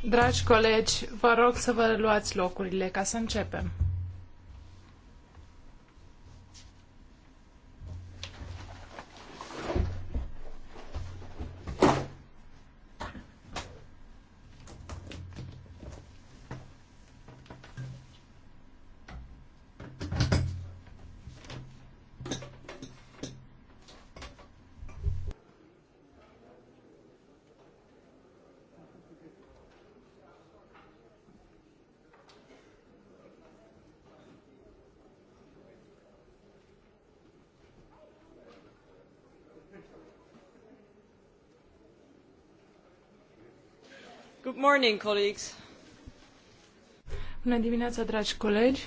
Dragi colegi, vă rog să vă luați locurile ca să începem. Bună dimineața, dragi colegi.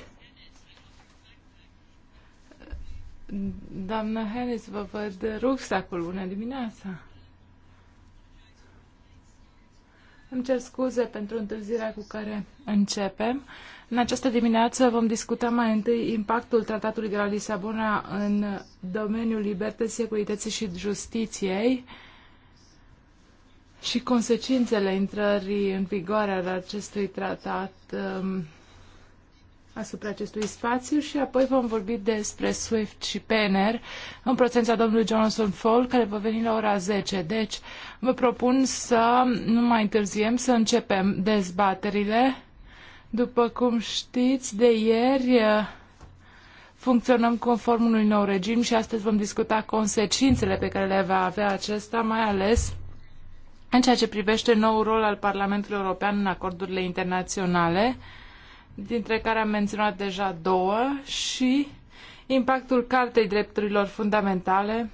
Doamnă Harris, vă văd rucsacul. Bună dimineața. Îmi cer scuze pentru întârzirea cu care începem. În această dimineață vom discuta mai întâi impactul Tratatului de la Lisabona în domeniul libertății, securității și justiției. Uh, și consecințele intrării în vigoare al acestui tratat um, asupra acestui spațiu și apoi vom vorbi despre SWIFT și PNR în prezența domnului Johnson Fall, care va veni la ora 10. Deci vă propun să nu mai întârziem, să începem dezbaterile. După cum știți, de ieri uh, funcționăm conform unui nou regim și astăzi vom discuta consecințele pe care le va avea acesta, mai ales în ceea ce privește noul rol al Parlamentului European în acordurile internaționale, dintre care am menționat deja două, și impactul Cartei Drepturilor Fundamentale,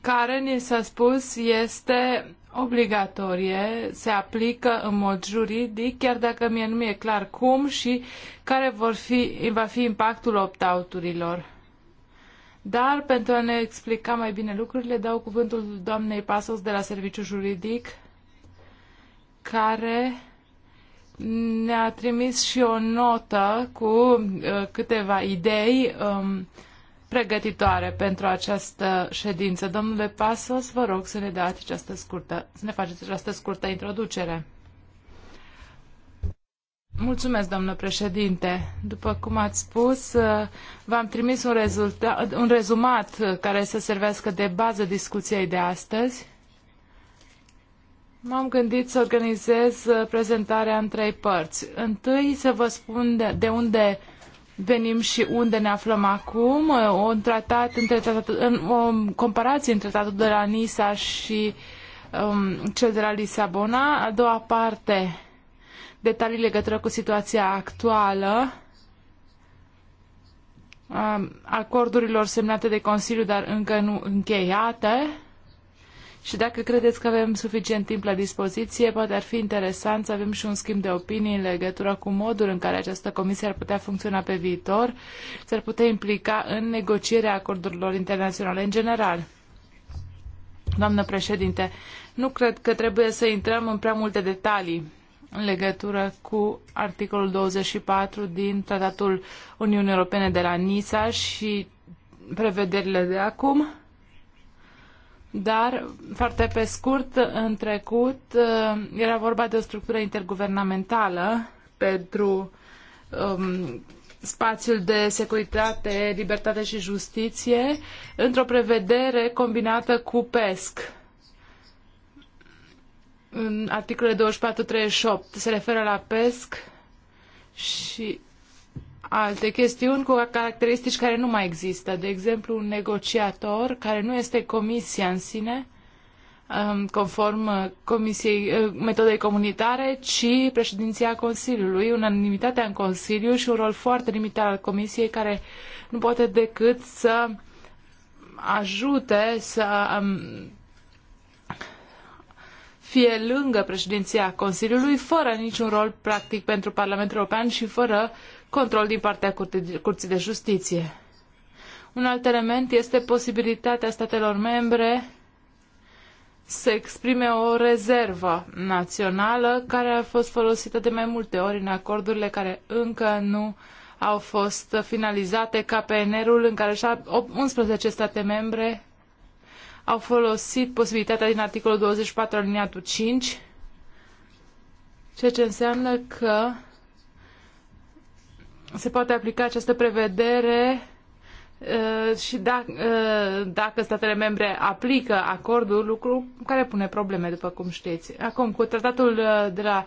care, ni s-a spus, este obligatorie, se aplică în mod juridic, chiar dacă mie nu mi-e clar cum și care vor fi, va fi impactul opt-out-urilor dar pentru a ne explica mai bine lucrurile, dau cuvântul doamnei Pasos de la Serviciu Juridic, care ne-a trimis și o notă cu uh, câteva idei um, pregătitoare pentru această ședință. Domnule Pasos, vă rog să ne dați această scurtă, să ne faceți această scurtă introducere. Mulțumesc, doamnă președinte. După cum ați spus, uh, v-am trimis un, un rezumat uh, care să servească de bază discuției de astăzi. M-am gândit să organizez uh, prezentarea în trei părți. Întâi să vă spun de unde venim și unde ne aflăm acum, o, tratat, între tratat, o comparație între tratatul de la Nisa și um, cel de la Lisabona. A doua parte detalii legătură cu situația actuală um, acordurilor semnate de Consiliu, dar încă nu încheiate. Și dacă credeți că avem suficient timp la dispoziție, poate ar fi interesant să avem și un schimb de opinii în legătură cu modul în care această comisie ar putea funcționa pe viitor, s-ar putea implica în negocierea acordurilor internaționale în general. Doamnă președinte, nu cred că trebuie să intrăm în prea multe detalii în legătură cu articolul 24 din Tratatul Uniunii Europene de la Nisa și prevederile de acum. Dar, foarte pe scurt, în trecut uh, era vorba de o structură interguvernamentală pentru um, spațiul de securitate, libertate și justiție, într-o prevedere combinată cu PESC în articolele 24-38 se referă la pesc și alte chestiuni cu caracteristici care nu mai există. De exemplu, un negociator care nu este comisia în sine, um, conform uh, comisiei, uh, metodei comunitare, ci președinția Consiliului, unanimitatea în Consiliu și un rol foarte limitat al comisiei care nu poate decât să ajute să um, fie lângă președinția Consiliului, fără niciun rol practic pentru Parlamentul European și fără control din partea Curții de Justiție. Un alt element este posibilitatea statelor membre să exprime o rezervă națională care a fost folosită de mai multe ori în acordurile care încă nu au fost finalizate ca PNR-ul în care 11 state membre au folosit posibilitatea din articolul 24 aliniatul 5, ceea ce înseamnă că se poate aplica această prevedere uh, și dacă, uh, dacă statele membre aplică acordul, lucru care pune probleme, după cum știți. Acum, cu tratatul uh, de la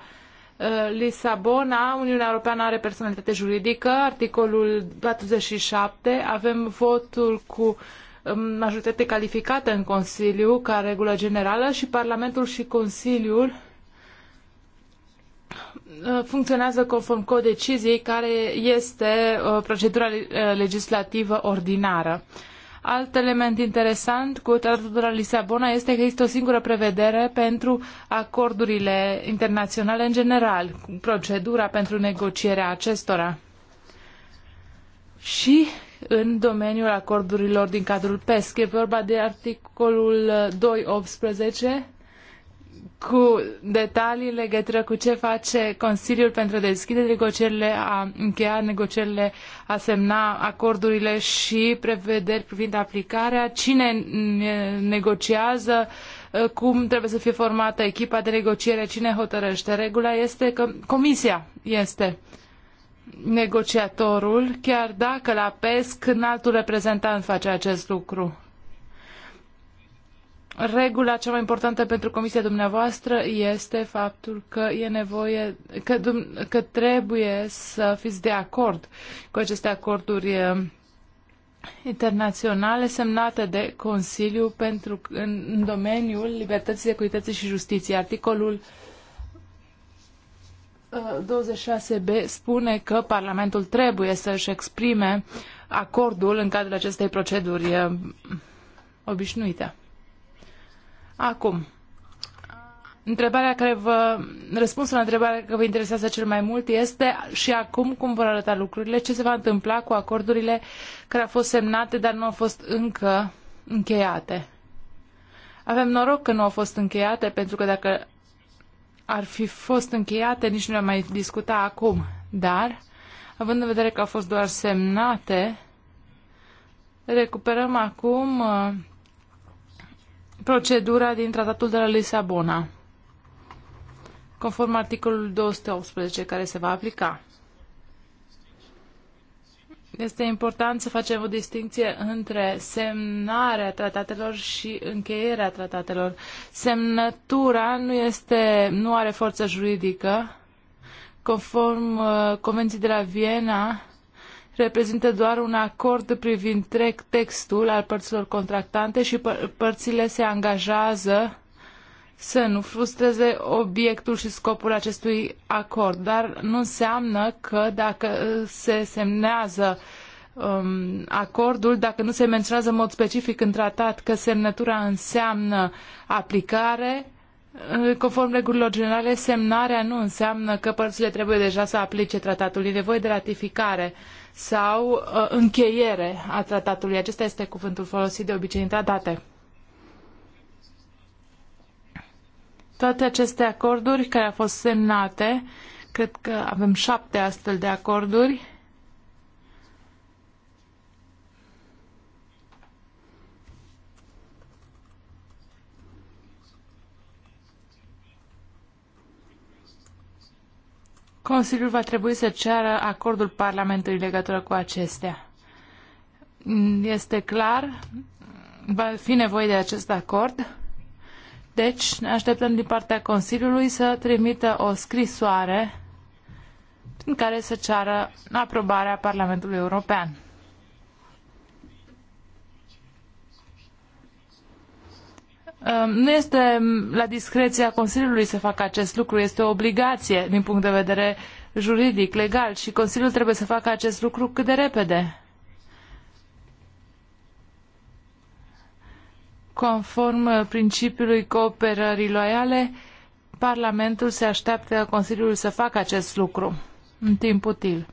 Lisabona, Uniunea Europeană are personalitate juridică, articolul 47, avem votul cu uh, Um, majoritate calificată în Consiliu ca regulă generală și Parlamentul și Consiliul uh, funcționează conform codeciziei care este uh, procedura uh, legislativă ordinară. Alt element interesant cu Tratatul de la Lisabona este că există o singură prevedere pentru acordurile internaționale în general, procedura pentru negocierea acestora. Și în domeniul acordurilor din cadrul PESC. E vorba de articolul 218 cu detalii legătură cu ce face Consiliul pentru a deschide negocierile, a încheia negocierile, a semna acordurile și prevederi privind aplicarea, cine negociază, uh, cum trebuie să fie formată echipa de negociere, cine hotărăște. Regula este că Comisia este uh, negociatorul, chiar dacă la PESC înaltul reprezentant face acest lucru. Regula cea mai importantă pentru comisia dumneavoastră este faptul că e nevoie, că, că trebuie să fiți de acord cu aceste acorduri internaționale semnate de Consiliu pentru în, în domeniul libertății, securității și justiției. Articolul 26b spune că Parlamentul trebuie să-și exprime acordul în cadrul acestei proceduri obișnuite. Acum, întrebarea care vă, răspunsul la întrebarea care vă interesează cel mai mult este și acum cum vor arăta lucrurile, ce se va întâmpla cu acordurile care au fost semnate, dar nu au fost încă încheiate. Avem noroc că nu au fost încheiate, pentru că dacă ar fi fost încheiate, nici nu le-am mai discuta acum. Dar, având în vedere că au fost doar semnate, recuperăm acum uh, procedura din tratatul de la Lisabona, conform articolul 218 care se va aplica. Este important să facem o distinție între semnarea tratatelor și încheierea tratatelor. Semnătura nu, este, nu are forță juridică. Conform uh, Convenției de la Viena, reprezintă doar un acord privind textul al părților contractante și pă- părțile se angajează să nu frustreze obiectul și scopul acestui acord, dar nu înseamnă că dacă se semnează um, acordul, dacă nu se menționează în mod specific în tratat că semnătura înseamnă aplicare, uh, Conform regulilor generale, semnarea nu înseamnă că părțile trebuie deja să aplice tratatul. E nevoie de ratificare sau uh, încheiere a tratatului. Acesta este cuvântul folosit de obicei în tratate. Toate aceste acorduri care au fost semnate, cred că avem șapte astfel de acorduri, Consiliul va trebui să ceară acordul Parlamentului în legătură cu acestea. Este clar, va fi nevoie de acest acord. Deci ne așteptăm din partea Consiliului să trimită o scrisoare în care să ceară aprobarea Parlamentului European. Nu este la discreția Consiliului să facă acest lucru, este o obligație din punct de vedere juridic, legal și Consiliul trebuie să facă acest lucru cât de repede. Conform uh, principiului cooperării loiale, Parlamentul se așteaptă ca Consiliul să facă acest lucru în timp util.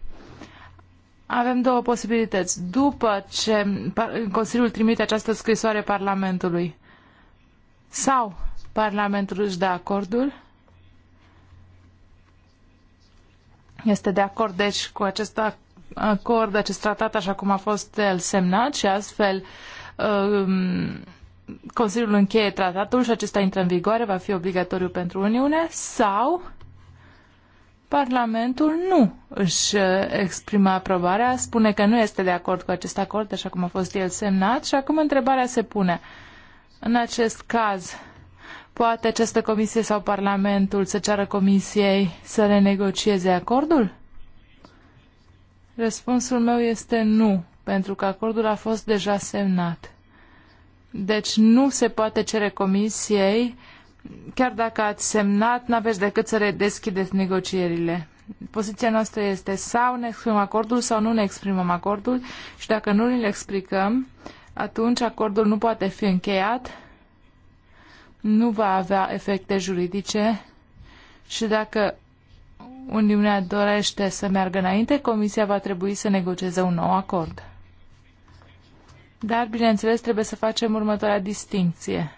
Avem două posibilități. După ce Consiliul trimite această scrisoare Parlamentului, sau Parlamentul își dă acordul, este de acord deci cu acest acord, acest tratat așa cum a fost el semnat și astfel uh, Consiliul încheie tratatul și acesta intră în vigoare, va fi obligatoriu pentru Uniune, sau Parlamentul nu își exprimă aprobarea, spune că nu este de acord cu acest acord, așa cum a fost el semnat, și acum întrebarea se pune. În acest caz, poate această comisie sau Parlamentul să ceară comisiei să renegocieze acordul? Răspunsul meu este nu, pentru că acordul a fost deja semnat. Deci nu se poate cere comisiei, chiar dacă ați semnat, n-aveți decât să redeschideți negocierile. Poziția noastră este sau ne exprimăm acordul sau nu ne exprimăm acordul și dacă nu îl explicăm, atunci acordul nu poate fi încheiat, nu va avea efecte juridice și dacă Uniunea dorește să meargă înainte, Comisia va trebui să negocieze un nou acord. Dar, bineînțeles, trebuie să facem următoarea distinție.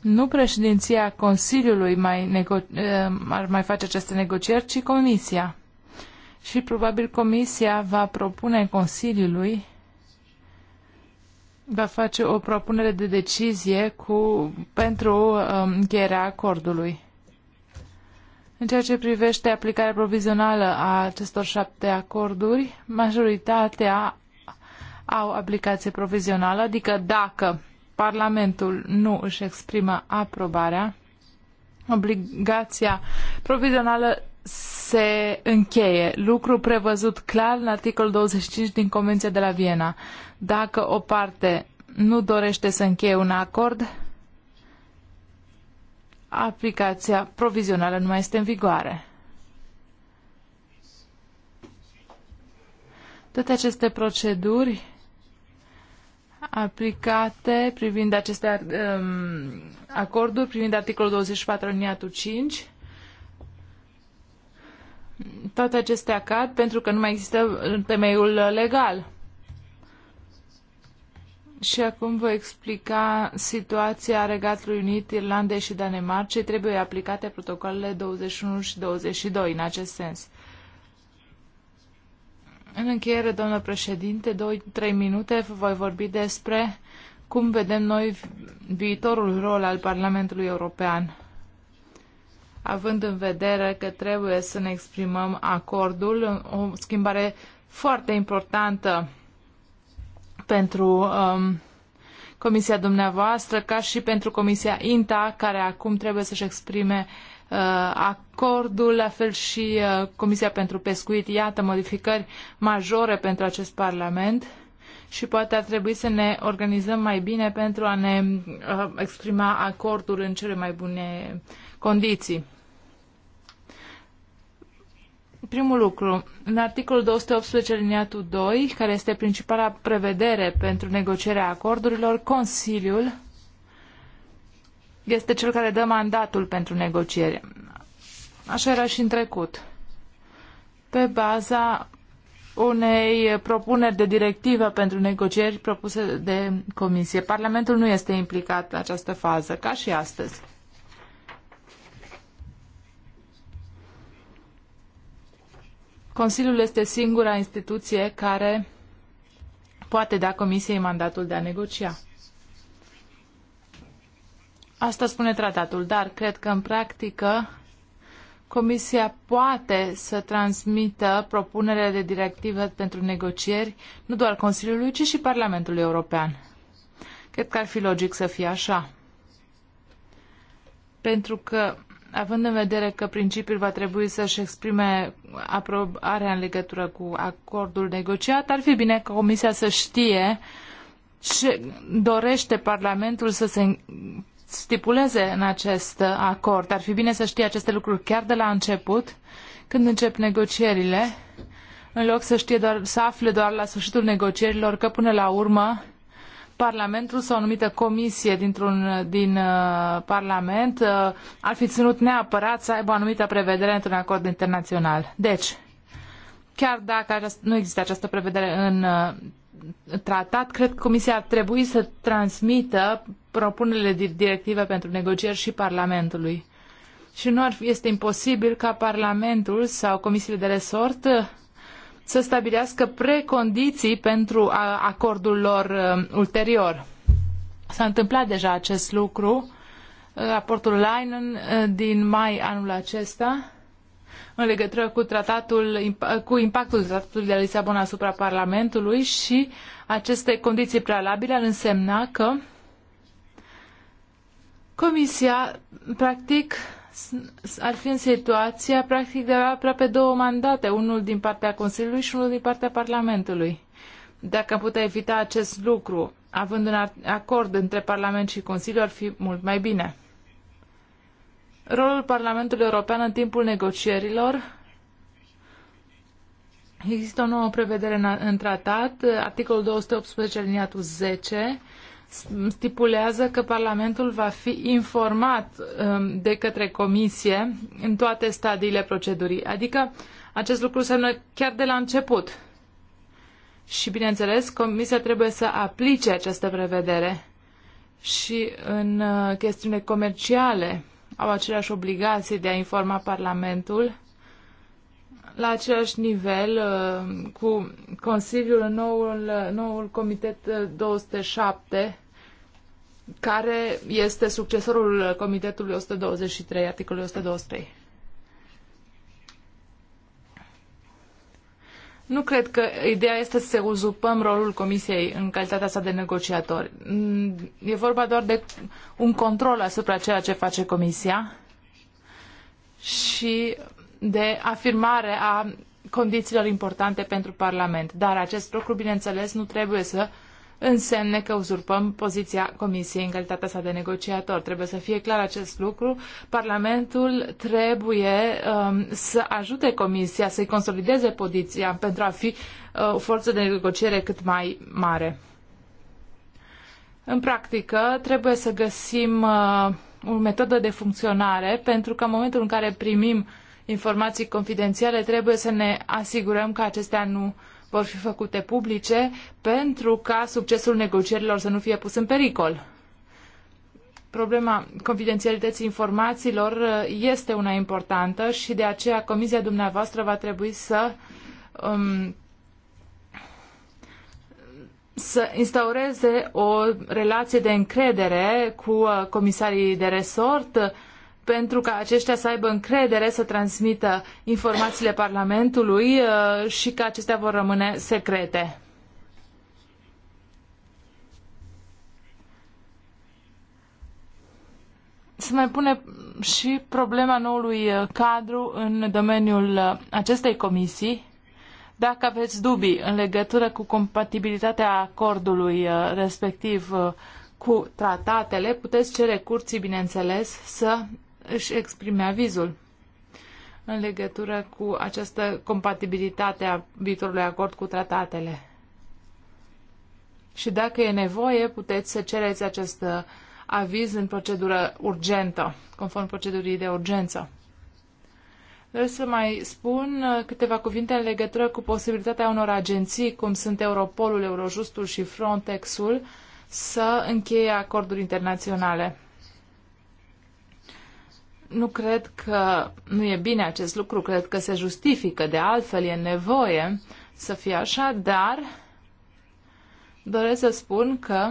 Nu președinția Consiliului mai eh, ar mai face aceste negocieri, ci Comisia. Și probabil Comisia va propune Consiliului, va face o propunere de decizie cu, pentru um, încheierea acordului. În ceea ce privește aplicarea provizională a acestor șapte acorduri, majoritatea au aplicație provizională, adică dacă Parlamentul nu își exprimă aprobarea, obligația provizională se încheie, lucru prevăzut clar în articolul 25 din Convenția de la Viena. Dacă o parte nu dorește să încheie un acord, aplicația provizională nu mai este în vigoare. Toate aceste proceduri aplicate privind aceste um, acorduri, privind articolul 24 liniatul 5. Toate acestea cad pentru că nu mai există temeiul legal. Și acum voi explica situația Regatului Unit, Irlandei și Danemarcei. Trebuie aplicate protocolele 21 și 22 în acest sens. În încheiere, domnule președinte, 2-3 minute voi vorbi despre cum vedem noi viitorul rol al Parlamentului European, având în vedere că trebuie să ne exprimăm acordul, o schimbare foarte importantă pentru um, comisia dumneavoastră, ca și pentru comisia INTA, care acum trebuie să-și exprime uh, Uh, acordul, la fel și uh, Comisia pentru Pescuit. Iată modificări majore pentru acest Parlament și poate ar trebui să ne organizăm mai bine pentru a ne uh, exprima acordul în cele mai bune condiții. Primul lucru, în articolul 218 liniatul 2, care este principala prevedere pentru negocierea acordurilor, Consiliul este cel care dă mandatul pentru negociere. Așa era și în trecut. Pe baza unei propuneri de directivă pentru negocieri propuse de Comisie. Parlamentul nu este implicat în această fază, ca și astăzi. Consiliul este singura instituție care poate da Comisiei mandatul de a negocia. Asta spune tratatul, dar cred că în practică Comisia poate să transmită propunerea de directivă pentru negocieri nu doar Consiliului, ci și Parlamentului European. Cred că ar fi logic să fie așa. Pentru că, având în vedere că principiul va trebui să-și exprime aprobarea în legătură cu acordul negociat, ar fi bine ca Comisia să știe ce dorește Parlamentul să se stipuleze în acest acord. Ar fi bine să știe aceste lucruri chiar de la început, când încep negocierile, în loc să, știe doar, să afle doar la sfârșitul negocierilor că până la urmă Parlamentul sau o anumită comisie dintr-un, din uh, Parlament uh, ar fi ținut neapărat să aibă o anumită prevedere într-un acord internațional. Deci, chiar dacă nu există această prevedere în uh, tratat, cred că Comisia ar trebui să transmită propunerile directive pentru negocieri și Parlamentului. Și nu ar, este imposibil ca Parlamentul sau Comisiile de Resort uh, să stabilească precondiții pentru uh, acordul lor uh, ulterior. S-a întâmplat deja acest lucru. Raportul Leinen din mai anul acesta în legătură cu tratatul, cu impactul tratatului de Lisabona asupra Parlamentului și aceste condiții prealabile ar însemna că Comisia, practic, ar fi în situația, practic, de aproape două mandate, unul din partea Consiliului și unul din partea Parlamentului. Dacă am putea evita acest lucru, având un acord între Parlament și Consiliu, ar fi mult mai bine rolul Parlamentului European în timpul negocierilor. Există o nouă prevedere în, în tratat, articolul 218 aliniatul 10, stipulează că Parlamentul va fi informat um, de către Comisie în toate stadiile procedurii. Adică acest lucru înseamnă chiar de la început. Și, bineînțeles, Comisia trebuie să aplice această prevedere și în uh, chestiune comerciale au aceleași obligații de a informa Parlamentul la același nivel uh, cu Consiliul, noul, noul Comitet 207, care este succesorul Comitetului 123, articolul 123. Nu cred că ideea este să uzupăm rolul Comisiei în calitatea sa de negociator. Mm, e vorba doar de un control asupra ceea ce face Comisia și de afirmare a condițiilor importante pentru Parlament. Dar acest lucru, bineînțeles, nu trebuie să însemne că uzurpăm poziția Comisiei în calitatea sa de negociator. Trebuie să fie clar acest lucru. Parlamentul trebuie um, să ajute Comisia să-i consolideze poziția pentru a fi uh, o forță de negociere cât mai mare. În practică, trebuie să găsim uh, o metodă de funcționare pentru că în momentul în care primim informații confidențiale, trebuie să ne asigurăm că acestea nu uh, vor fi făcute publice pentru ca succesul negocierilor să nu fie pus în pericol. Problema confidențialității informațiilor uh, este una importantă și de aceea comisia dumneavoastră va trebui să um, să instaureze o relație de încredere cu uh, comisarii de resort pentru ca aceștia să aibă încredere să transmită informațiile Parlamentului uh, și că acestea vor rămâne secrete. se mai pune și problema noului uh, cadru în domeniul uh, acestei comisii. Dacă aveți dubii în legătură cu compatibilitatea acordului respectiv cu tratatele, puteți cere curții, bineînțeles, să își exprime avizul în legătură cu această compatibilitate a viitorului acord cu tratatele. Și dacă e nevoie, puteți să cereți acest uh, aviz în procedură urgentă, conform procedurii de urgență. Vreau să mai spun uh, câteva cuvinte în legătură cu posibilitatea unor agenții, cum sunt Europolul, Eurojustul și Frontexul, să încheie acorduri internaționale. Nu cred că nu e bine acest lucru, cred că se justifică, de altfel e nevoie să fie așa, dar doresc să spun că,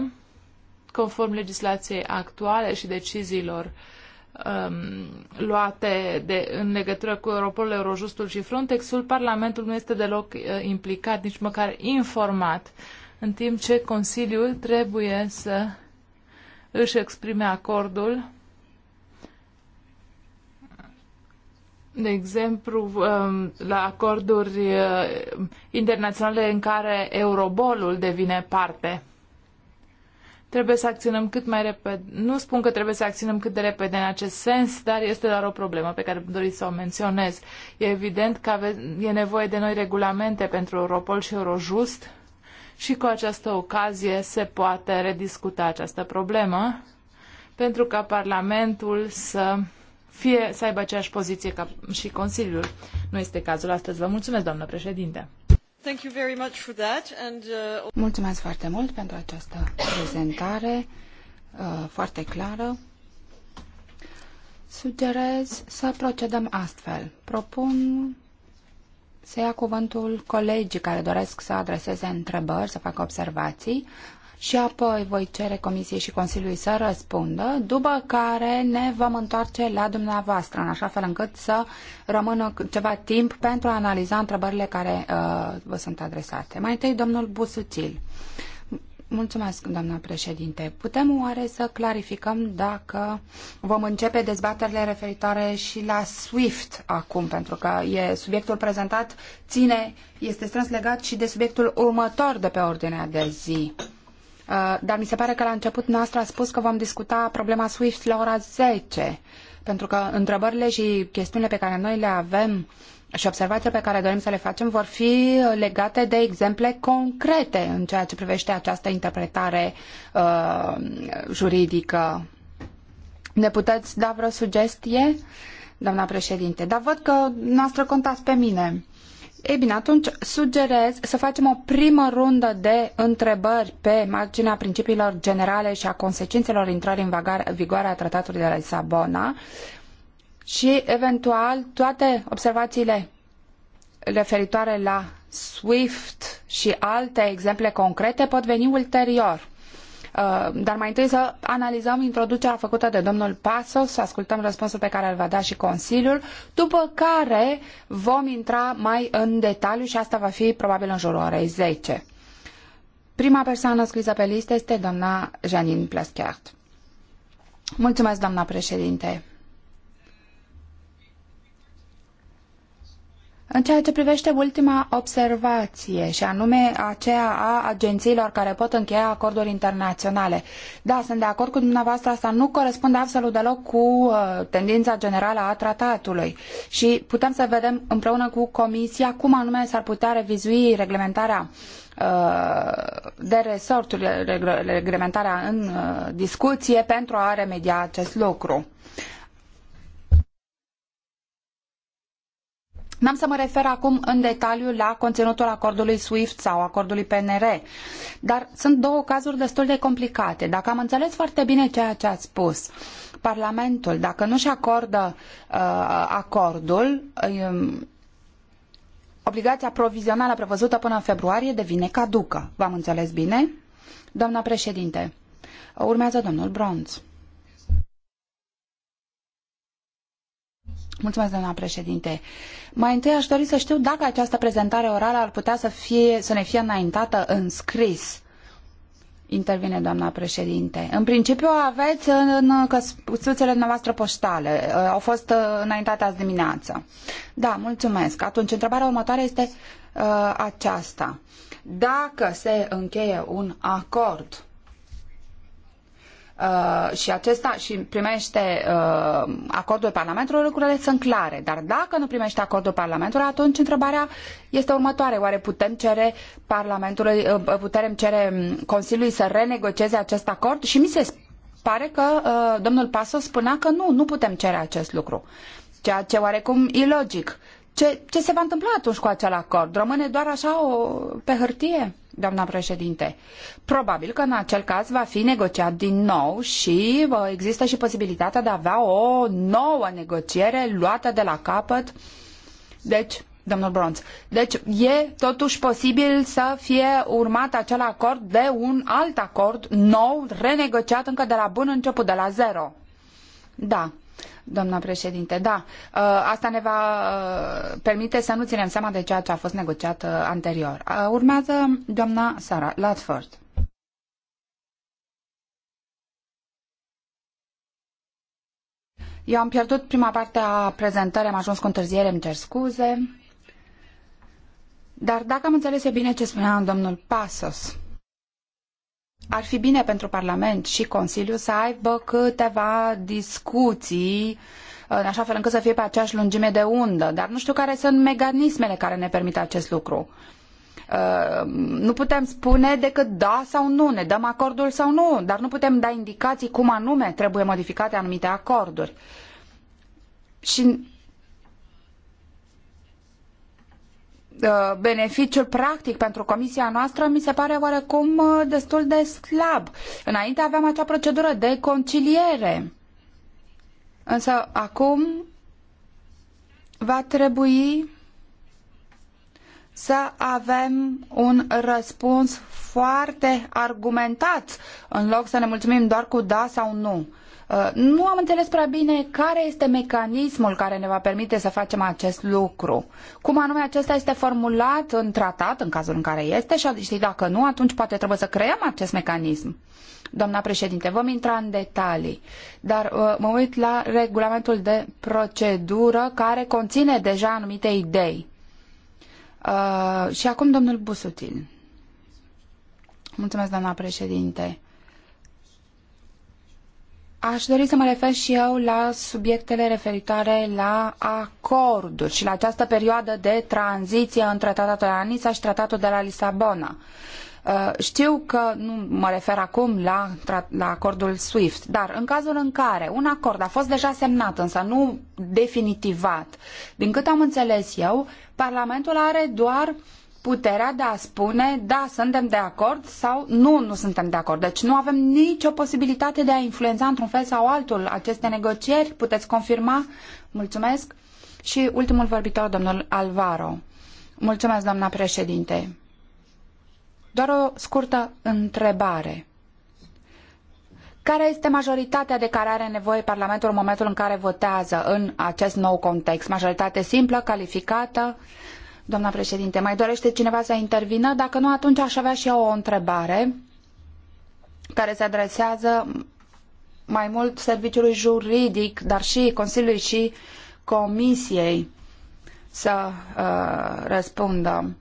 conform legislației actuale și deciziilor um, luate de, în legătură cu Europol, Eurojustul și Frontexul, Parlamentul nu este deloc uh, implicat, nici măcar informat, în timp ce Consiliul trebuie să își exprime acordul de exemplu, um, la acorduri uh, internaționale în care Eurobolul devine parte. Trebuie să acționăm cât mai repede. Nu spun că trebuie să acționăm cât de repede în acest sens, dar este doar o problemă pe care doriți să o menționez. E evident că ave- e nevoie de noi regulamente pentru Europol și Eurojust și cu această ocazie se poate rediscuta această problemă pentru ca Parlamentul să fie să aibă aceeași poziție ca și Consiliul. Nu este cazul astăzi. Vă mulțumesc, doamnă președinte. Uh, mulțumesc foarte mult pentru această prezentare uh, foarte clară. Sugerez să procedăm astfel. Propun să ia cuvântul colegii care doresc să adreseze întrebări, să facă observații, și apoi voi cere Comisiei și Consiliului să răspundă, după care ne vom întoarce la dumneavoastră, în așa fel încât să rămână ceva timp pentru a analiza întrebările care uh, vă sunt adresate. Mai întâi, domnul Busuțil. Mulțumesc, doamna președinte. Putem oare să clarificăm dacă vom începe dezbaterile referitoare și la SWIFT acum, pentru că e, subiectul prezentat ține, este strâns legat și de subiectul următor de pe ordinea de zi. Uh, dar mi se pare că la început noastră a spus că vom discuta problema SWIFT la ora 10, pentru că întrebările și chestiunile pe care noi le avem și observațiile pe care dorim să le facem vor fi legate de exemple concrete în ceea ce privește această interpretare uh, juridică. Ne puteți da vreo sugestie, doamna președinte? Dar văd că noastră contați pe mine. Ei bine, atunci sugerez să facem o primă rundă de întrebări pe marginea principiilor generale și a consecințelor intrării în vigoare a tratatului de la Lisabona și, eventual, toate observațiile referitoare la SWIFT și alte exemple concrete pot veni ulterior. Uh, dar mai întâi să analizăm introducerea făcută de domnul Pasos, să ascultăm răspunsul pe care îl va da și Consiliul, după care vom intra mai în detaliu și asta va fi probabil în jurul orei 10. Prima persoană scrisă pe listă este doamna Janine Plaschert. Mulțumesc, doamna președinte. În ceea ce privește ultima observație, și anume aceea a agențiilor care pot încheia acorduri internaționale, da, sunt de acord cu dumneavoastră, asta nu corespunde absolut deloc cu uh, tendința generală a tratatului și putem să vedem împreună cu Comisia cum anume s-ar putea revizui reglementarea uh, de resorturi, reglementarea în uh, discuție pentru a remedia acest lucru. N-am să mă refer acum în detaliu la conținutul acordului SWIFT sau acordului PNR, dar sunt două cazuri destul de complicate. Dacă am înțeles foarte bine ceea ce ați spus, Parlamentul, dacă nu-și acordă uh, acordul, uh, obligația provizională prevăzută până în februarie devine caducă. V-am înțeles bine? Doamna președinte, urmează domnul Bronz. Mulțumesc, doamna președinte. Mai întâi aș dori să știu dacă această prezentare orală ar putea să, fie, să ne fie înaintată în scris. Intervine doamna președinte. În principiu aveți în căsuțele noastre poștale. Uh, au fost uh, înaintate azi dimineață. Da, mulțumesc. Atunci, întrebarea următoare este uh, aceasta. Dacă se încheie un acord Uh, și acesta și primește uh, acordul Parlamentului, lucrurile sunt clare. Dar dacă nu primește acordul Parlamentului, atunci întrebarea este următoare. Oare putem cere Parlamentului, uh, putem cere um, Consiliului să renegocieze acest acord? Și mi se pare că uh, domnul Paso spunea că nu, nu putem cere acest lucru. Ceea ce oarecum ilogic. Ce, ce se va întâmpla atunci cu acel acord? Rămâne doar așa o, pe hârtie? doamna președinte. Probabil că în acel caz va fi negociat din nou și există și posibilitatea de a avea o nouă negociere luată de la capăt. Deci, domnul Bronz. Deci e totuși posibil să fie urmat acel acord de un alt acord nou, renegociat încă de la bun început, de la zero. Da doamna președinte. Da, uh, asta ne va uh, permite să nu ținem seama de ceea ce a fost negociat uh, anterior. Urmează doamna Sara Latford. Eu am pierdut prima parte a prezentării, am ajuns cu întârziere, îmi cer scuze. Dar dacă am înțeles eu bine ce spunea domnul Pasos, ar fi bine pentru Parlament și Consiliu să aibă câteva discuții în așa fel încât să fie pe aceeași lungime de undă, dar nu știu care sunt mecanismele care ne permit acest lucru. Uh, nu putem spune decât da sau nu, ne dăm acordul sau nu, dar nu putem da indicații cum anume trebuie modificate anumite acorduri. Și Uh, beneficiul practic pentru comisia noastră mi se pare oarecum uh, destul de slab. Înainte aveam acea procedură de conciliere. Însă acum va trebui să avem un răspuns foarte argumentat, în loc să ne mulțumim doar cu da sau nu. Uh, nu am înțeles prea bine care este mecanismul care ne va permite să facem acest lucru. Cum anume acesta este formulat în tratat, în cazul în care este, și dacă nu, atunci poate trebuie să creăm acest mecanism. Doamna președinte, vom intra în detalii, dar uh, mă uit la regulamentul de procedură care conține deja anumite idei. Uh, și acum domnul Busutil. Mulțumesc, doamna președinte. Aș dori să mă refer și eu la subiectele referitoare la acorduri și la această perioadă de tranziție între tratatul de la Nisa și tratatul de la Lisabona. Uh, știu că nu mă refer acum la, la acordul SWIFT, dar în cazul în care un acord a fost deja semnat, însă nu definitivat, din cât am înțeles eu, Parlamentul are doar uh, puterea de a spune da, suntem de acord sau nu, nu suntem de acord. Deci nu avem nicio posibilitate de a influența într-un fel sau altul aceste negocieri. Puteți confirma? Mulțumesc. Și ultimul vorbitor, domnul Alvaro. Mulțumesc, doamna președinte. Doar o scurtă întrebare. Care este majoritatea de care are nevoie Parlamentul în momentul în care votează în acest nou context? Majoritate simplă, calificată? Doamna președinte, mai dorește cineva să intervină? Dacă nu, atunci aș avea și eu o întrebare care se adresează mai mult serviciului juridic, dar și Consiliului și Comisiei să uh, răspundă.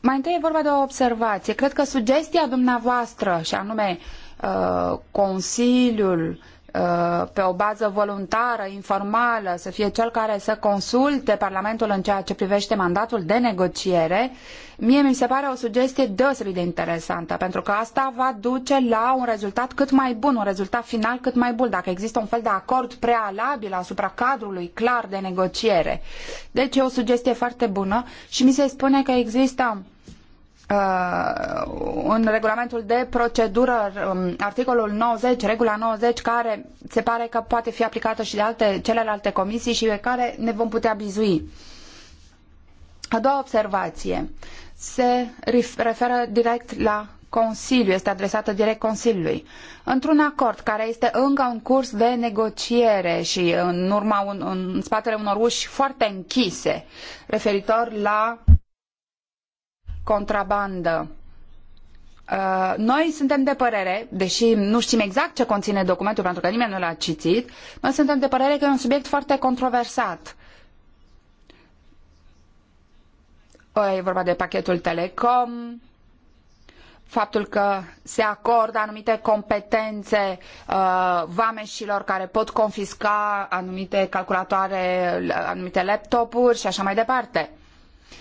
Mai întâi e vorba de o observație. Cred că sugestia dumneavoastră, și anume uh, Consiliul Uh, pe o bază voluntară, informală, să fie cel care să consulte Parlamentul în ceea ce privește mandatul de negociere, mie mi se pare o sugestie deosebit de interesantă, pentru că asta va duce la un rezultat cât mai bun, un rezultat final cât mai bun, dacă există un fel de acord prealabil asupra cadrului clar de negociere. Deci e o sugestie foarte bună și mi se spune că există Uh, în regulamentul de procedură, um, articolul 90, regula 90, care se pare că poate fi aplicată și de alte, celelalte comisii și pe care ne vom putea bizui. A doua observație se referă direct la Consiliu, este adresată direct Consiliului. Într-un acord care este încă în curs de negociere și în, urma un, în spatele unor uși foarte închise referitor la contrabandă. Uh, noi suntem de părere, deși nu știm exact ce conține documentul pentru că nimeni nu l-a citit, noi suntem de părere că e un subiect foarte controversat. Ă, e vorba de pachetul Telecom, faptul că se acordă anumite competențe uh, vameșilor care pot confisca anumite calculatoare, anumite laptopuri și așa mai departe.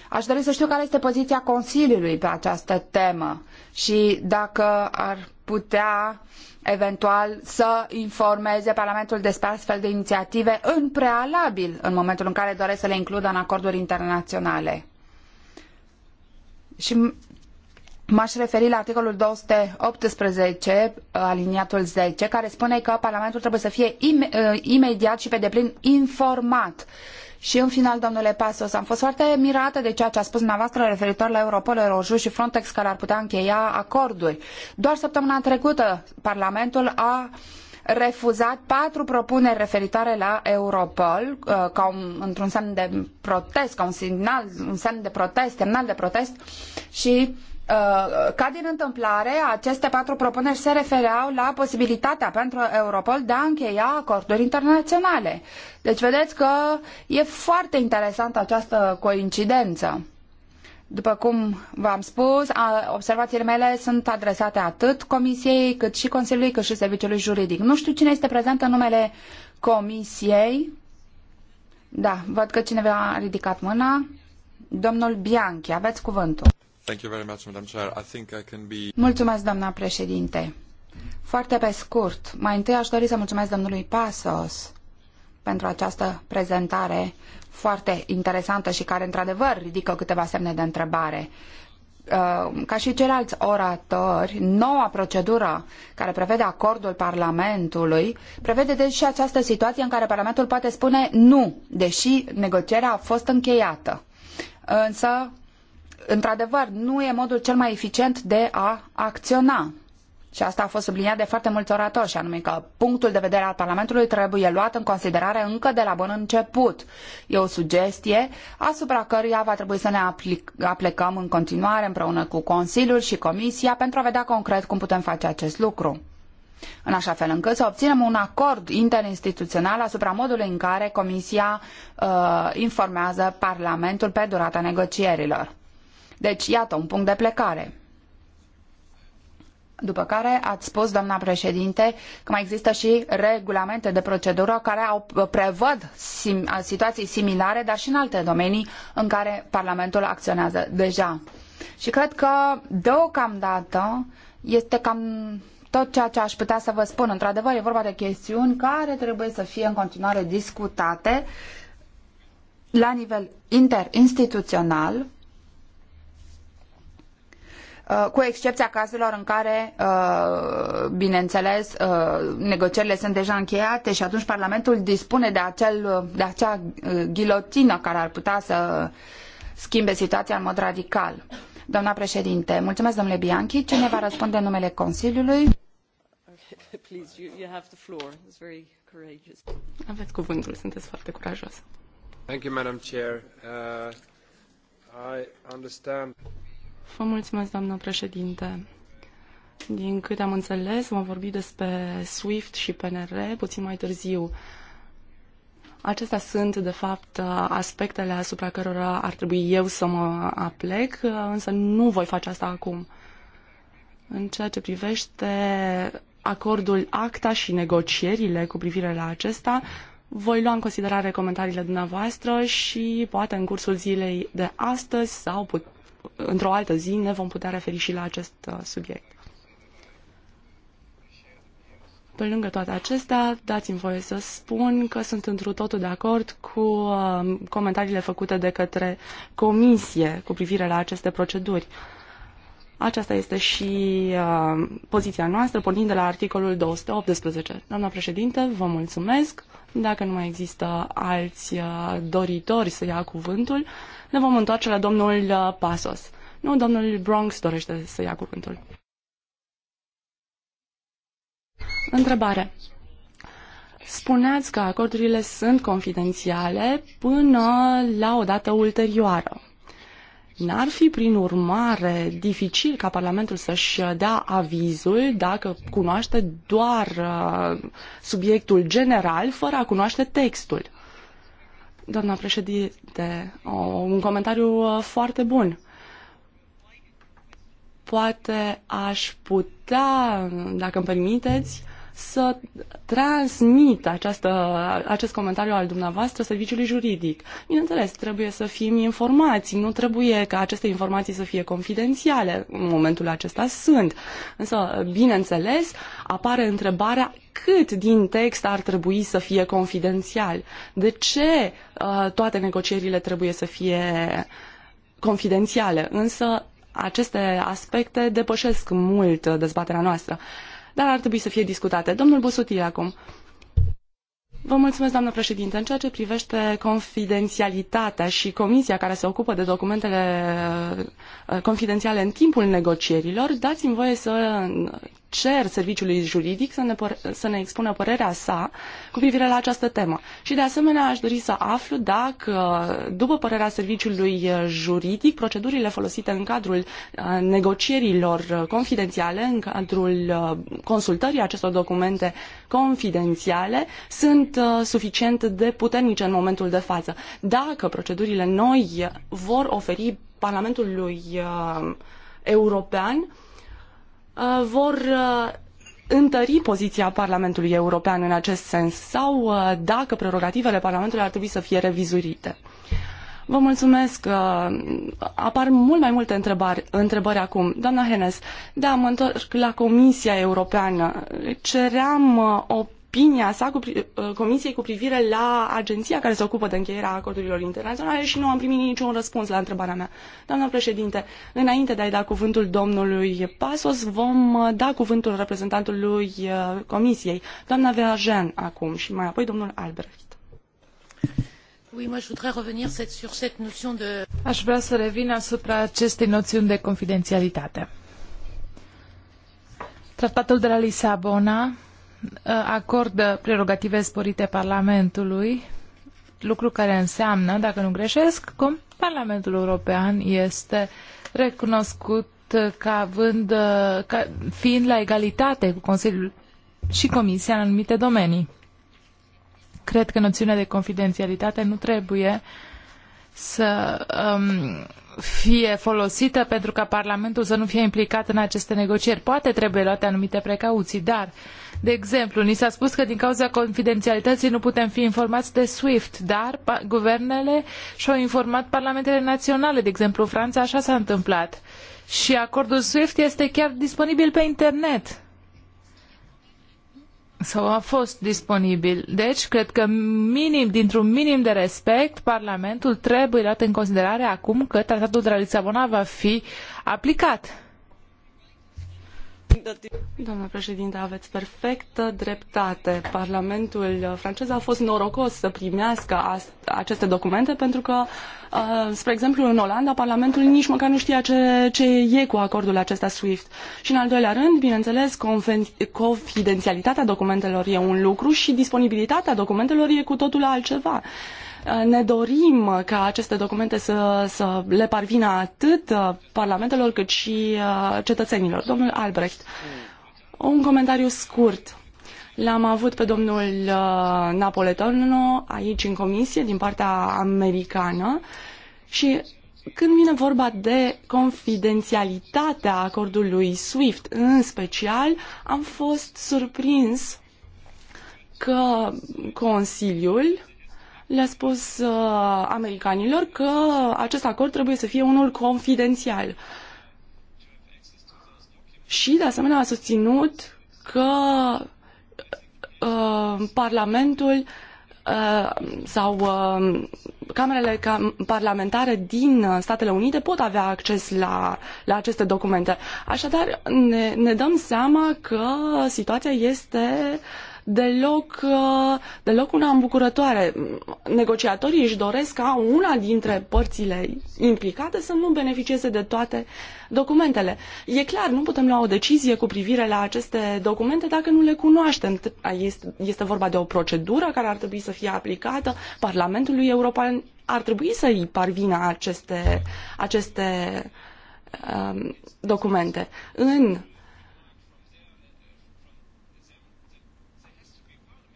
Aș dori să știu care este poziția Consiliului pe această temă și dacă ar putea eventual să informeze Parlamentul despre astfel de inițiative în prealabil în momentul în care doresc să le includă în acorduri internaționale. Și M-aș referi la articolul 218, uh, aliniatul 10, care spune că Parlamentul trebuie să fie uh, imediat și pe deplin informat și în final, domnule Pasos, am fost foarte mirată de ceea ce a spus dumneavoastră referitor la Europol, Eurojust și Frontex care ar putea încheia acorduri. Doar săptămâna trecută Parlamentul a refuzat patru propuneri referitoare la Europol, uh, ca un, într-un semn de protest, ca un semnal, un semn de protest, semnal de protest și Uh, ca din întâmplare, aceste patru propuneri se refereau la posibilitatea pentru Europol de a încheia acorduri internaționale. Deci vedeți că e foarte interesantă această coincidență. După cum v-am spus, observațiile mele sunt adresate atât Comisiei, cât și Consiliului, cât și Serviciului Juridic. Nu știu cine este prezent în numele Comisiei. Da, văd că cineva a ridicat mâna. Domnul Bianchi, aveți cuvântul. Mulțumesc, doamna președinte. Foarte pe scurt, mai întâi aș dori să mulțumesc domnului Pasos pentru această prezentare foarte interesantă și care, într-adevăr, ridică câteva semne de întrebare uh, ca și ceilalți oratori, noua procedură care prevede acordul Parlamentului prevede deci această situație în care Parlamentul poate spune nu, deși negocierea a fost încheiată. Însă într-adevăr, nu e modul cel mai eficient de a acționa. Și asta a fost subliniat de foarte mulți oratori, și anume că punctul de vedere al Parlamentului trebuie luat în considerare încă de la bun început. E o sugestie asupra căruia va trebui să ne aplicăm în continuare împreună cu Consiliul și Comisia pentru a vedea concret cum putem face acest lucru. În așa fel încât să obținem un acord interinstituțional asupra modului în care Comisia uh, informează Parlamentul pe durata negocierilor. Deci, iată un punct de plecare. După care ați spus, doamna președinte, că mai există și regulamente de procedură care au, uh, prevăd sim, uh, situații similare, dar și în alte domenii în care Parlamentul acționează deja. Și cred că, deocamdată, este cam tot ceea ce aș putea să vă spun. Într-adevăr, e vorba de chestiuni care trebuie să fie în continuare discutate la nivel interinstituțional, Uh, cu excepția cazurilor în care, uh, bineînțeles, uh, negocierile sunt deja încheiate și atunci Parlamentul dispune de, acel, de acea ghilotină care ar putea să schimbe situația în mod radical. Doamna președinte, mulțumesc domnule Bianchi. Cine va răspunde în numele Consiliului? Aveți cuvântul, sunteți foarte curajoasă. Thank you, Madam Chair. Uh, I understand. Vă mulțumesc, doamnă președinte. Din câte am înțeles, vom vorbi despre SWIFT și PNR puțin mai târziu. Acestea sunt, de fapt, aspectele asupra cărora ar trebui eu să mă aplec, însă nu voi face asta acum. În ceea ce privește acordul ACTA și negocierile cu privire la acesta, voi lua în considerare comentariile dumneavoastră și poate în cursul zilei de astăzi sau put- într-o altă zi ne vom putea referi și la acest uh, subiect. Pe lângă toate acestea, dați-mi voie să spun că sunt întru totul de acord cu um, comentariile făcute de către comisie cu privire la aceste proceduri. Aceasta este și uh, poziția noastră, pornind de la articolul 218. Doamna președinte, vă mulțumesc. Dacă nu mai există alți uh, doritori să ia cuvântul, ne vom întoarce la domnul uh, Pasos. Nu, domnul Bronx dorește să ia cuvântul. Întrebare. Spuneați că acordurile sunt confidențiale până la o dată ulterioară. N-ar fi, prin urmare, dificil ca Parlamentul să-și dea avizul dacă cunoaște doar uh, subiectul general, fără a cunoaște textul. Doamna președinte, un comentariu uh, foarte bun. Poate aș putea, dacă îmi permiteți, să transmit această, acest comentariu al dumneavoastră serviciului juridic. Bineînțeles, trebuie să fim informați, nu trebuie ca aceste informații să fie confidențiale. În momentul acesta sunt. Însă, bineînțeles, apare întrebarea cât din text ar trebui să fie confidențial? De ce uh, toate negocierile trebuie să fie confidențiale? Însă aceste aspecte depășesc mult dezbaterea noastră dar ar trebui să fie discutate. Domnul Busutil acum. Vă mulțumesc, doamnă președinte. În ceea ce privește confidențialitatea și comisia care se ocupă de documentele eh, confidențiale în timpul negocierilor, dați-mi voie să cer serviciului juridic să ne, să ne expună părerea sa cu privire la această temă. Și de asemenea aș dori să aflu dacă, după părerea serviciului juridic, procedurile folosite în cadrul uh, negocierilor confidențiale, în cadrul uh, consultării acestor documente confidențiale, sunt uh, suficient de puternice în momentul de față. Dacă procedurile noi vor oferi Parlamentului European Uh, vor uh, întări poziția Parlamentului European în acest sens sau uh, dacă prerogativele Parlamentului ar trebui să fie revizuite. Vă mulțumesc. Apar mult mai multe întrebări, întrebări acum. Doamna Henes, da, mă întorc la Comisia Europeană. Ceream o opinia sa cu, uh, Comisiei cu privire la agenția care se ocupă de încheierea acordurilor internaționale și nu am primit niciun răspuns la întrebarea mea. Doamna președinte, înainte de a-i da cuvântul domnului Pasos, vom uh, da cuvântul reprezentantului uh, Comisiei, doamna Verjean acum și mai apoi domnul Albrecht. Aș vrea să revin asupra acestei noțiuni de confidențialitate. Tratatul de la Lisabona Uh, acordă prerogative sporite Parlamentului, lucru care înseamnă, dacă nu greșesc, că Parlamentul European este recunoscut ca având, uh, ca fiind la egalitate cu Consiliul și Comisia în anumite domenii. Cred că noțiunea de confidențialitate nu trebuie să um, fie folosită pentru ca Parlamentul să nu fie implicat în aceste negocieri. Poate trebuie luate anumite precauții, dar uh, de exemplu, ni s-a spus că din cauza confidențialității nu putem fi informați de SWIFT, dar guvernele și-au informat parlamentele naționale. De exemplu, Franța așa s-a întâmplat. Și acordul SWIFT este chiar disponibil pe internet sau a fost disponibil. Deci, cred că minim, dintr-un minim de respect, Parlamentul trebuie luat în considerare acum că Tratatul de la Lisabona va fi aplicat. Domnule președinte, aveți perfectă dreptate. Parlamentul francez a fost norocos să primească aceste documente pentru că, uh, spre exemplu, în Olanda, Parlamentul nici măcar nu știa ce, ce e cu acordul acesta SWIFT. Și, în al doilea rând, bineînțeles, confidențialitatea documentelor e un lucru și disponibilitatea documentelor e cu totul altceva. Uh, ne dorim ca aceste documente să, să le parvină atât uh, parlamentelor cât și uh, cetățenilor. Domnul Albrecht, un comentariu scurt. L-am avut pe domnul Napoletano aici în comisie din partea americană și când vine vorba de confidențialitatea acordului SWIFT în special, am fost surprins că Consiliul le-a spus uh, americanilor că acest acord trebuie să fie unul confidențial. Și, de asemenea, a susținut că uh, Parlamentul uh, sau uh, camerele cam parlamentare din Statele Unite pot avea acces la, la aceste documente. Așadar, ne, ne dăm seama că situația este uh, deloc, uh, deloc una îmbucurătoare. Negociatorii își doresc ca una dintre părțile implicate să nu beneficieze de toate documentele. E clar, nu putem lua o decizie cu privire la aceste documente dacă nu le cunoaștem. Este, este vorba de o procedură care ar trebui să fie aplicată Parlamentului European. Ar trebui să îi parvină aceste, aceste um, documente. În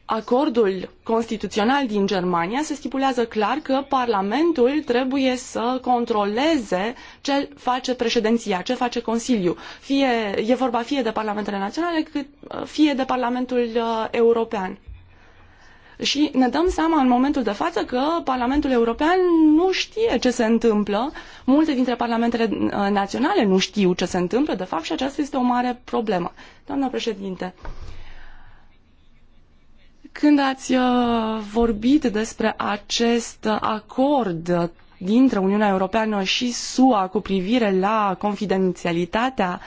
acordul constituțional din Germania se stipulează clar că Parlamentul trebuie să controleze ce face președinția, ce face Consiliul. Fie, e vorba fie de Parlamentele Naționale, cât, fie de Parlamentul uh, European. Și ne dăm seama în momentul de față că Parlamentul European nu știe ce se întâmplă, multe dintre parlamentele uh, naționale nu știu ce se întâmplă, de fapt, și aceasta este o mare problemă. Doamna președinte, uh, când ați uh, vorbit despre acest acord dintre Uniunea Europeană și SUA cu privire la confidențialitatea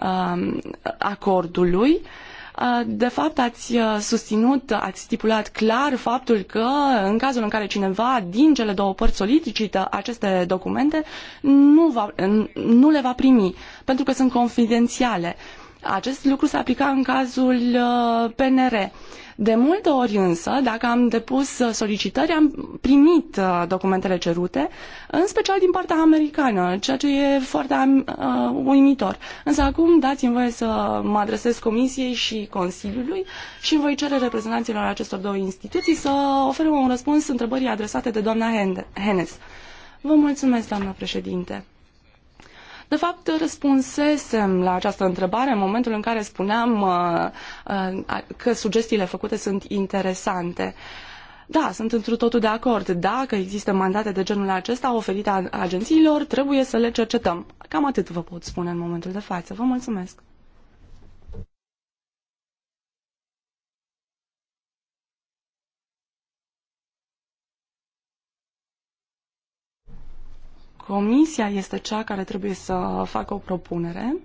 um, acordului, uh, de fapt, ați uh, susținut, ați stipulat clar faptul că în cazul în care cineva din cele două părți solicită aceste documente, nu, va, nu le va primi, pentru că sunt confidențiale. Acest lucru se aplica în cazul PNR. De multe ori însă, dacă am depus uh, solicitări, am primit uh, documentele cerute, în special din partea americană, ceea ce e foarte uh, uimitor. Însă acum dați-mi voie să mă adresez Comisiei și Consiliului și voi cere reprezentanților acestor două instituții să oferă un răspuns întrebării adresate de doamna Hennes. Vă mulțumesc, doamna președinte. De fapt, răspunsesem la această întrebare în momentul în care spuneam uh, uh, că sugestiile făcute sunt interesante. Da, sunt într totul de acord. Dacă există mandate de genul acesta oferite agențiilor, trebuie să le cercetăm. Cam atât vă pot spune în momentul de față. Vă mulțumesc. Comisia este cea care trebuie să facă o propunere,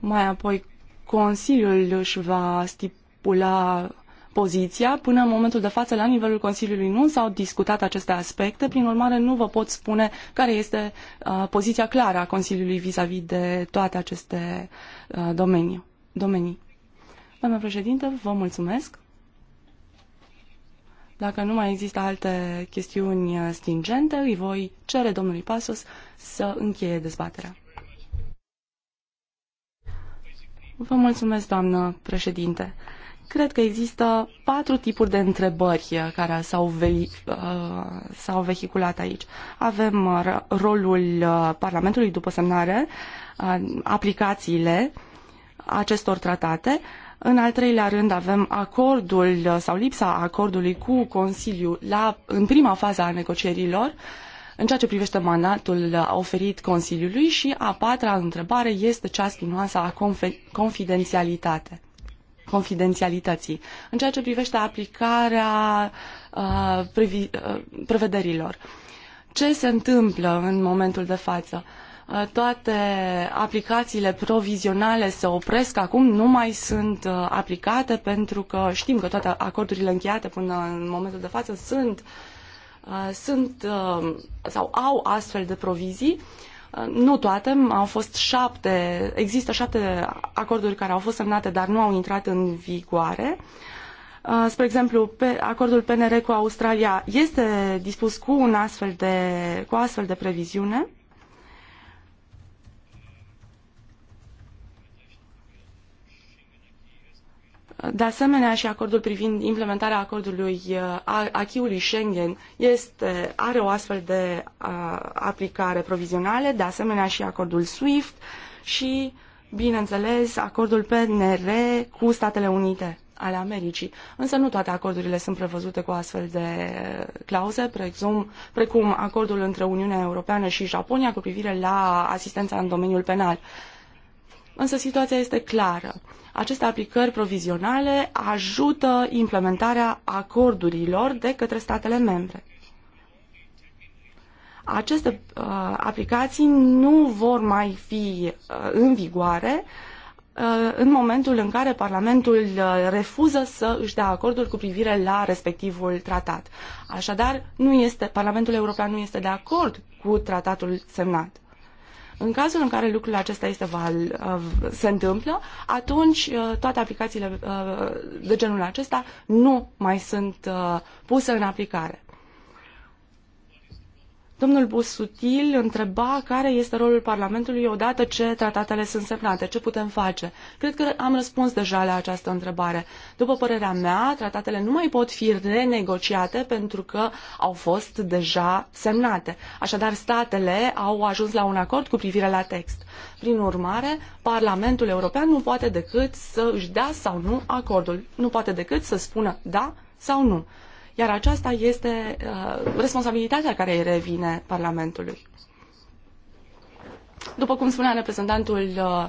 mai apoi Consiliul își va stipula poziția. Până în momentul de față, la nivelul Consiliului, nu s-au discutat aceste aspecte, prin urmare nu vă pot spune care este uh, poziția clară a Consiliului vis-a-vis -vis de toate aceste uh, domenii. domenii. Doamna președinte, vă mulțumesc. Dacă nu mai există alte chestiuni uh, stingente, îi voi cere domnului Pasos să încheie dezbaterea. Vă mulțumesc, doamnă președinte. Cred că există patru tipuri de întrebări uh, care s-au, ve- uh, s-au vehiculat aici. Avem rolul Parlamentului după semnare, aplicațiile acestor tratate, în al treilea rând avem acordul sau lipsa acordului cu Consiliul la, în prima fază a negocierilor în ceea ce privește mandatul oferit Consiliului și a patra întrebare este cea spinoasă a confidențialitate, confidențialității. În ceea ce privește aplicarea uh, previ, uh, prevederilor, ce se întâmplă în momentul de față? Uh, Uh, toate aplicațiile provizionale se opresc acum, nu mai sunt uh, aplicate pentru că știm că toate acordurile încheiate până în momentul de față sunt, uh, sunt sau au astfel de provizii. Nu toate, au fost șapte, există șapte acorduri care au fost semnate, dar nu au intrat în vigoare. Spre exemplu, pe acordul PNR cu Australia este dispus cu, un astfel de, cu astfel de previziune. De asemenea, și acordul privind implementarea acordului uh, achiului Schengen este, are o astfel de a, uh, aplicare provizională, de asemenea și acordul SWIFT și, bineînțeles, acordul PNR cu Statele Unite ale Americii. Însă nu toate acordurile sunt prevăzute cu astfel de clauze, precum, precum acordul între Uniunea Europeană și Japonia cu privire la asistența în domeniul penal. Însă situația este clară. Aceste aplicări provizionale ajută implementarea acordurilor de către statele membre. Aceste uh, aplicații nu vor mai fi uh, în vigoare uh, în momentul în care Parlamentul uh, refuză să își dea acordul cu privire la respectivul tratat. Așadar, nu este, Parlamentul European nu este de acord cu tratatul semnat. În cazul în care lucrul acesta este val, uh, se întâmplă, atunci uh, toate aplicațiile uh, de genul acesta nu mai sunt puse în aplicare. Domnul Busutil întreba care este rolul Parlamentului odată ce tratatele sunt semnate, ce putem face. Cred că am răspuns deja la această întrebare. După părerea mea, tratatele nu mai pot fi renegociate pentru că au fost deja semnate. Așadar, statele au ajuns la un acord cu privire la text. Prin urmare, Parlamentul European nu poate decât să își dea sau nu acordul. Nu poate decât să spună da sau nu. Iar aceasta este uh, responsabilitatea care îi revine Parlamentului. După cum spunea reprezentantul uh,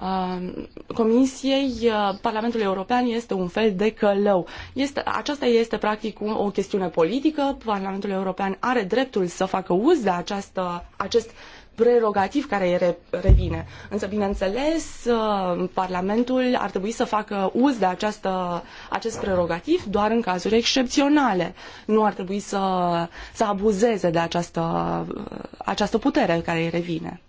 uh, Comisiei, uh, Parlamentul European este un fel de călău. Este, aceasta este practic o chestiune politică. Parlamentul European are dreptul să facă uz de această, acest uh, prerogativ care îi revine. Însă, bineînțeles, uh, Parlamentul ar trebui să facă uz de această, acest prerogativ doar în cazuri excepționale. Nu ar trebui să, să abuzeze de această, uh, această putere care îi revine.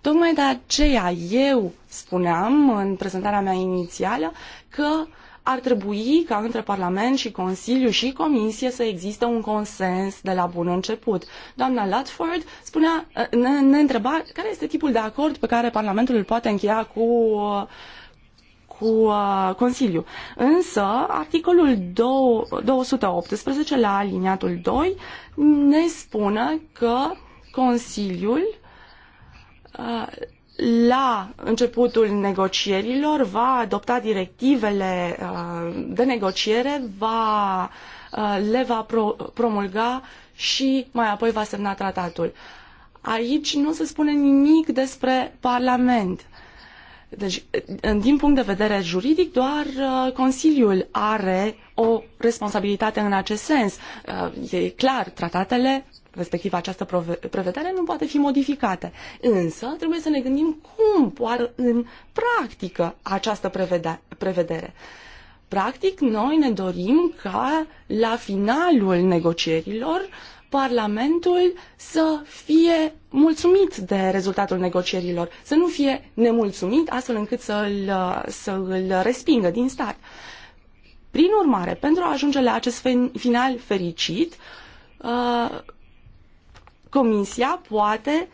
Tocmai de aceea eu spuneam în prezentarea mea inițială că uh, ar trebui ca între Parlament și Consiliu și Comisie să existe un consens de la bun început. Doamna Latford spunea, ne, ne întreba care este tipul de acord pe care Parlamentul îl poate încheia cu cu uh, Consiliu. Însă, articolul 2, 218 la aliniatul 2 ne spune că Consiliul uh, la începutul negocierilor va adopta directivele uh, de negociere, va, uh, le va promulga și mai apoi va semna tratatul. Aici nu se spune nimic despre Parlament. Deci, din punct de vedere juridic, doar uh, Consiliul are o responsabilitate în acest sens. E clar, tratatele respectiv această prevedere nu poate fi modificată. Însă trebuie să ne gândim cum poară în practică această prevedere. Practic, noi ne dorim ca la finalul negocierilor Parlamentul să fie mulțumit de rezultatul negocierilor, să nu fie nemulțumit astfel încât să îl, să îl respingă din stat. Prin urmare, pentru a ajunge la acest final fericit, uh, Comisia poate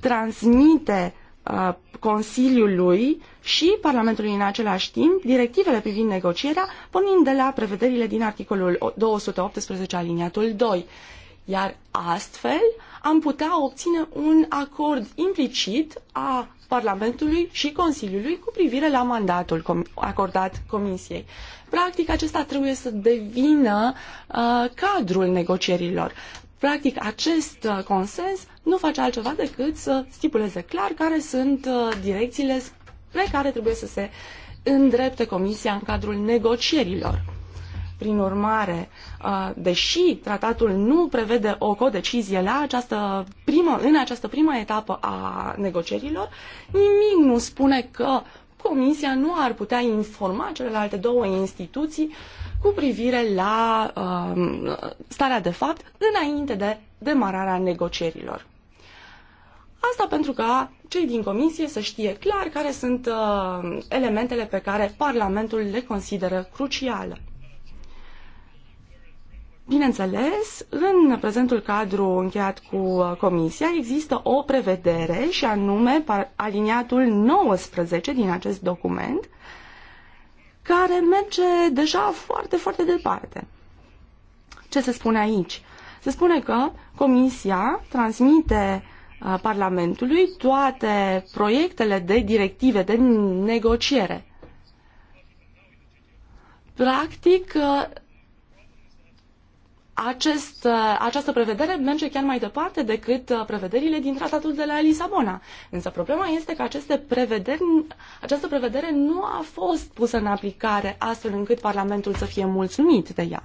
transmite uh, Consiliului și Parlamentului în același timp directivele privind negocierea, pornind de la prevederile din articolul 218 aliniatul 2. Iar astfel am putea obține un acord implicit a Parlamentului și Consiliului cu privire la mandatul com acordat Comisiei. Practic, acesta trebuie să devină uh, cadrul negocierilor. Practic, acest uh, consens nu face altceva decât să stipuleze clar care sunt uh, direcțiile spre care trebuie să se îndrepte Comisia în cadrul negocierilor. Prin urmare, uh, deși tratatul nu prevede o codecizie la această primă, în această primă etapă a negocierilor, nimic nu spune că Comisia nu ar putea informa celelalte două instituții cu privire la uh, starea de fapt înainte de demararea negocierilor. Asta pentru ca cei din comisie să știe clar care sunt uh, elementele pe care Parlamentul le consideră cruciale. Bineînțeles, în prezentul cadru încheiat cu uh, Comisia există o prevedere și anume aliniatul 19 din acest document care merge deja foarte, foarte departe. Ce se spune aici? Se spune că Comisia transmite uh, Parlamentului toate proiectele de directive de negociere. Practic, uh, acest, uh, această prevedere merge chiar mai departe decât uh, prevederile din tratatul de la Lisabona. Însă problema este că aceste prevederi, această prevedere nu a fost pusă în aplicare astfel încât Parlamentul să fie mulțumit de ea.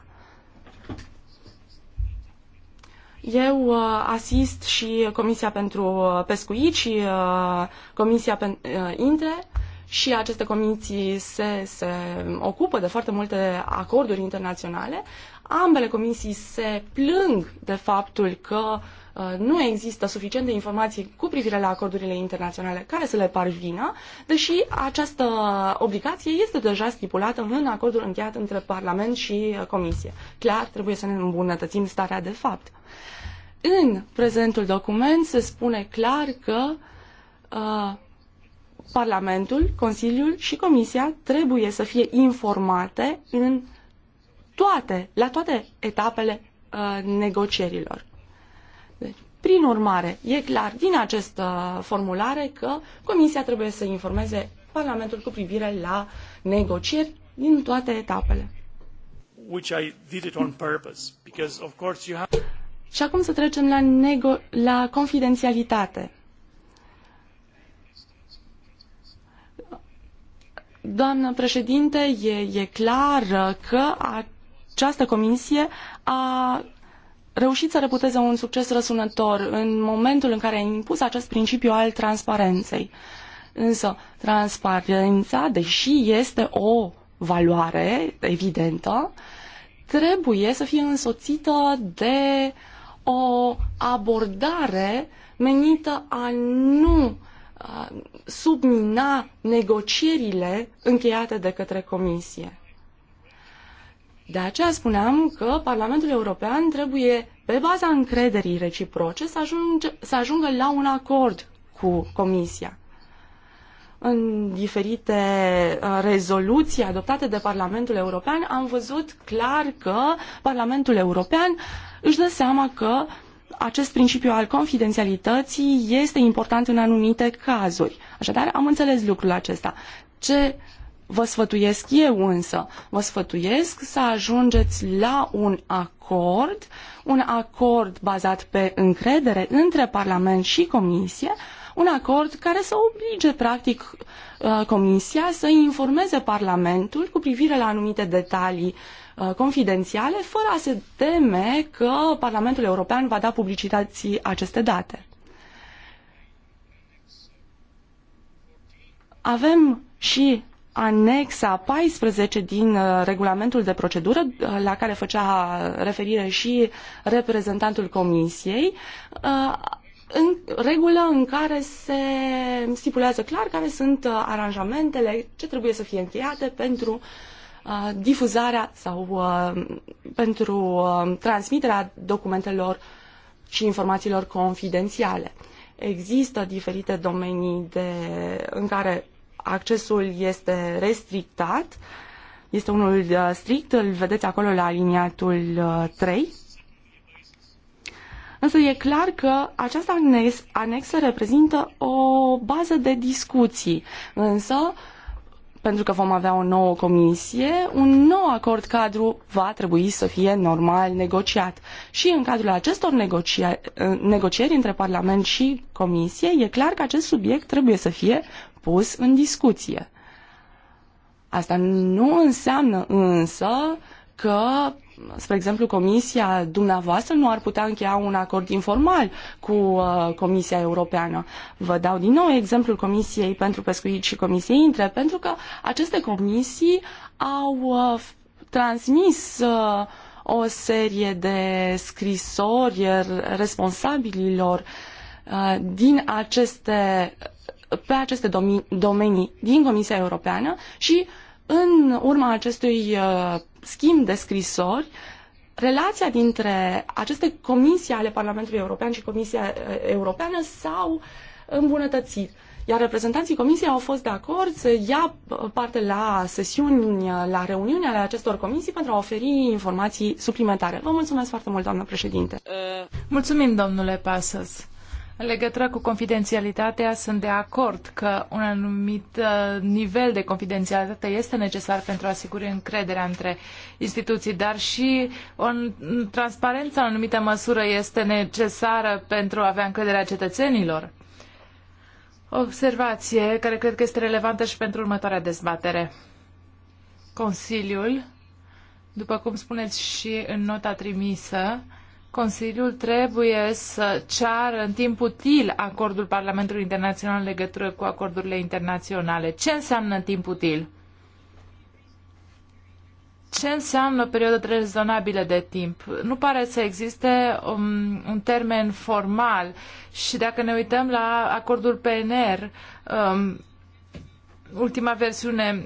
Eu uh, asist și Comisia pentru Pescuit și Comisia pentru Intre și aceste comisii se, se ocupă de foarte multe acorduri internaționale, Ambele comisii se plâng de faptul că uh, nu există suficiente informații cu privire la acordurile internaționale care să le parvină, deși această obligație este deja stipulată în acordul încheiat între Parlament și uh, Comisie. Clar, trebuie să ne îmbunătățim starea de fapt. În prezentul document se spune clar că uh, Parlamentul, Consiliul și Comisia trebuie să fie informate în toate, la toate etapele uh, negocierilor. Deci, prin urmare, e clar din această formulare că Comisia trebuie să informeze Parlamentul cu privire la negocieri din toate etapele. Which I did it on purpose, because of course you have... Și acum să trecem la, nego- la confidențialitate. Doamnă președinte, e, e clar că a, această comisie a reușit să reputeze un succes răsunător în momentul în care a impus acest principiu al transparenței. Însă, transparența, deși este o valoare evidentă, trebuie să fie însoțită de o abordare menită a nu submina negocierile încheiate de către Comisie. De aceea spuneam că Parlamentul European trebuie, pe baza încrederii reciproce, să, ajunge, să ajungă la un acord cu Comisia. În diferite uh, rezoluții adoptate de Parlamentul European am văzut clar că Parlamentul European își dă seama că acest principiu al confidențialității este important în anumite cazuri. Așadar, am înțeles lucrul acesta. Ce Vă sfătuiesc eu însă, vă sfătuiesc să ajungeți la un acord, un acord bazat pe încredere între Parlament și Comisie, un acord care să oblige, practic, uh, Comisia să informeze Parlamentul cu privire la anumite detalii uh, confidențiale, fără a se teme că Parlamentul European va da publicității aceste date. Avem și anexa 14 din uh, regulamentul de procedură, uh, la care făcea referire și reprezentantul Comisiei, uh, în regulă în care se stipulează clar care sunt aranjamentele ce trebuie să fie încheiate pentru difuzarea sau pentru transmiterea documentelor și informațiilor confidențiale. Există diferite domenii de, în care accesul este restrictat, este unul uh, strict, îl vedeți acolo la aliniatul 3. Uh, însă e clar că această anex, anexă reprezintă o bază de discuții, însă pentru că vom avea o nouă comisie, un nou acord cadru va trebui să fie normal negociat. Și în cadrul acestor uh, negocieri între Parlament și Comisie, e clar că acest subiect trebuie să fie pus în discuție. Asta nu înseamnă însă că, spre exemplu, Comisia dumneavoastră nu ar putea încheia un acord informal cu uh, Comisia Europeană. Vă dau din nou exemplul Comisiei pentru Pescuit și Comisiei Intre, pentru că aceste comisii au uh, transmis uh, o serie de scrisori responsabililor uh, din aceste pe aceste domenii din Comisia Europeană și în urma acestui uh, schimb de scrisori, relația dintre aceste comisii ale Parlamentului European și Comisia uh, Europeană s-au îmbunătățit. Iar reprezentanții comisiei au fost de acord să ia uh, parte la sesiuni, la reuniuni ale acestor comisii pentru a oferi informații suplimentare. Vă mulțumesc foarte mult, doamnă președinte. Mulțumim, domnule Pasas. În legătură cu confidențialitatea, sunt de acord că un anumit uh, nivel de confidențialitate este necesar pentru a asigura încrederea între instituții, dar și o transparență în anumită măsură este necesară pentru a avea încrederea cetățenilor. Observație care cred că este relevantă și pentru următoarea dezbatere. Consiliul, după cum spuneți și în nota trimisă, Consiliul trebuie să ceară în timp util acordul Parlamentului Internațional în legătură cu acordurile internaționale. Ce înseamnă în timp util? Ce înseamnă o perioadă rezonabilă de timp? Nu pare să existe un, um, un termen formal și dacă ne uităm la acordul PNR, um, ultima versiune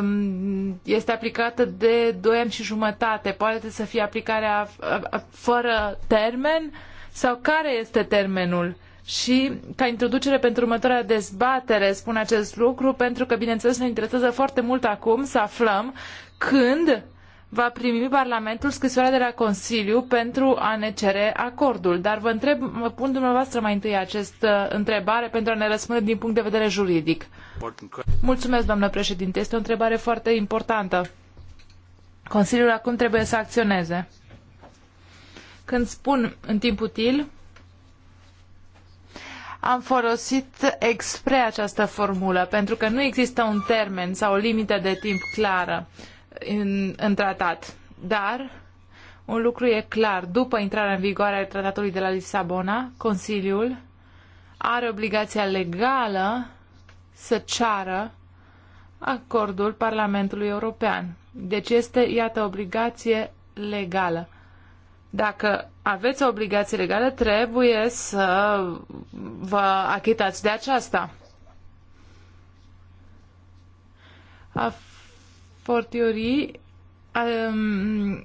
um, este aplicată de 2 ani și jumătate. Poate să fie aplicarea uh, uh, fără termen sau care este termenul? Și ca introducere pentru următoarea dezbatere spun acest lucru pentru că, bineînțeles, ne interesează foarte mult acum să aflăm când va primi Parlamentul scrisoarea de la Consiliu pentru a ne cere acordul. Dar vă întreb, mă pun dumneavoastră mai întâi această întrebare pentru a ne răspunde din punct de vedere juridic. Mulțumesc, doamnă președinte. Este o întrebare foarte importantă. Consiliul acum trebuie să acționeze. Când spun în timp util, am folosit expre această formulă, pentru că nu există un termen sau o limită de timp clară. Uh, în, în tratat. Dar un lucru e clar, după intrarea în vigoare a tratatului de la Lisabona, Consiliul are obligația legală să ceară acordul Parlamentului European. Deci este, iată, obligație legală. Dacă aveți o obligație legală, trebuie să vă achitați de aceasta. A transportiurii um,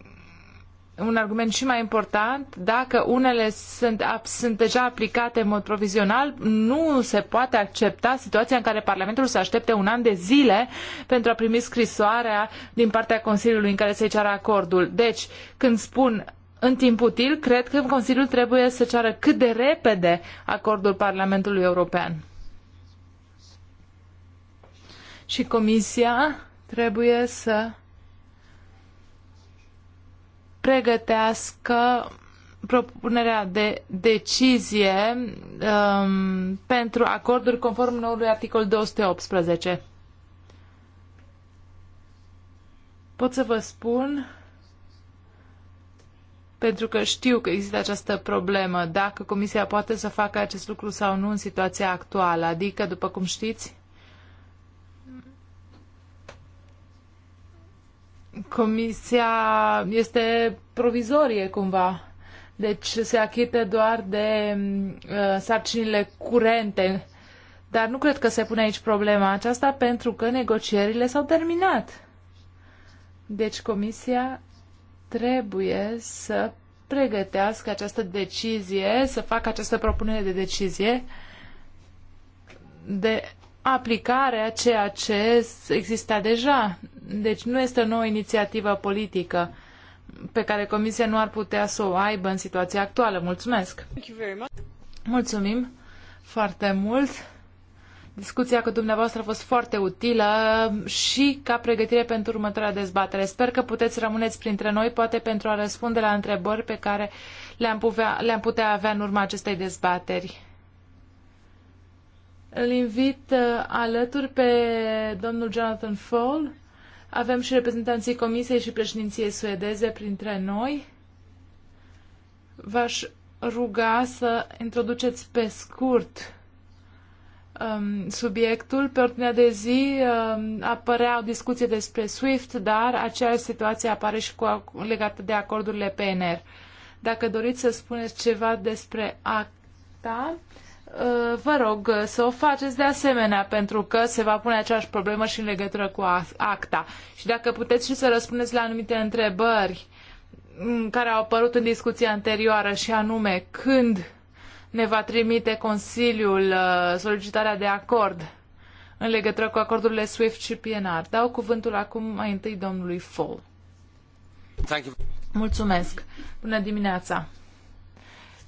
un argument și mai important, dacă unele sunt, sunt deja aplicate în mod provizional, nu se poate accepta situația în care Parlamentul să aștepte un an de zile pentru a primi scrisoarea din partea Consiliului în care să-i ceară acordul. Deci, când spun în timp util, cred că Consiliul trebuie să ceară cât de repede acordul Parlamentului European. Și Comisia trebuie să pregătească propunerea de decizie um, pentru acorduri conform noului articol 218. Pot să vă spun, pentru că știu că există această problemă, dacă Comisia poate să facă acest lucru sau nu în situația actuală. Adică, după cum știți, comisia este provizorie cumva. Deci se achită doar de uh, sarcinile curente. Dar nu cred că se pune aici problema aceasta pentru că negocierile s-au terminat. Deci comisia trebuie să pregătească această decizie, să facă această propunere de decizie de aplicare a ceea ce exista deja. Deci nu este o nouă inițiativă politică pe care Comisia nu ar putea să o aibă în situația actuală. Mulțumesc! Mulțumim foarte mult! Discuția cu dumneavoastră a fost foarte utilă și ca pregătire pentru următoarea dezbatere. Sper că puteți rămâneți printre noi, poate pentru a răspunde la întrebări pe care le-am putea, putea avea în urma acestei dezbateri. Îl invit uh, alături pe domnul Jonathan Fall. Avem și reprezentanții Comisiei și președinției suedeze printre noi. V-aș ruga să introduceți pe scurt um, subiectul. Pe ordinea de zi um, apărea o discuție despre SWIFT, dar aceeași situație apare și cu, legată de acordurile PNR. Dacă doriți să spuneți ceva despre acta, Uh, vă rog să o faceți de asemenea, pentru că se va pune aceeași problemă și în legătură cu acta. Și dacă puteți și să răspundeți la anumite întrebări mm, care au apărut în discuția anterioară și anume când ne va trimite Consiliul uh, solicitarea de acord în legătură cu acordurile SWIFT și PNR. Dau cuvântul acum mai întâi domnului Fall. Mulțumesc. Bună dimineața.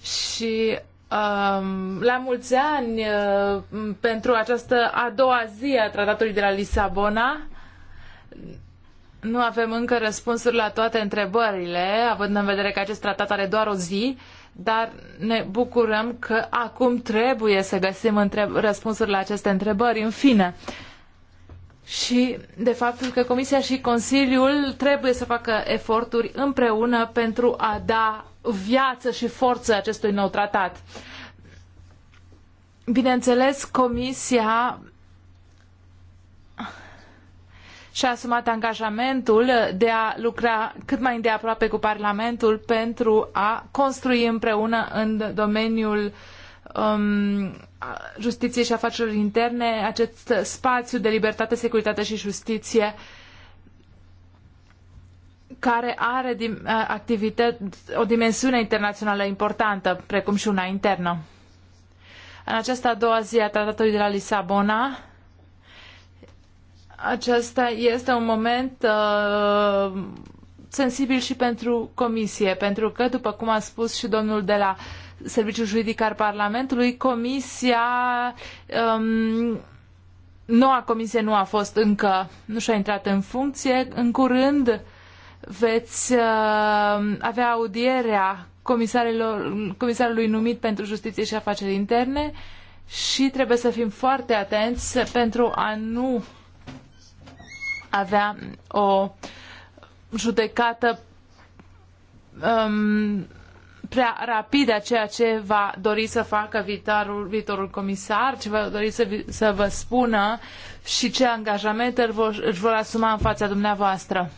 Și Um, la mulți ani uh, pentru această a doua zi a tratatului de la Lisabona. Nu avem încă răspunsuri la toate întrebările, având în vedere că acest tratat are doar o zi, dar ne bucurăm că acum trebuie să găsim întreb- răspunsuri la aceste întrebări. În fine, uh, și de faptul că Comisia și Consiliul trebuie să facă eforturi împreună pentru a da viață și forță acestui nou tratat. Bineînțeles, Comisia și-a asumat angajamentul de a lucra cât mai îndeaproape cu Parlamentul pentru a construi împreună în domeniul um, Justiției și Afacerilor Interne, acest spațiu de libertate, securitate și justiție care are activități, o dimensiune internațională importantă, precum și una internă. În această a doua zi a tratatului de la Lisabona, acesta este un moment uh, sensibil și pentru Comisie, pentru că, după cum a spus și domnul de la uh, Serviciul Juridic al Parlamentului, Comisia, um, noua Comisie nu a fost încă, nu și-a intrat în funcție. În curând veți uh, avea audierea comisarului numit pentru justiție și afaceri interne și trebuie să fim foarte atenți pentru a nu avea o judecată um, prea rapide a ceea ce va dori să facă viitorul, viitorul comisar, ce va dori să, vi, să vă spună și ce angajamente își vor, asuma în fața dumneavoastră.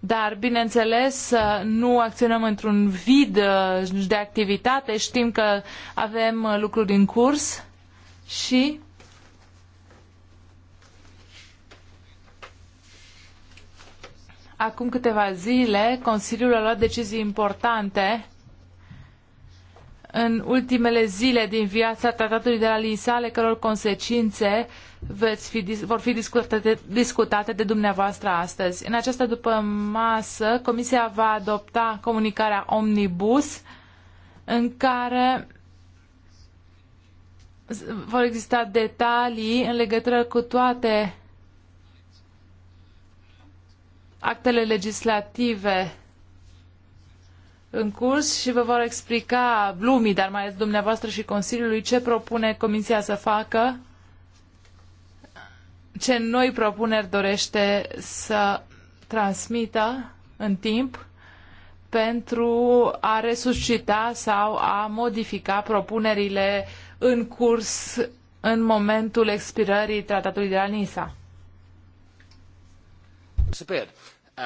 Dar, bineînțeles, nu acționăm într-un vid uh, de activitate, știm că avem uh, lucruri în curs și Acum câteva zile, Consiliul a luat decizii importante în ultimele zile din viața tratatului de la Lisale, căror consecințe veți fi, vor fi discutate, discutate de dumneavoastră astăzi. În această după masă, Comisia va adopta comunicarea Omnibus, în care vor exista detalii în legătură cu toate actele legislative în curs și vă vor explica lumii, dar mai ales dumneavoastră și Consiliului, ce propune Comisia să facă, ce noi propuneri dorește să transmită în timp pentru a resuscita sau a modifica propunerile în curs în momentul expirării tratatului de la Nisa. Disappeared. Uh,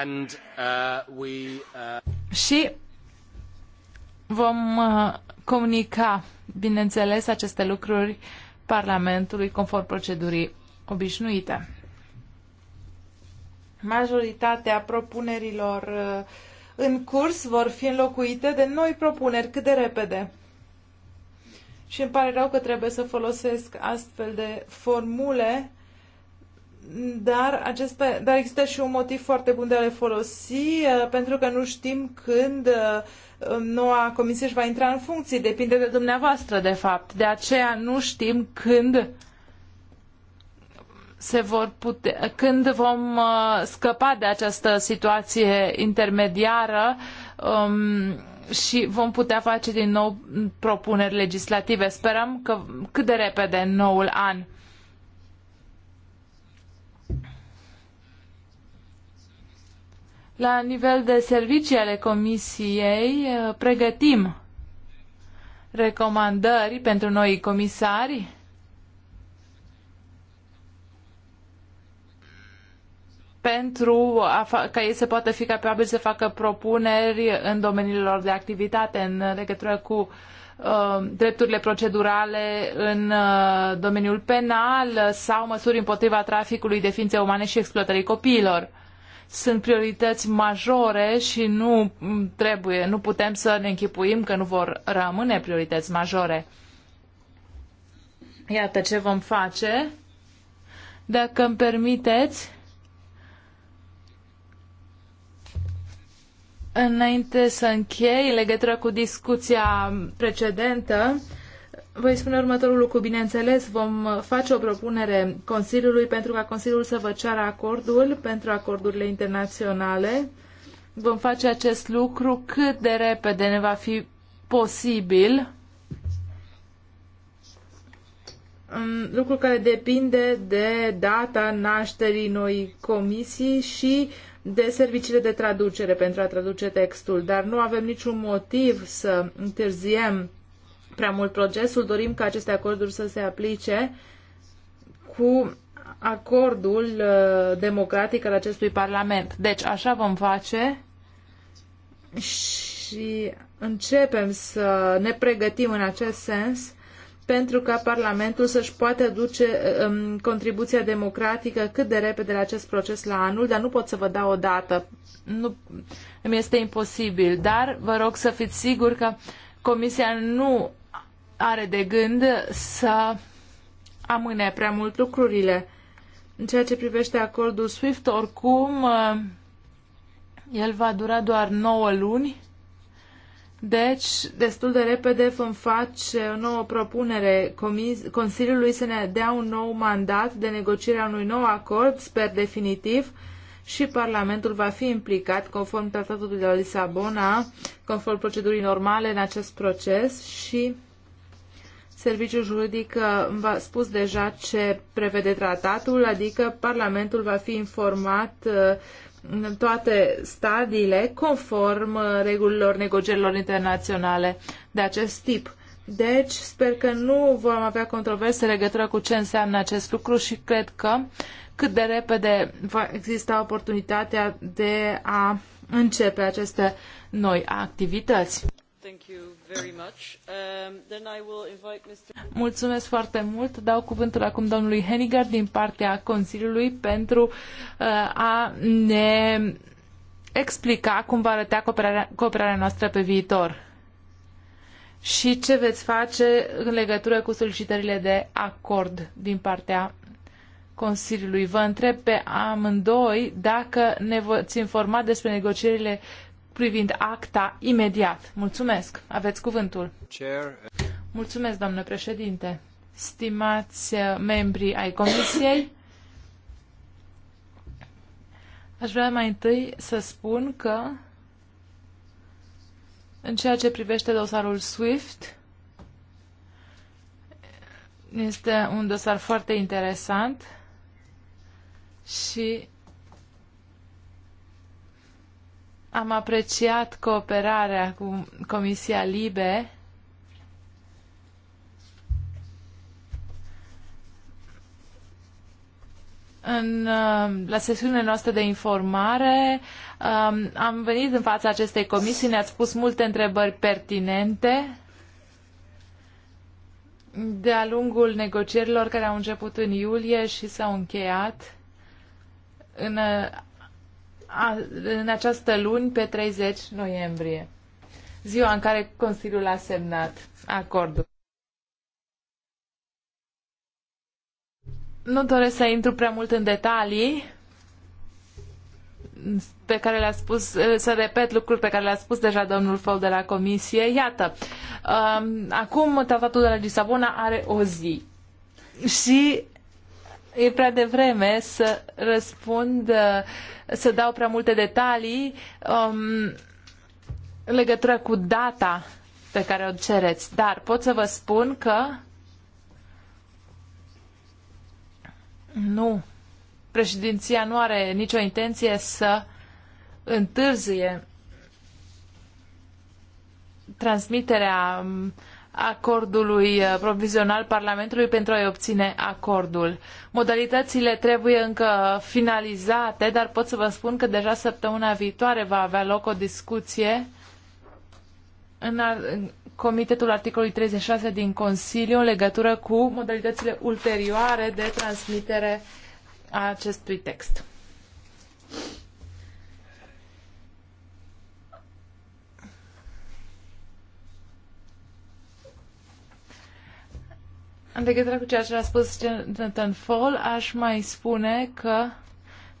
and, uh, we, uh... Și vom uh, comunica, bineînțeles, aceste lucruri Parlamentului conform procedurii obișnuite. Majoritatea propunerilor uh, în curs vor fi înlocuite de noi propuneri cât de repede. Și îmi pare rău că trebuie să folosesc astfel de formule dar, acesta, dar există și un motiv foarte bun de a le folosi, uh, pentru că nu știm când uh, um, noua comisie își va intra în funcție. Depinde de dumneavoastră, de fapt. De aceea nu știm când se vor pute, când vom uh, scăpa de această situație intermediară um, și vom putea face din nou propuneri legislative. Sperăm că cât de repede în noul an. La nivel de servicii ale Comisiei, eh, pregătim recomandări pentru noi comisari. pentru a ca ei să poată fi capabili să facă propuneri în domeniul lor de activitate în legătură cu uh, drepturile procedurale în uh, domeniul penal sau măsuri împotriva traficului de ființe umane și exploatării copiilor sunt priorități majore și nu trebuie, nu putem să ne închipuim că nu vor rămâne priorități majore. Iată ce vom face. Dacă îmi permiteți, înainte să închei, în legătură cu discuția precedentă, voi spune următorul lucru. Bineînțeles, vom face o propunere Consiliului pentru ca Consiliul să vă ceară acordul pentru acordurile internaționale. Vom face acest lucru cât de repede ne va fi posibil. Lucru care depinde de data nașterii noi comisii și de serviciile de traducere pentru a traduce textul, dar nu avem niciun motiv să întârziem prea mult procesul, dorim ca aceste acorduri să se aplice cu acordul uh, democratic al acestui Parlament. Deci așa vom face și începem să ne pregătim în acest sens pentru ca Parlamentul să-și poată aduce um, contribuția democratică cât de repede la acest proces la anul, dar nu pot să vă dau o dată. Nu, îmi este imposibil, dar vă rog să fiți siguri că Comisia nu are de gând să amâne prea mult lucrurile. În ceea ce privește acordul SWIFT, oricum, uh, el va dura doar 9 luni, deci destul de repede vom face o nouă propunere Consiliului să ne dea un nou mandat de negociere a unui nou acord, sper definitiv, și Parlamentul va fi implicat conform tratatului de la Lisabona, conform procedurii normale în acest proces și Serviciul juridic uh, v-a spus deja ce prevede tratatul, adică Parlamentul va fi informat uh, în toate stadiile conform uh, regulilor negocierilor internaționale de acest tip. Deci, sper că nu vom avea controverse în legătură cu ce înseamnă acest lucru și cred că cât de repede va exista oportunitatea de a începe aceste noi activități. Mulțumesc foarte mult. Dau cuvântul acum domnului Henniger din partea Consiliului pentru uh, a ne explica cum va arăta cooperarea, cooperarea noastră pe viitor și ce veți face în legătură cu solicitările de acord din partea Consiliului. Vă întreb pe amândoi dacă ne veți informa despre negocierile privind acta imediat. Mulțumesc. Aveți cuvântul. Mulțumesc, doamnă președinte. Stimați uh, membri ai comisiei, aș vrea mai întâi să spun că în ceea ce privește dosarul SWIFT, este un dosar foarte interesant și Am apreciat cooperarea cu Comisia Libe în, uh, la sesiunile noastre de informare um, am venit în fața acestei comisii, ne-ați pus multe întrebări pertinente de-a lungul negocierilor care au început în iulie și s-au încheiat în uh, a, în această luni, pe 30 noiembrie, ziua în care Consiliul a semnat acordul. Nu doresc să intru prea mult în detalii pe care le-a spus, să repet lucruri pe care le-a spus deja domnul Fău de la Comisie. Iată, um, acum tratatul de la Lisabona are o zi și e prea devreme să răspund uh, să dau prea multe detalii um, în legătură cu data pe care o cereți, dar pot să vă spun că nu, președinția nu are nicio intenție să întârzie transmiterea um, acordului uh, provizional Parlamentului pentru a-i obține acordul. Modalitățile trebuie încă finalizate, dar pot să vă spun că deja săptămâna viitoare va avea loc o discuție în Comitetul articolului 36 din Consiliu în legătură cu modalitățile ulterioare de transmitere a acestui text. În legătură cu ceea ce a spus Jonathan Fall, aș mai spune că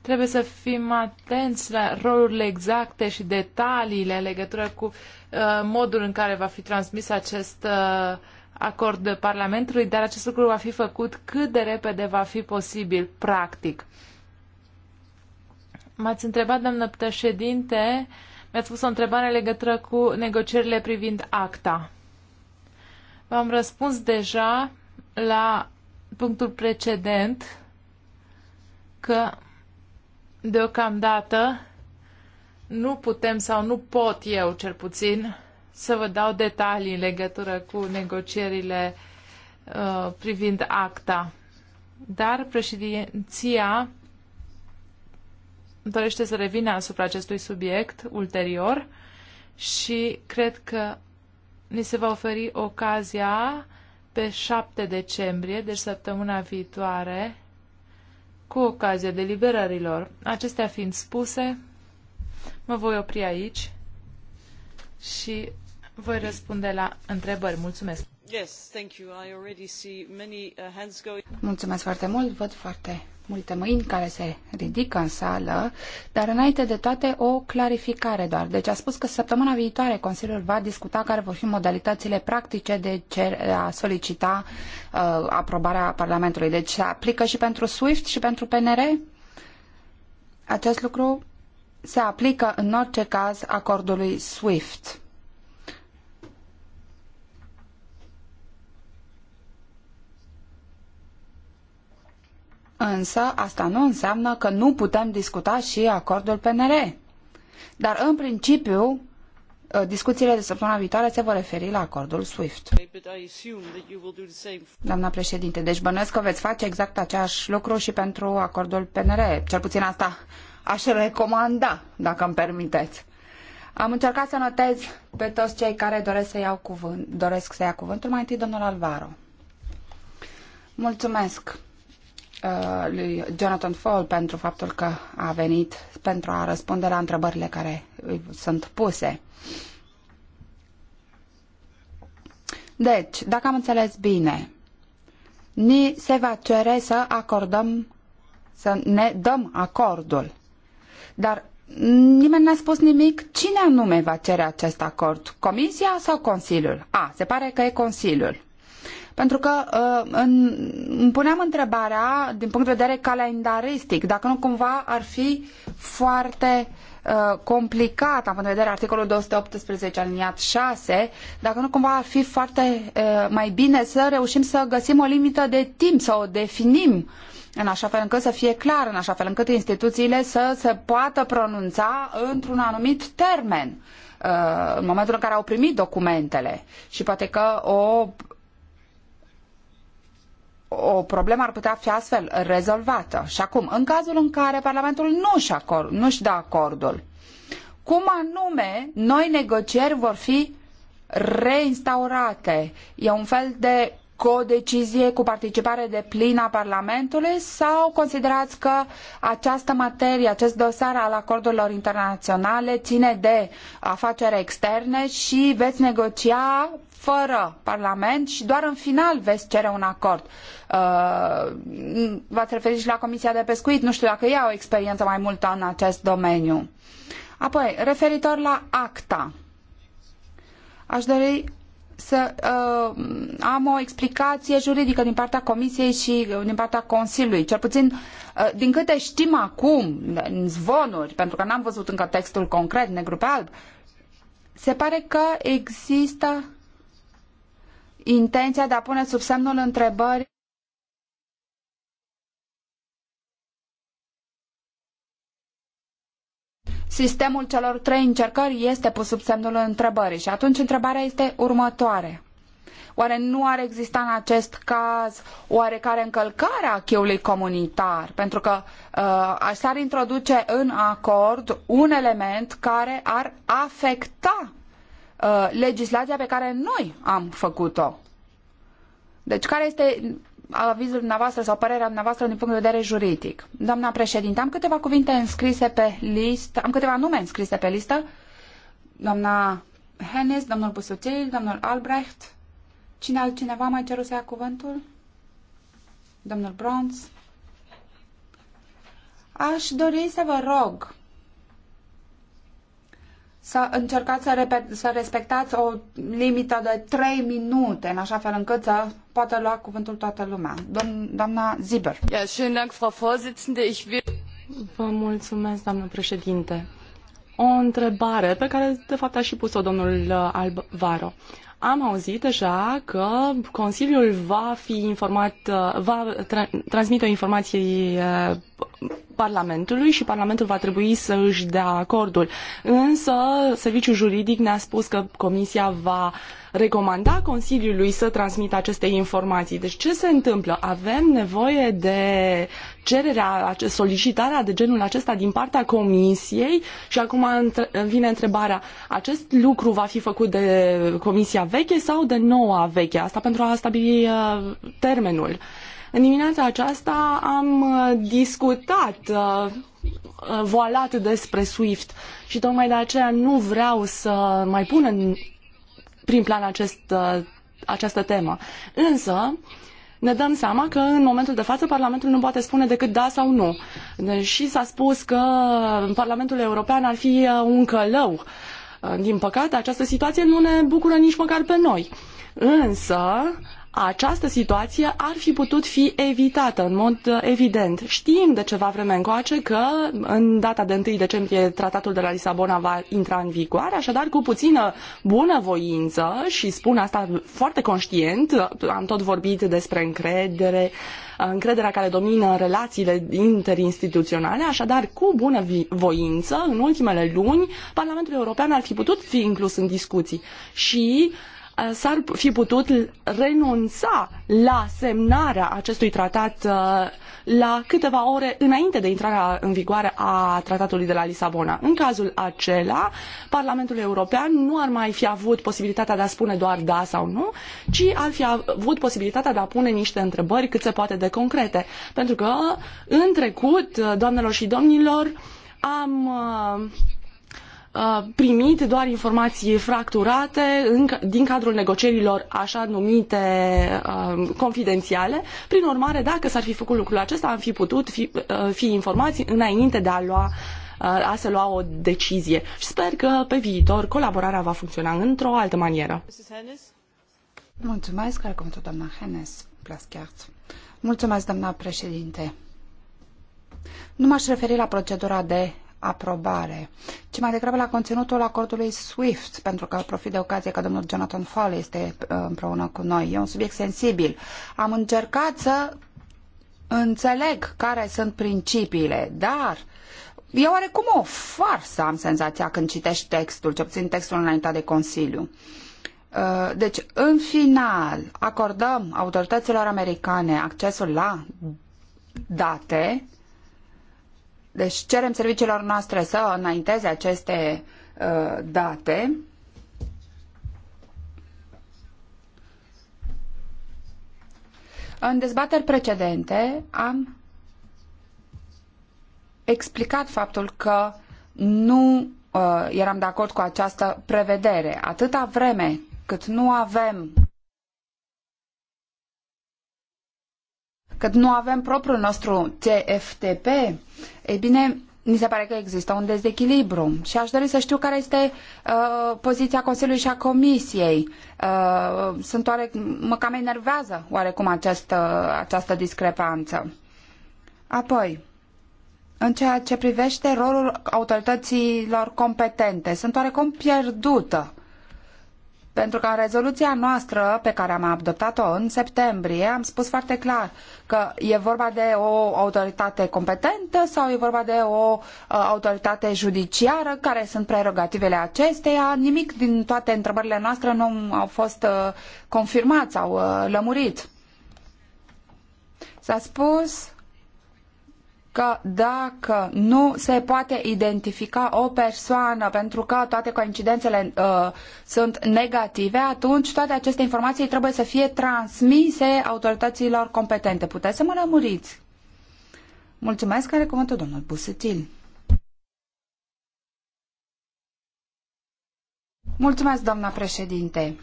trebuie să fim atenți la rolurile exacte și detaliile în legătură cu uh, modul în care va fi transmis acest uh, acord de Parlamentului, dar acest lucru va fi făcut cât de repede va fi posibil, practic. M-ați întrebat, doamnă președinte, mi-ați spus o întrebare în legătură cu negocierile privind acta. V-am răspuns deja la punctul precedent că deocamdată nu putem sau nu pot eu cel puțin să vă dau detalii în legătură cu negocierile uh, privind acta. Dar președinția dorește să revină asupra acestui subiect ulterior și cred că ni se va oferi ocazia pe 7 decembrie, deci săptămâna viitoare, cu ocazia deliberărilor. Acestea fiind spuse, mă voi opri aici și voi răspunde la întrebări. Mulțumesc! Mulțumesc foarte mult. Văd foarte multe mâini care se ridică în sală, dar înainte de toate o clarificare doar. Deci a spus că săptămâna viitoare Consiliul va discuta care vor fi modalitățile practice de cer, a solicita uh, aprobarea Parlamentului. Deci se aplică și pentru SWIFT și pentru PNR? Acest lucru se aplică în orice caz acordului SWIFT. însă asta nu înseamnă că nu putem discuta și acordul PNR. Dar, în principiu, ă, discuțiile de săptămâna viitoare se vor referi la acordul SWIFT. Doamna președinte, deci bănuiesc că veți face exact același lucru și pentru acordul PNR. Cel puțin asta aș recomanda, dacă îmi permiteți. Am încercat să notez pe toți cei care doresc să, iau cuvânt, doresc să ia cuvântul. Mai întâi, domnul Alvaro. Mulțumesc. Uh, lui Jonathan Fall pentru faptul că a venit pentru a răspunde la întrebările care sunt puse. Deci, dacă am înțeles bine, ni se va cere să acordăm, să ne dăm acordul. Dar nimeni n-a spus nimic cine anume va cere acest acord, Comisia sau Consiliul? A, se pare că e Consiliul pentru că uh, în, îmi puneam întrebarea, din punct de vedere calendaristic, dacă nu cumva ar fi foarte uh, complicat, având în vedere articolul 218 aliniat 6, dacă nu cumva ar fi foarte uh, mai bine să reușim să găsim o limită de timp, să o definim în așa fel încât să fie clar, în așa fel încât instituțiile să se poată pronunța într-un anumit termen uh, în momentul în care au primit documentele și poate că o o problemă ar putea fi astfel rezolvată. Și acum, în cazul în care Parlamentul nu-și, acord, nu-și dă acordul, cum anume noi negocieri vor fi reinstaurate? E un fel de codecizie cu participare de plină a Parlamentului sau considerați că această materie, acest dosar al acordurilor internaționale ține de afaceri externe și veți negocia fără Parlament și doar în final veți cere un acord. Uh, v-ați referit și la Comisia de Pescuit, nu știu dacă ea au experiență mai multă în acest domeniu. Apoi, referitor la acta, aș dori să uh, am o explicație juridică din partea Comisiei și din partea Consiliului. Cel puțin, uh, din câte știm acum, în zvonuri, pentru că n-am văzut încă textul concret, negru pe alb, se pare că există intenția de a pune sub semnul întrebării sistemul celor trei încercări este pus sub semnul întrebării și atunci întrebarea este următoare. Oare nu ar exista în acest caz oarecare încălcare a acheului comunitar? Pentru că uh, s-ar introduce în acord un element care ar afecta Uh, legislația pe care noi am făcut-o. Deci care este avizul dumneavoastră sau părerea dumneavoastră din punct de vedere juridic? Doamna președinte, am câteva cuvinte înscrise pe listă, am câteva nume înscrise pe listă. Doamna Hennis, domnul Busuțil, domnul Albrecht. Cine altcineva mai ceru să ia cuvântul? Domnul Bronz. Aș dori să vă rog să încercați să, să respectați o limită de 3 minute, în așa fel încât să poată lua cuvântul toată lumea. Domn, doamna Ziber. Ja, schönen Dank, Frau Vorsitzende. Ich will... Vă mulțumesc, doamnă președinte. O întrebare pe care, de fapt, a și pus-o domnul uh, Alvaro. Am auzit deja că Consiliul va fi informat, uh, va tra- transmite informație uh, Parlamentului și Parlamentul va trebui să își dea acordul. Însă, serviciul juridic ne-a spus că Comisia va recomanda Consiliului să transmită aceste informații. Deci ce se întâmplă? Avem nevoie de cererea, solicitarea de genul acesta din partea Comisiei și acum vine întrebarea, acest lucru va fi făcut de Comisia veche sau de noua veche? Asta pentru a stabili uh, termenul. În dimineața aceasta am uh, discutat uh, voalat despre SWIFT și tocmai de aceea nu vreau să mai pun în prim plan acest, această temă. Însă, uh, ne dăm seama că în momentul de față Parlamentul nu poate spune decât da sau nu. Și s-a spus că Parlamentul European ar fi uh, un călău. Uh, din păcate, această situație nu ne bucură nici măcar pe noi. Însă, această situație ar fi putut fi evitată în mod uh, evident. Știm de ceva vreme încoace că în data de 1 decembrie tratatul de la Lisabona va intra în vigoare, așadar cu puțină bunăvoință și spun asta foarte conștient, am tot vorbit despre încredere, încrederea care domină relațiile interinstituționale, așadar cu bună voință, în ultimele luni, Parlamentul European ar fi putut fi inclus în discuții și s-ar fi putut renunța la semnarea acestui tratat uh, la câteva ore înainte de intrarea în vigoare a tratatului de la Lisabona. În cazul acela, Parlamentul European nu ar mai fi avut posibilitatea de a spune doar da sau nu, ci ar fi avut posibilitatea de a pune niște întrebări cât se poate de concrete. Pentru că, în trecut, uh, doamnelor și domnilor, am uh, primit doar informații fracturate din cadrul negocierilor așa numite confidențiale. Prin urmare, dacă s-ar fi făcut lucrul acesta, am fi putut fi, fi informați înainte de a lua a se lua o decizie. Și sper că pe viitor colaborarea va funcționa într-o altă manieră. Mulțumesc, are cuvântul doamna Hennes, Plaschert. Mulțumesc, doamna președinte. Nu m-aș referi la procedura de aprobare, ci mai degrabă la conținutul acordului SWIFT, pentru că profit de ocazie că domnul Jonathan Fall este uh, împreună cu noi. E un subiect sensibil. Am încercat să înțeleg care sunt principiile, dar e oarecum o farsă, am senzația, când citești textul, ce obțin textul înaintea de Consiliu. Uh, deci, în final, acordăm autorităților americane accesul la date deci cerem serviciilor noastre să înainteze aceste uh, date. În dezbateri precedente am explicat faptul că nu uh, eram de acord cu această prevedere. Atâta vreme cât nu avem că nu avem propriul nostru TFTP, ei bine, mi se pare că există un dezechilibru și aș dori să știu care este uh, poziția Consiliului și a Comisiei. Uh, sunt oare, mă cam enervează oarecum această, uh, această discrepanță. Apoi, în ceea ce privește rolul autorităților competente, sunt oarecum pierdută. Pentru că în rezoluția noastră pe care am adoptat-o în septembrie am spus foarte clar că e vorba de o autoritate competentă sau e vorba de o uh, autoritate judiciară, care sunt prerogativele acesteia. Nimic din toate întrebările noastre nu au fost uh, confirmat sau uh, lămurit. S-a spus că dacă nu se poate identifica o persoană pentru că toate coincidențele uh, sunt negative, atunci toate aceste informații trebuie să fie transmise autorităților competente. Puteți să mă lămuriți? Mulțumesc, care cuvântul domnul Busetil. Mulțumesc, doamna președinte.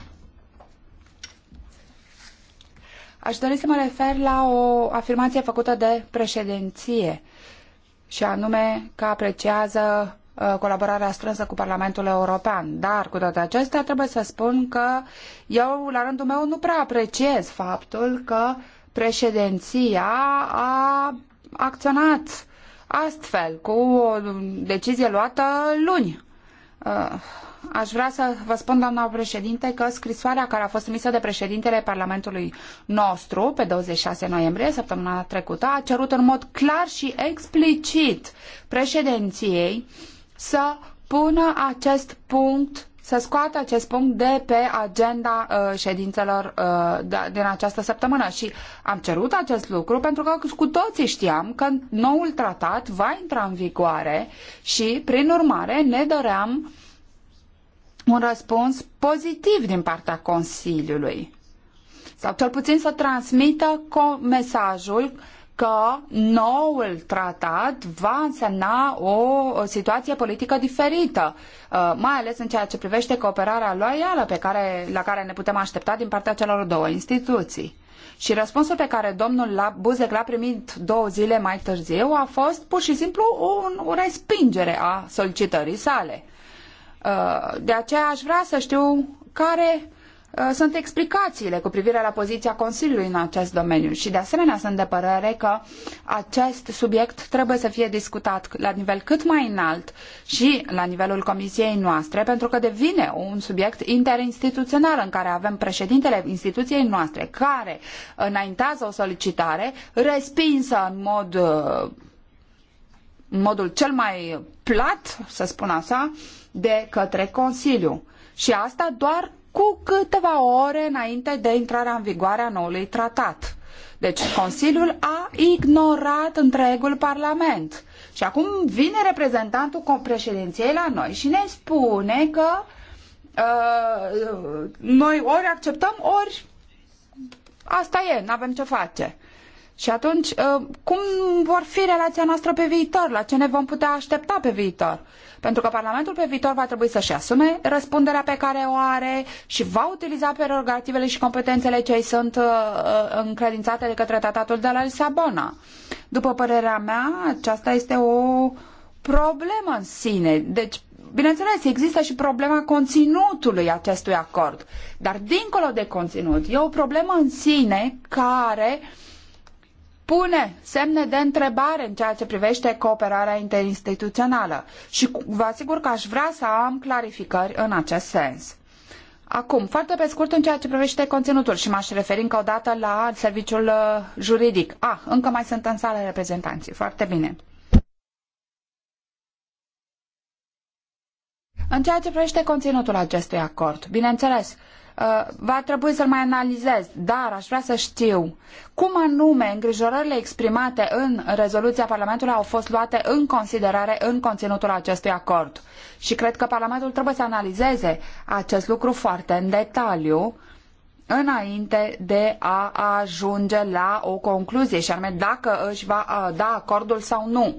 Aș dori să mă refer la o afirmație făcută de președinție și anume că apreciază uh, colaborarea strânsă cu Parlamentul European. Dar, cu toate acestea, trebuie să spun că eu, la rândul meu, nu prea apreciez faptul că președinția a acționat astfel, cu o decizie luată luni. Uh, aș vrea să vă spun, doamna președinte, că scrisoarea care a fost trimisă de președintele Parlamentului nostru pe 26 noiembrie, săptămâna trecută, a cerut în mod clar și explicit președinției să pună acest punct să scoată acest punct de pe agenda uh, ședințelor uh, din această săptămână. Și am cerut acest lucru pentru că cu toții știam că noul tratat va intra în vigoare și, prin urmare, ne doream un răspuns pozitiv din partea Consiliului. Sau cel puțin să transmită mesajul că noul tratat va însemna o, o situație politică diferită, uh, mai ales în ceea ce privește cooperarea loială pe care, la care ne putem aștepta din partea celor două instituții. Și răspunsul pe care domnul Buzek l-a primit două zile mai târziu a fost pur și simplu o, o respingere a solicitării sale. Uh, de aceea aș vrea să știu care uh, sunt explicațiile cu privire la poziția Consiliului în acest domeniu și de asemenea sunt de părere că acest subiect trebuie să fie discutat la nivel cât mai înalt și la nivelul comisiei noastre pentru că devine un subiect interinstituțional în care avem președintele instituției noastre care înaintează o solicitare respinsă în mod uh, în modul cel mai plat, să spun așa, de către Consiliu. Și asta doar cu câteva ore înainte de intrarea în vigoare a noului tratat. Deci Consiliul a ignorat întregul Parlament. Și acum vine reprezentantul președinției la noi și ne spune că uh, noi ori acceptăm, ori asta e, nu avem ce face. Și atunci, ă, cum vor fi relația noastră pe viitor? La ce ne vom putea aștepta pe viitor? Pentru că Parlamentul pe viitor va trebui să-și asume răspunderea pe care o are și va utiliza prerogativele și competențele ce îi sunt ă, ă, încredințate de către tratatul de la Lisabona. După părerea mea, aceasta este o problemă în sine. Deci, bineînțeles, există și problema conținutului acestui acord. Dar, dincolo de conținut, e o problemă în sine care uh, pune semne de întrebare în ceea ce privește cooperarea interinstituțională și vă asigur că aș vrea să am clarificări în acest sens. Acum, foarte pe scurt în ceea ce privește conținutul și m-aș referi încă o dată la serviciul uh, juridic. A, ah, încă mai sunt în sală reprezentanții. Foarte bine. În ceea ce privește conținutul acestui acord, bineînțeles, Uh, va trebui să-l mai analizez, dar aș vrea să știu cum anume îngrijorările exprimate în rezoluția Parlamentului au fost luate în considerare în conținutul acestui acord. Și cred că Parlamentul trebuie să analizeze acest lucru foarte în detaliu înainte de a ajunge la o concluzie și anume dacă își va uh, da acordul sau nu.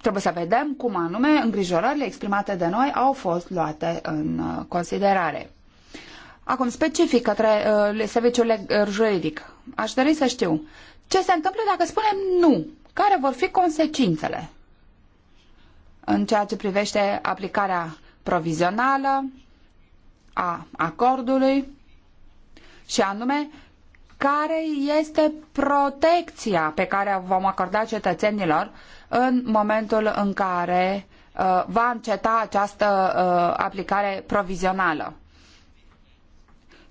Trebuie să vedem cum anume îngrijorările exprimate de noi au fost luate în uh, considerare. Acum, specific către uh, serviciul juridic, aș dori să știu ce se întâmplă dacă spunem nu, care vor fi consecințele în ceea ce privește aplicarea provizională a acordului și anume care este protecția pe care vom acorda cetățenilor în momentul în care uh, va înceta această uh, aplicare provizională.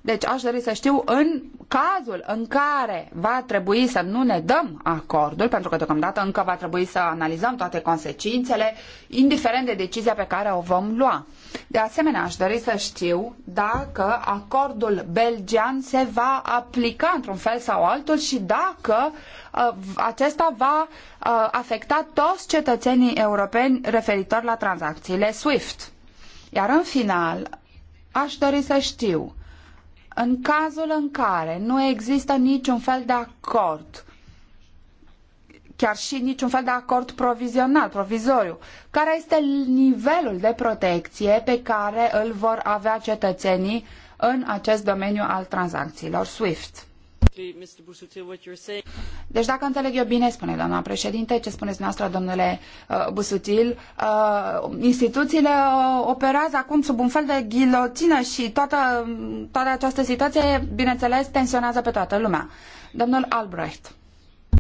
Deci aș dori să știu în cazul în care va trebui să nu ne dăm acordul, pentru că deocamdată încă va trebui să analizăm toate consecințele, indiferent de decizia pe care o vom lua. De asemenea, aș dori să știu dacă acordul belgian se va aplica într-un fel sau altul și dacă uh, acesta va uh, afecta toți cetățenii europeni referitor la tranzacțiile SWIFT. Iar în final, aș dori să știu în cazul în care nu există niciun fel de acord, chiar și niciun fel de acord provizional, provizoriu, care este nivelul de protecție pe care îl vor avea cetățenii în acest domeniu al tranzacțiilor SWIFT. Deci dacă înțeleg eu bine, spune doamna președinte, ce spuneți dumneavoastră, domnule uh, Busutil, uh, instituțiile uh, operează acum sub un fel de ghilotină și toată, toată această situație, bineînțeles, tensionează pe toată lumea. Domnul Albrecht.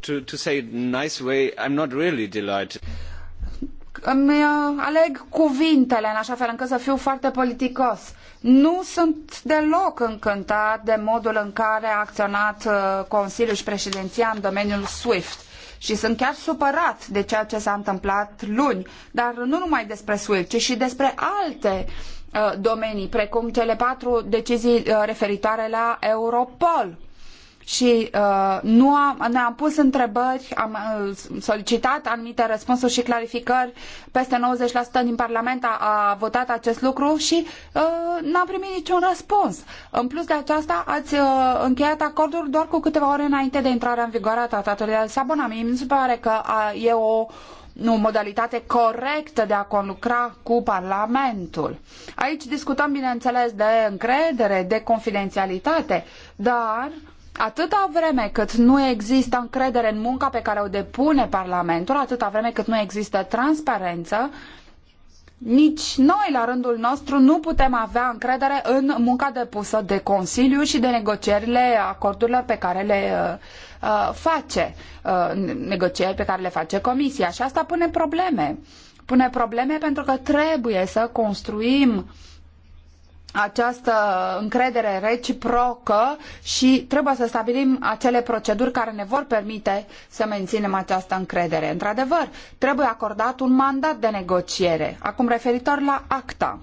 To, to say nice way, I'm not really delighted îmi aleg cuvintele în așa fel încât să fiu foarte politicos. Nu sunt deloc încântat de modul în care a acționat uh, Consiliul și președinția în domeniul SWIFT și sunt chiar supărat de ceea ce s-a întâmplat luni, dar nu numai despre SWIFT, ci și despre alte uh, domenii, precum cele patru decizii uh, referitoare la Europol și uh, nu am, ne-am pus întrebări, am uh, solicitat anumite răspunsuri și clarificări. Peste 90% din Parlament a, a, votat acest lucru și uh, n-am primit niciun răspuns. În plus de aceasta, ați uh, încheiat acordul doar cu câteva ore înainte de intrarea în vigoare a tratatului de Lisabona. Mie mi se pare că e o modalitate corectă de a conlucra cu Parlamentul. Aici discutăm, bineînțeles, de încredere, de confidențialitate, dar Atâta vreme cât nu există încredere în munca pe care o depune Parlamentul, atâta vreme cât nu există transparență, nici noi, la rândul nostru, nu putem avea încredere în munca depusă de Consiliu și de negocierile acordurilor pe care le uh, uh, face, uh, negocieri pe care le face Comisia. Și asta pune probleme. Pune probleme pentru că trebuie să construim uh, această încredere reciprocă și trebuie să stabilim acele proceduri care ne vor permite să menținem această încredere. Într-adevăr, trebuie acordat un mandat de negociere. Acum referitor la acta.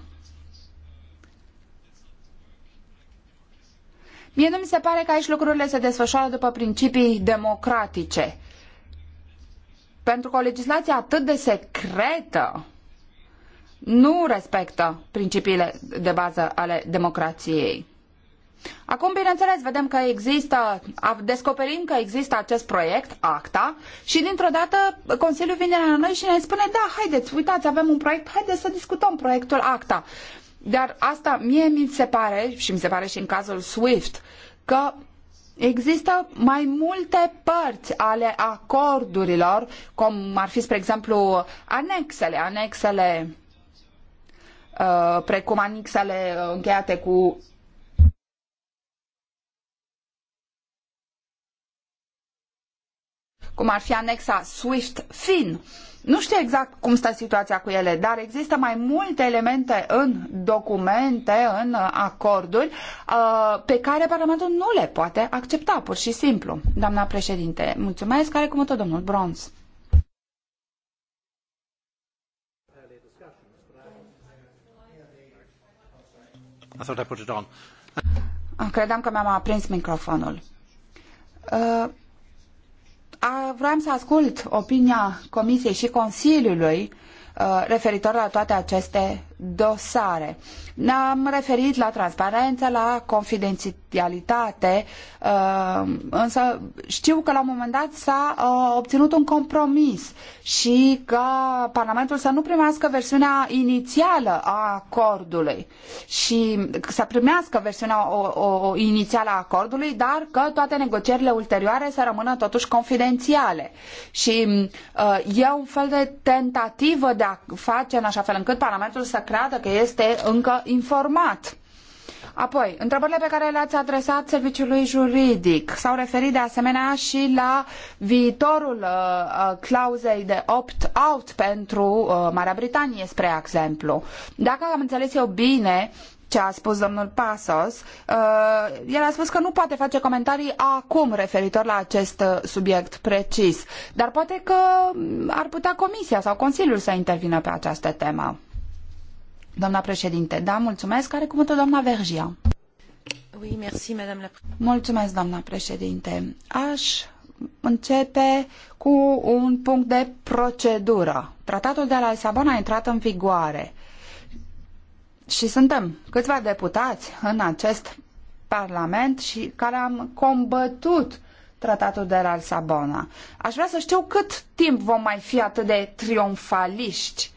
Mie nu mi se pare că aici lucrurile se desfășoară după principii democratice. Pentru că o legislație atât de secretă nu respectă principiile de bază ale democrației. Acum, bineînțeles, vedem că există, descoperim că există acest proiect, ACTA, și dintr-o dată Consiliul vine la noi și ne spune, da, haideți, uitați, avem un proiect, haideți să discutăm proiectul ACTA. Dar asta mie mi se pare, și mi se pare și în cazul SWIFT, că Există mai multe părți ale acordurilor, cum ar fi, spre exemplu, anexele, anexele Uh, precum anexele uh, încheiate cu cum ar fi anexa SWIFT-FIN. Nu știu exact cum stă situația cu ele, dar există mai multe elemente în documente, în uh, acorduri, pe care Parlamentul nu le poate accepta, pur și simplu. Doamna președinte, mulțumesc, care cuvântul domnul Bronz. Credeam că mi-am aprins microfonul. Uh, vreau să ascult opinia Comisiei și Consiliului uh, referitor la toate aceste dosare. Ne-am referit la transparență, la confidențialitate, uh, însă știu că la un moment dat s-a uh, obținut un compromis și că Parlamentul să nu primească versiunea inițială a acordului și să primească versiunea o, o, inițială a acordului, dar că toate negocierile ulterioare să rămână totuși confidențiale. Și uh, e un fel de tentativă de a face în așa fel încât Parlamentul să creadă că este încă informat. Apoi, întrebările pe care le-ați adresat serviciului juridic s-au referit de asemenea și la viitorul uh, uh clauzei de opt-out pentru uh, Marea Britanie, spre exemplu. Dacă am înțeles eu bine, ce a spus domnul Pasos. Uh, el a spus că nu poate face comentarii acum referitor la acest uh, subiect precis, dar poate că mm, ar putea Comisia sau Consiliul să intervină pe această temă. Doamna președinte, da, mulțumesc. Care cuvântul doamna Vergia? Oui, merci, madame la... Mulțumesc, doamna președinte. Aș începe cu un punct de procedură. Tratatul de la Lisabona a intrat în vigoare și suntem câțiva deputați în acest Parlament și care am combătut tratatul de la Lisabona. Aș vrea să știu cât timp vom mai fi atât de triumfaliști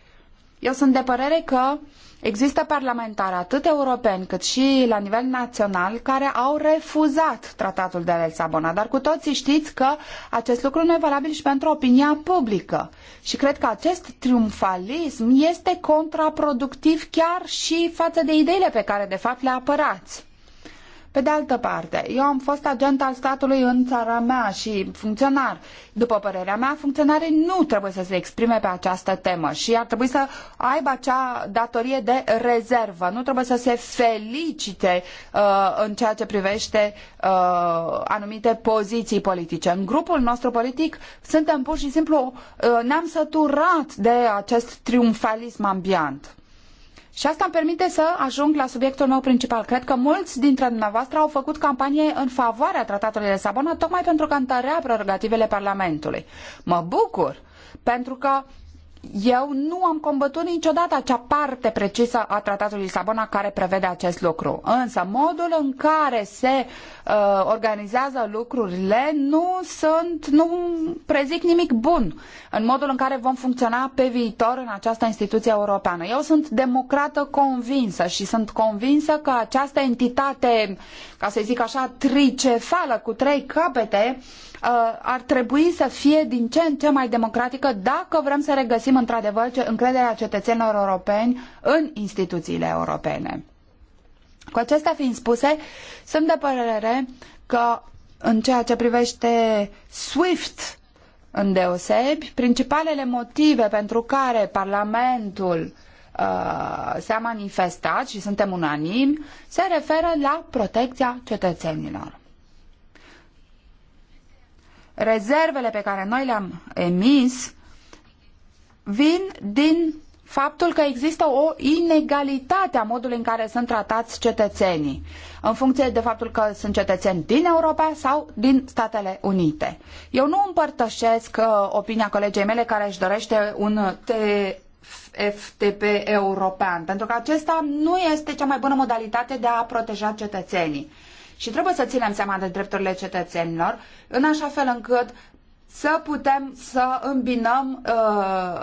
eu sunt de părere că există parlamentari, atât europeni cât și la nivel național, care au refuzat tratatul de la Lisabona, dar cu toții știți că acest lucru nu e valabil și pentru opinia publică. Și cred că acest triumfalism este contraproductiv chiar și față de ideile pe care de fapt le apărați. Pe de altă parte, eu am fost agent al statului în țara mea și funcționar. După părerea mea, funcționarii nu trebuie să se exprime pe această temă și ar trebui să aibă acea datorie de rezervă. Nu trebuie să se felicite uh, în ceea ce privește uh, anumite poziții politice. În grupul nostru politic suntem pur și simplu, uh, ne-am săturat de acest triumfalism ambiant. Și asta îmi permite să ajung la subiectul meu principal. Cred că mulți dintre dumneavoastră au făcut campanie în favoarea tratatului de Sabona, tocmai pentru că întărea prerogativele Parlamentului. Mă bucur, pentru că eu nu am combătut niciodată acea parte precisă a Tratatului Lisabona care prevede acest lucru. Însă modul în care se uh, organizează lucrurile nu sunt, nu prezic nimic bun în modul în care vom funcționa pe viitor în această instituție europeană. Eu sunt democrată convinsă și sunt convinsă că această entitate, ca să zic așa, tricefală cu trei capete, Uh, ar trebui să fie din ce în ce mai democratică dacă vrem să regăsim într-adevăr încrederea cetățenilor europeni în instituțiile europene. Cu acestea fiind spuse, sunt de părere că în ceea ce privește SWIFT îndeosebi, principalele motive pentru care Parlamentul uh, s-a manifestat și suntem unanimi se referă la protecția cetățenilor rezervele pe care noi le-am emis vin din faptul că există o inegalitate a modului în care sunt tratați cetățenii, în funcție de faptul că sunt cetățeni din Europa sau din Statele Unite. Eu nu împărtășesc uh, opinia colegei mele care își dorește un FTP european, pentru că acesta nu este cea mai bună modalitate de a proteja cetățenii. Și trebuie să ținem seama de drepturile cetățenilor, în așa fel încât să putem să îmbinăm uh,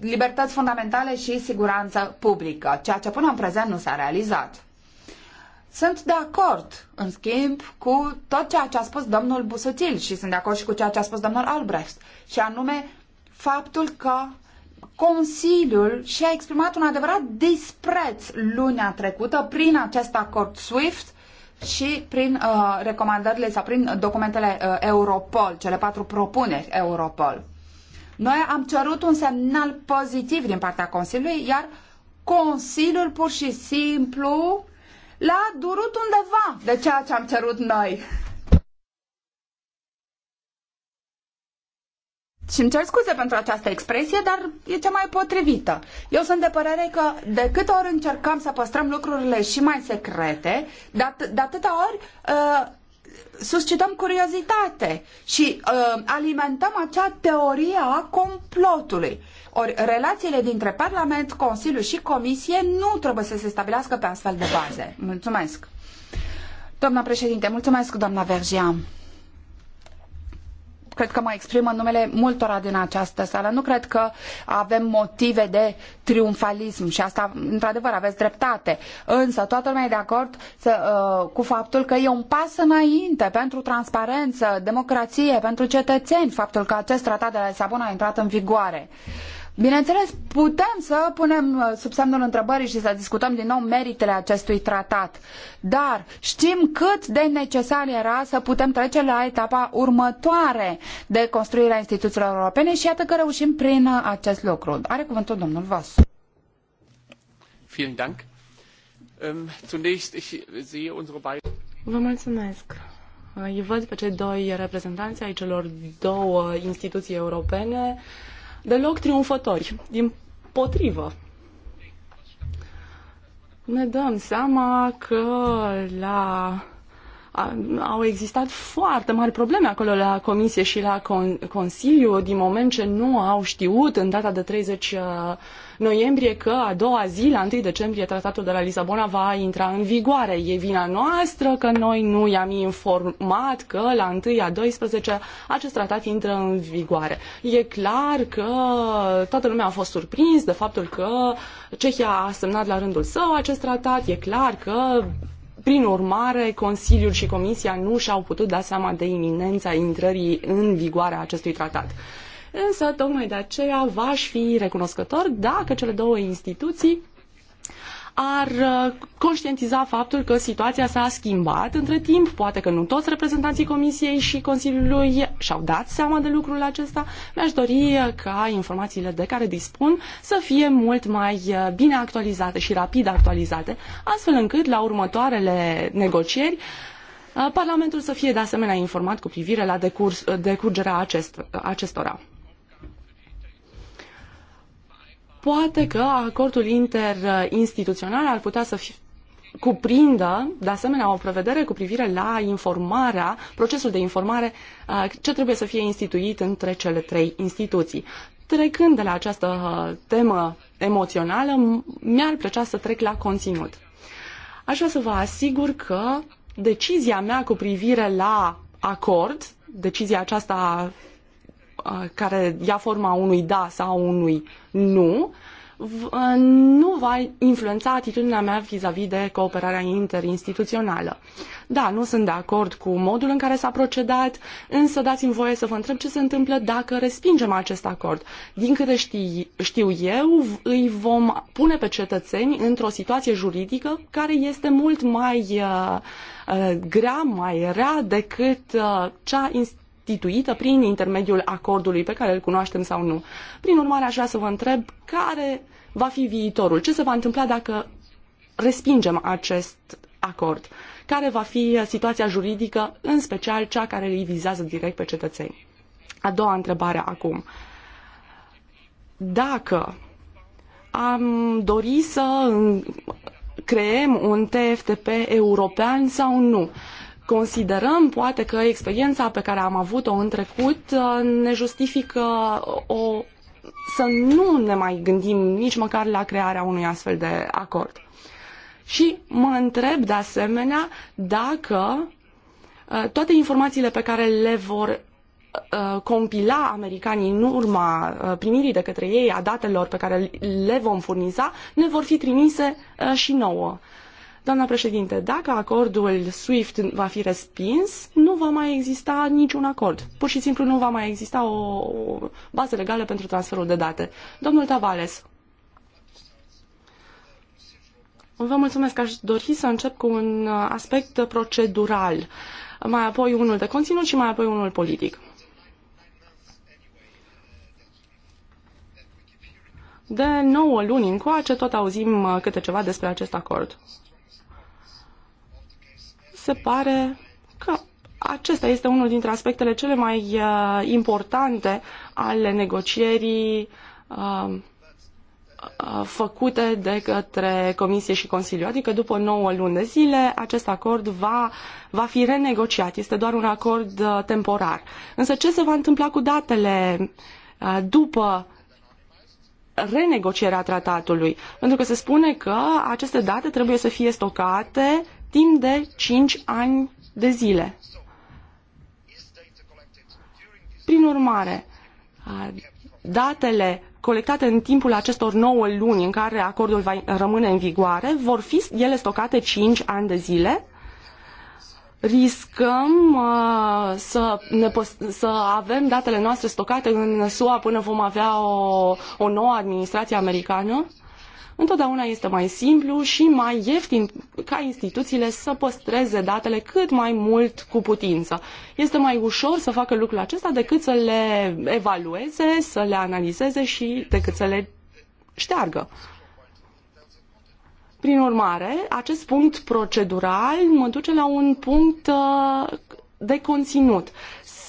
libertăți fundamentale și siguranță publică, ceea ce până în prezent nu s-a realizat. Sunt de acord, în schimb, cu tot ceea ce a spus domnul Busutil și sunt de acord și cu ceea ce a spus domnul Albrecht, și anume faptul că Consiliul și-a exprimat un adevărat dispreț luna trecută prin acest acord SWIFT și prin uh, recomandările sau prin documentele uh, Europol, cele patru propuneri Europol. Noi am cerut un semnal pozitiv din partea Consiliului, iar Consiliul pur și simplu l-a durut undeva de ceea ce am cerut noi. Și îmi cer scuze pentru această expresie, dar e cea mai potrivită. Eu sunt de părere că de câte ori încercăm să păstrăm lucrurile și mai secrete, de, at- de atâta ori uh, suscităm curiozitate și uh, alimentăm acea teorie a complotului. Ori relațiile dintre Parlament, Consiliu și Comisie nu trebuie să se stabilească pe astfel de baze. Mulțumesc. Doamna președinte, mulțumesc, doamna Vergiam cred că mă exprim în numele multora din această sală. Nu cred că avem motive de triumfalism și asta, într-adevăr, aveți dreptate. Însă, toată lumea e de acord să, uh, cu faptul că e un pas înainte pentru transparență, democrație, pentru cetățeni, faptul că acest tratat de la Lisabona a intrat în vigoare. Uh, Bineînțeles, putem să punem uh, sub semnul întrebării și să discutăm din nou meritele acestui tratat, dar știm cât de necesar era să putem trece la etapa următoare de construirea instituțiilor europene și iată că reușim prin uh, acest lucru. Are cuvântul domnul Vas. Ähm, Vă mulțumesc. Eu văd pe cei doi reprezentanți ai celor două instituții europene deloc triumfători. Din potrivă, ne dăm seama că la a, au existat foarte mari probleme acolo la Comisie și la con, Consiliu din moment ce nu au știut în data de 30 noiembrie că a doua zi, la 1 decembrie, tratatul de la Lisabona va intra în vigoare. E vina noastră că noi nu i-am informat că la 1 a 12 acest tratat intră în vigoare. E clar că toată lumea a fost surprins de faptul că Cehia a semnat la rândul său acest tratat. E clar că prin urmare, Consiliul și Comisia nu și-au putut da seama de iminența intrării în vigoare a acestui tratat. Însă, tocmai de aceea, v-aș fi recunoscător dacă cele două instituții ar uh, conștientiza faptul că situația s-a schimbat între timp, poate că nu toți reprezentanții Comisiei și Consiliului și-au dat seama de lucrul acesta. Mi-aș dori uh, ca informațiile de care dispun să fie mult mai uh, bine actualizate și rapid actualizate, astfel încât la următoarele negocieri Parlamentul să fie de asemenea informat cu privire la decurs, decurgerea acest, acestora. Poate că acordul interinstituțional ar putea să fie cuprindă, de asemenea, o prevedere cu privire la informarea, procesul de informare uh, ce trebuie să fie instituit între cele trei instituții. Trecând de la această uh, temă emoțională, mi-ar plăcea să trec la conținut. Aș vrea să vă asigur că decizia mea cu privire la acord, decizia aceasta care ia forma unui da sau unui nu, nu va influența atitudinea mea vis-a-vis -vis de cooperarea interinstituțională. Da, nu sunt de acord cu modul în care s-a procedat, însă dați-mi voie să vă întreb ce se întâmplă dacă respingem acest acord. Din câte știi, știu eu, îi vom pune pe cetățeni într-o situație juridică care este mult mai uh, grea, mai rea decât uh, cea constituită prin intermediul acordului pe care îl cunoaștem sau nu. Prin urmare, aș vrea să vă întreb care va fi viitorul, ce se va întâmpla dacă respingem acest acord, care va fi uh, situația juridică, în special cea care îi vizează direct pe cetățeni. A doua întrebare acum. Dacă am dori să creăm un TFTP european sau nu? considerăm poate că experiența pe care am avut-o în trecut uh, ne justifică uh, o, să nu ne mai gândim nici măcar la crearea unui astfel de acord. Și mă întreb de asemenea dacă uh, toate informațiile pe care le vor compila americanii în urma primirii de către ei a datelor pe care le vom furniza, ne vor fi trimise și nouă. Doamna președinte, dacă acordul SWIFT va fi respins, nu va mai exista niciun acord. Pur și simplu nu va mai exista o, o bază legală pentru transferul de date. Domnul Tavales. Vă mulțumesc. Aș dori să încep cu un aspect procedural, mai apoi unul de conținut și mai apoi unul politic. De 9 luni încoace tot auzim câte ceva despre acest acord se pare că acesta este unul dintre aspectele cele mai uh, importante ale negocierii uh, uh, făcute de către Comisie și Consiliu. Adică după 9 luni de zile, acest acord va, va fi renegociat. Este doar un acord temporar. Însă ce se va întâmpla cu datele după renegocierea tratatului, pentru că se spune că aceste date trebuie să fie stocate timp de 5 ani de zile. Prin urmare, datele colectate în timpul acestor 9 luni în care acordul va rămâne în vigoare vor fi ele stocate 5 ani de zile riscăm uh, să, ne să avem datele noastre stocate în SUA până vom avea o, o nouă administrație americană? întotdeauna este mai simplu și mai ieftin ca instituțiile să păstreze datele cât mai mult cu putință. Este mai ușor să facă lucrul acesta decât să le evalueze, să le analizeze și decât să le șteargă. Prin urmare, acest punct procedural mă duce la un punct uh, de conținut.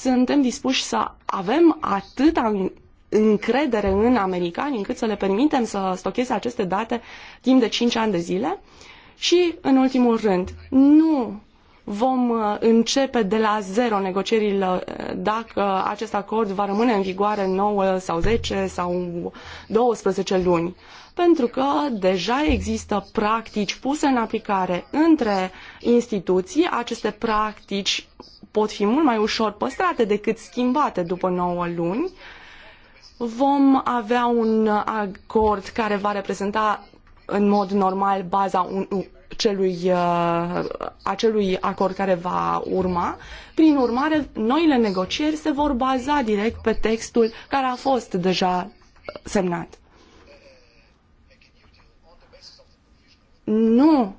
Suntem dispuși să avem atâta încredere în americani încât să le permitem să stocheze aceste date timp de 5 ani de zile? Și, în ultimul rând, nu vom uh, începe de la zero negocierile uh, dacă acest acord va rămâne în vigoare 9 sau 10 sau 12 luni. Pentru că deja există practici puse în aplicare între instituții, aceste practici pot fi mult mai ușor păstrate decât schimbate după 9 luni vom avea un acord care va reprezenta în mod normal baza un, celui, uh, acelui acord care va urma. Prin urmare, noile negocieri se vor baza direct pe textul care a fost deja semnat. Nu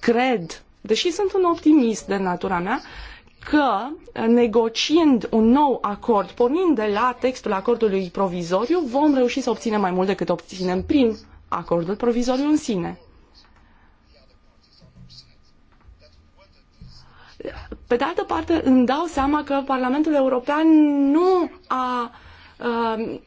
cred, deși sunt un optimist de natura mea, că negociind un nou acord, pornind de la textul acordului provizoriu, vom reuși să obținem mai mult decât obținem prin acordul provizoriu în sine. Pe de altă parte, îmi dau seama că Parlamentul European nu a uh,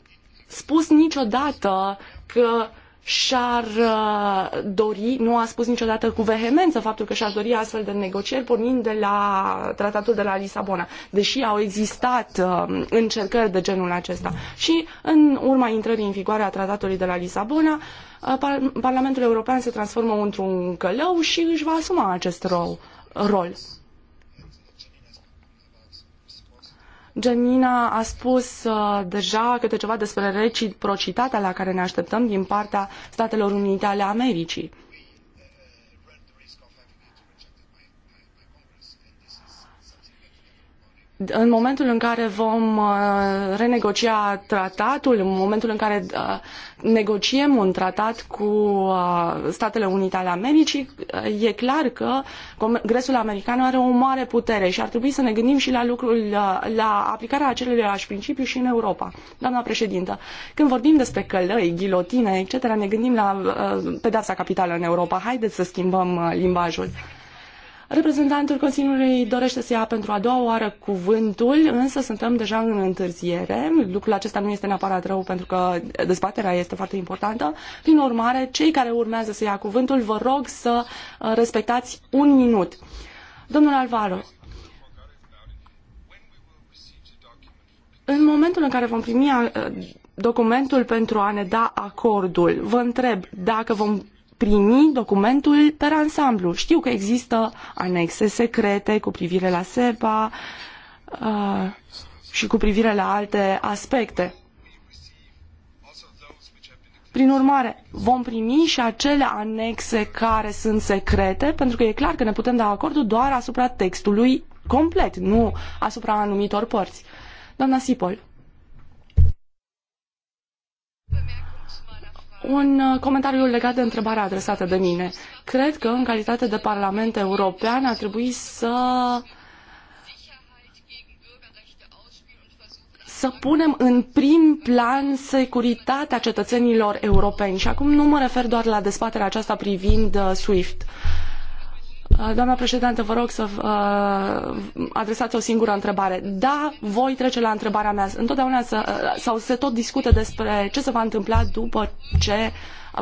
spus niciodată că și-ar uh, dori, nu a spus niciodată cu vehemență faptul că și-ar dori astfel de negocieri pornind de la tratatul de la Lisabona, deși au existat uh, încercări de genul acesta. Și în urma intrării în vigoare a tratatului de la Lisabona, uh, Parlamentul European se transformă într-un călău și își va asuma acest rol. Janina a spus uh, deja câte ceva despre reciprocitatea la care ne așteptăm din partea Statelor Unite ale Americii. în momentul în care vom uh, renegocia tratatul, în momentul în care uh, negociem un tratat cu uh, Statele Unite ale Americii, e clar că Congresul American are o mare putere și ar trebui să ne gândim și la lucrul, la aplicarea aceluiași principiu și în Europa. Doamna președintă, când vorbim despre călăi, ghilotine, etc., ne gândim la pedapsa capitală în Europa. Haideți să schimbăm limbajul. Reprezentantul Consiliului dorește să ia pentru a doua oară cuvântul, însă suntem deja în întârziere. Lucrul acesta nu este neapărat rău pentru că dezbaterea este foarte importantă. Prin urmare, cei care urmează să ia cuvântul, vă rog să uh, respectați un minut. Domnul Alvaro, în momentul în care vom primi uh, documentul pentru a ne da acordul, vă întreb dacă vom primi documentul pe ansamblu. Știu că există anexe secrete cu privire la SEPA uh, și cu privire la alte aspecte. Prin urmare, vom primi și acele anexe care sunt secrete, pentru că e clar că ne putem da acordul doar asupra textului complet, nu asupra anumitor părți. Doamna Sipol. un uh, comentariu legat de întrebarea adresată de mine. Cred că, în calitate de Parlament European, ar trebui să să punem în prim plan securitatea cetățenilor europeni. Și acum nu mă refer doar la dezbaterea aceasta privind uh, SWIFT. Uh, doamna președintă, vă rog să uh, adresați o singură întrebare. Da, voi trece la întrebarea mea. Întotdeauna să, uh, sau se tot discută despre ce se va întâmpla după ce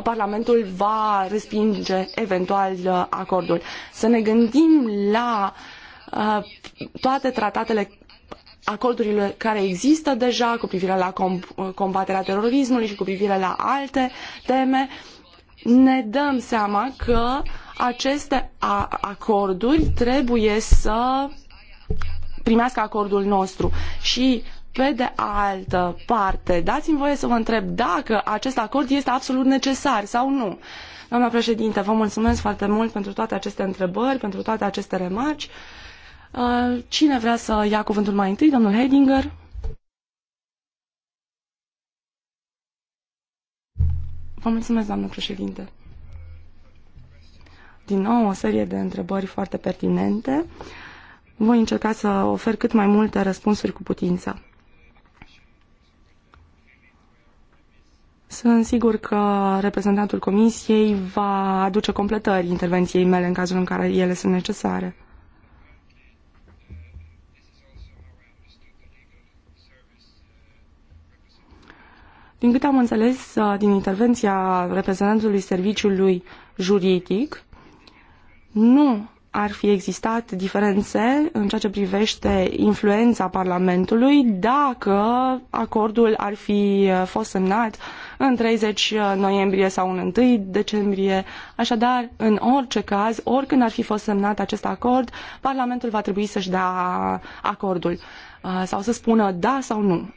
Parlamentul va respinge eventual uh, acordul. Să ne gândim la uh, toate tratatele acordurile care există deja cu privire la com- uh, combaterea terorismului și cu privire la alte teme, ne dăm seama că uh, aceste acorduri trebuie să primească acordul nostru și pe de altă parte, dați-mi voie să vă întreb dacă acest acord este absolut necesar sau nu. Doamna președinte, vă mulțumesc foarte mult pentru toate aceste întrebări, pentru toate aceste remarci. Uh, cine vrea să ia cuvântul mai întâi? Domnul Heidinger? Vă mulțumesc, doamnă președinte din nou o serie de întrebări foarte pertinente. Voi încerca să ofer cât mai multe răspunsuri cu putință. Sunt sigur că reprezentantul comisiei va aduce completări intervenției mele în cazul în care ele sunt necesare. Din câte am înțeles din intervenția reprezentantului serviciului juridic, nu ar fi existat diferențe în ceea ce privește influența Parlamentului dacă acordul ar fi fost semnat în 30 noiembrie sau în 1 decembrie. Așadar, în orice caz, oricând ar fi fost semnat acest acord, Parlamentul va trebui să-și dea acordul uh, sau să spună da sau nu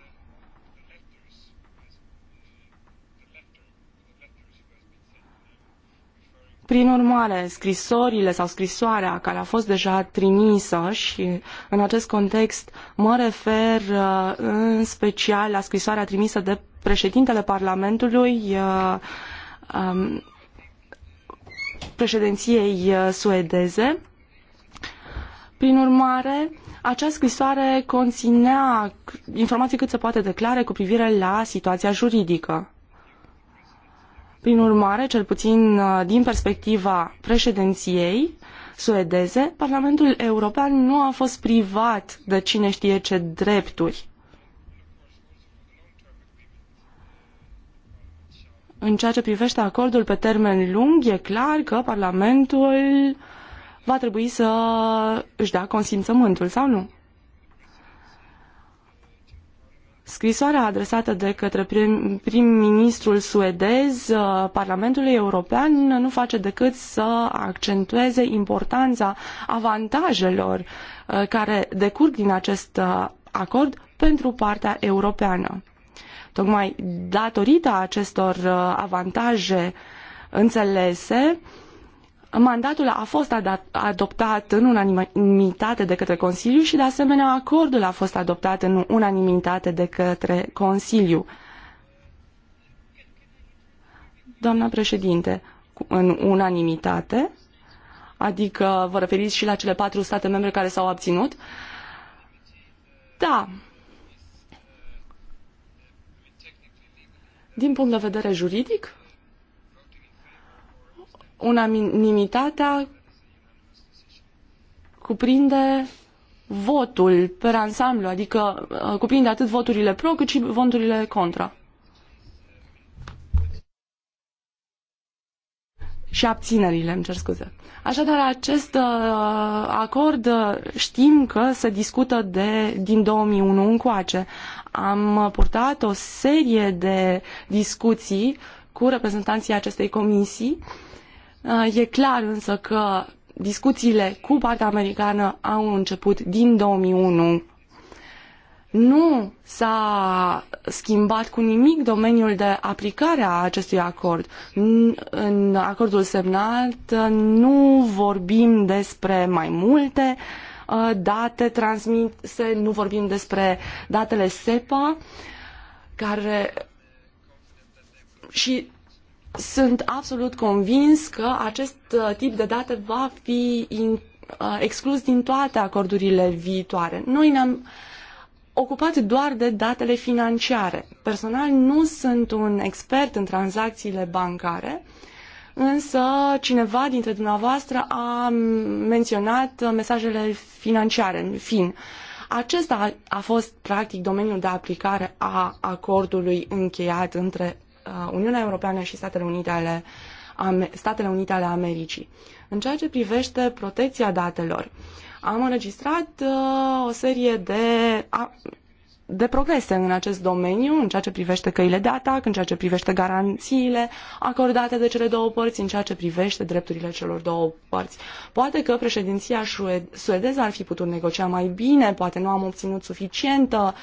Prin urmare, scrisorile sau scrisoarea care a fost deja trimisă și în acest context mă refer uh, în special la scrisoarea trimisă de președintele Parlamentului uh, um, președinției uh, suedeze. Prin urmare, acea scrisoare conținea informații cât se poate de clare cu privire la situația juridică. Prin urmare, cel puțin uh, din perspectiva președinției suedeze, Parlamentul European nu a fost privat de cine știe ce drepturi. În ceea ce privește acordul pe termen lung, e clar că Parlamentul va trebui să își dea consimțământul sau nu. Scrisoarea adresată de către prim-ministrul suedez uh, Parlamentului European nu face decât să accentueze importanța avantajelor uh, care decurg din acest uh, acord pentru partea europeană. Tocmai datorită acestor avantaje înțelese, Mandatul a fost adoptat în unanimitate de către Consiliu și, de asemenea, acordul a fost adoptat în unanimitate de către Consiliu. Doamna președinte, în unanimitate, adică vă referiți și la cele patru state membre care s-au abținut? Da. Din punct de vedere juridic, unanimitatea cuprinde votul per ansamblu, adică uh, cuprinde atât voturile pro cât și voturile contra. și abținerile, îmi cer scuze. Așadar, acest uh, acord uh, știm că se discută de, din 2001 încoace. Am purtat o serie de discuții cu reprezentanții acestei comisii uh, Uh, e clar însă că discuțiile cu partea americană au început din 2001. Nu s-a schimbat cu nimic domeniul de aplicare a acestui acord. În acordul semnat uh, nu vorbim despre mai multe uh, date transmise, nu vorbim despre datele SEPA, care și sunt absolut convins că acest uh, tip de date va fi in, uh, exclus din toate acordurile viitoare. Noi ne-am ocupat doar de datele financiare. Personal nu sunt un expert în tranzacțiile bancare, însă cineva dintre dumneavoastră a menționat mesajele financiare, fin. Acesta a fost practic domeniul de aplicare a acordului încheiat între Uh, Uniunea Europeană și Statele Unite ale, Statele Unite ale Americii. În ceea ce privește protecția datelor, am înregistrat uh, o serie de de progrese în acest domeniu, în ceea ce privește căile de atac, în ceea ce privește garanțiile acordate de cele două părți, în ceea ce privește drepturile celor două părți. Poate că președinția suedeză ar fi putut negocia mai bine, poate nu am obținut suficientă uh,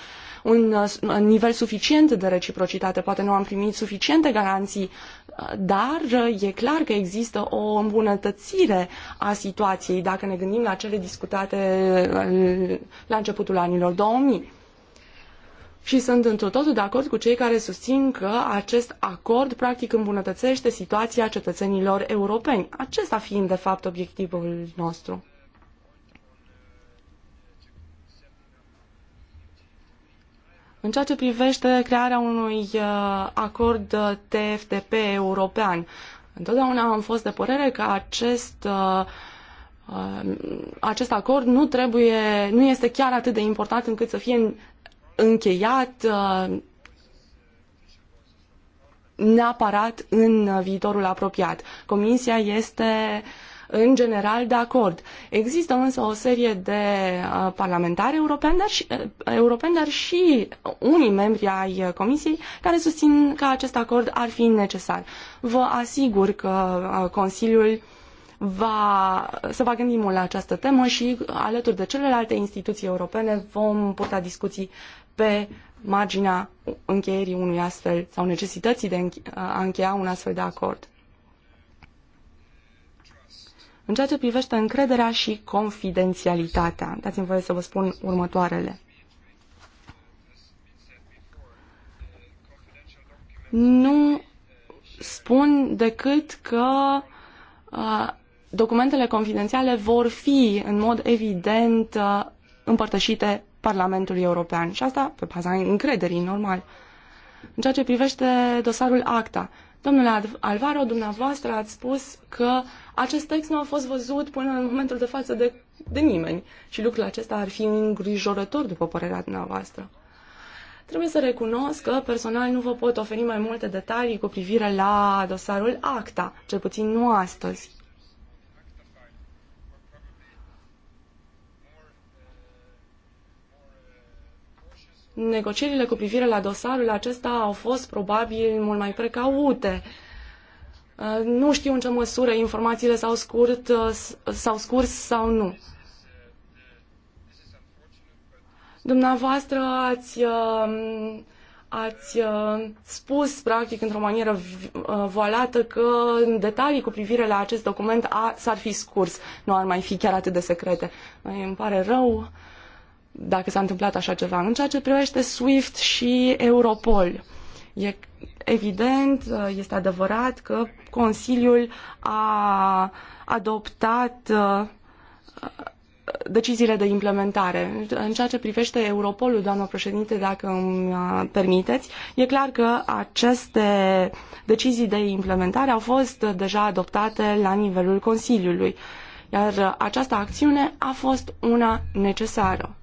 un nivel suficient de reciprocitate. Poate nu am primit suficiente garanții, dar e clar că există o îmbunătățire a situației dacă ne gândim la cele discutate la începutul anilor 2000. Și sunt întru totul de acord cu cei care susțin că acest acord practic îmbunătățește situația cetățenilor europeni, acesta fiind de fapt obiectivul nostru. În ceea ce privește crearea unui uh, acord uh, TFTP european, întotdeauna am fost de părere că acest uh, acest acord nu trebuie, nu este chiar atât de important încât să fie încheiat neapărat în viitorul apropiat. Comisia este uh, în general de acord. Există însă o serie de uh, parlamentari europeni, dar și, uh, europeni, dar și unii membri ai Comisiei care susțin că acest acord ar fi necesar. Vă asigur că uh, Consiliul va, se va gândi mult la această temă și alături de celelalte instituții europene vom purta discuții pe marginea încheierii unui astfel sau necesității de a încheia un astfel de acord. În ceea ce privește încrederea și confidențialitatea, dați-mi voie să vă spun următoarele. Nu spun decât că uh, documentele confidențiale vor fi, în mod evident, uh, împărtășite Parlamentului European. Și asta pe baza încrederii, normal. În ceea ce privește dosarul ACTA, Domnule Alvaro, dumneavoastră ați spus că acest text nu a fost văzut până în momentul de față de, de nimeni și lucrul acesta ar fi îngrijorător, după părerea dumneavoastră. Trebuie să recunosc că personal nu vă pot oferi mai multe detalii cu privire la dosarul ACTA, cel puțin nu astăzi. negocierile cu privire la dosarul acesta au fost probabil mult mai precaute. Uh, nu știu în ce măsură informațiile s-au, scurt, uh, s-au scurs sau nu. Dumneavoastră ați, uh, ați spus, practic, într-o manieră voalată, că detalii cu privire la acest document s-ar fi scurs. Nu ar mai fi chiar atât de secrete. Îmi pare rău. Uh, dacă s-a întâmplat așa ceva. În ceea ce privește SWIFT și Europol, e evident, uh, este adevărat că Consiliul a adoptat uh, uh, deciziile de implementare. În ceea ce privește Europolul, doamnă președinte, dacă îmi permiteți, e clar că aceste decizii de implementare au fost deja adoptate la nivelul Consiliului, iar această acțiune a fost una necesară.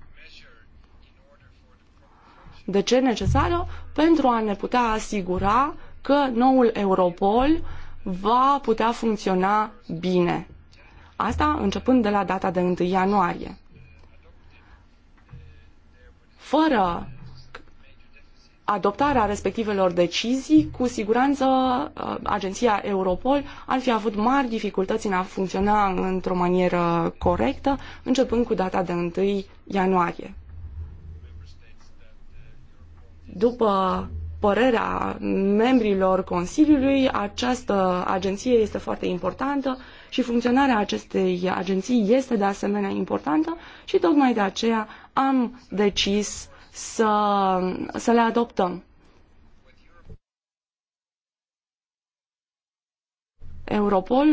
De ce necesară? Pentru a ne putea asigura că noul Europol va putea funcționa bine. Asta începând de la data de 1 ianuarie. Fără adoptarea respectivelor decizii, cu siguranță uh, agenția Europol ar fi avut mari dificultăți în a funcționa într-o manieră corectă, începând cu data de 1 ianuarie. După părerea membrilor Consiliului, această agenție este foarte importantă și funcționarea acestei agenții este de asemenea importantă și tocmai de aceea am decis să, să le adoptăm. Europol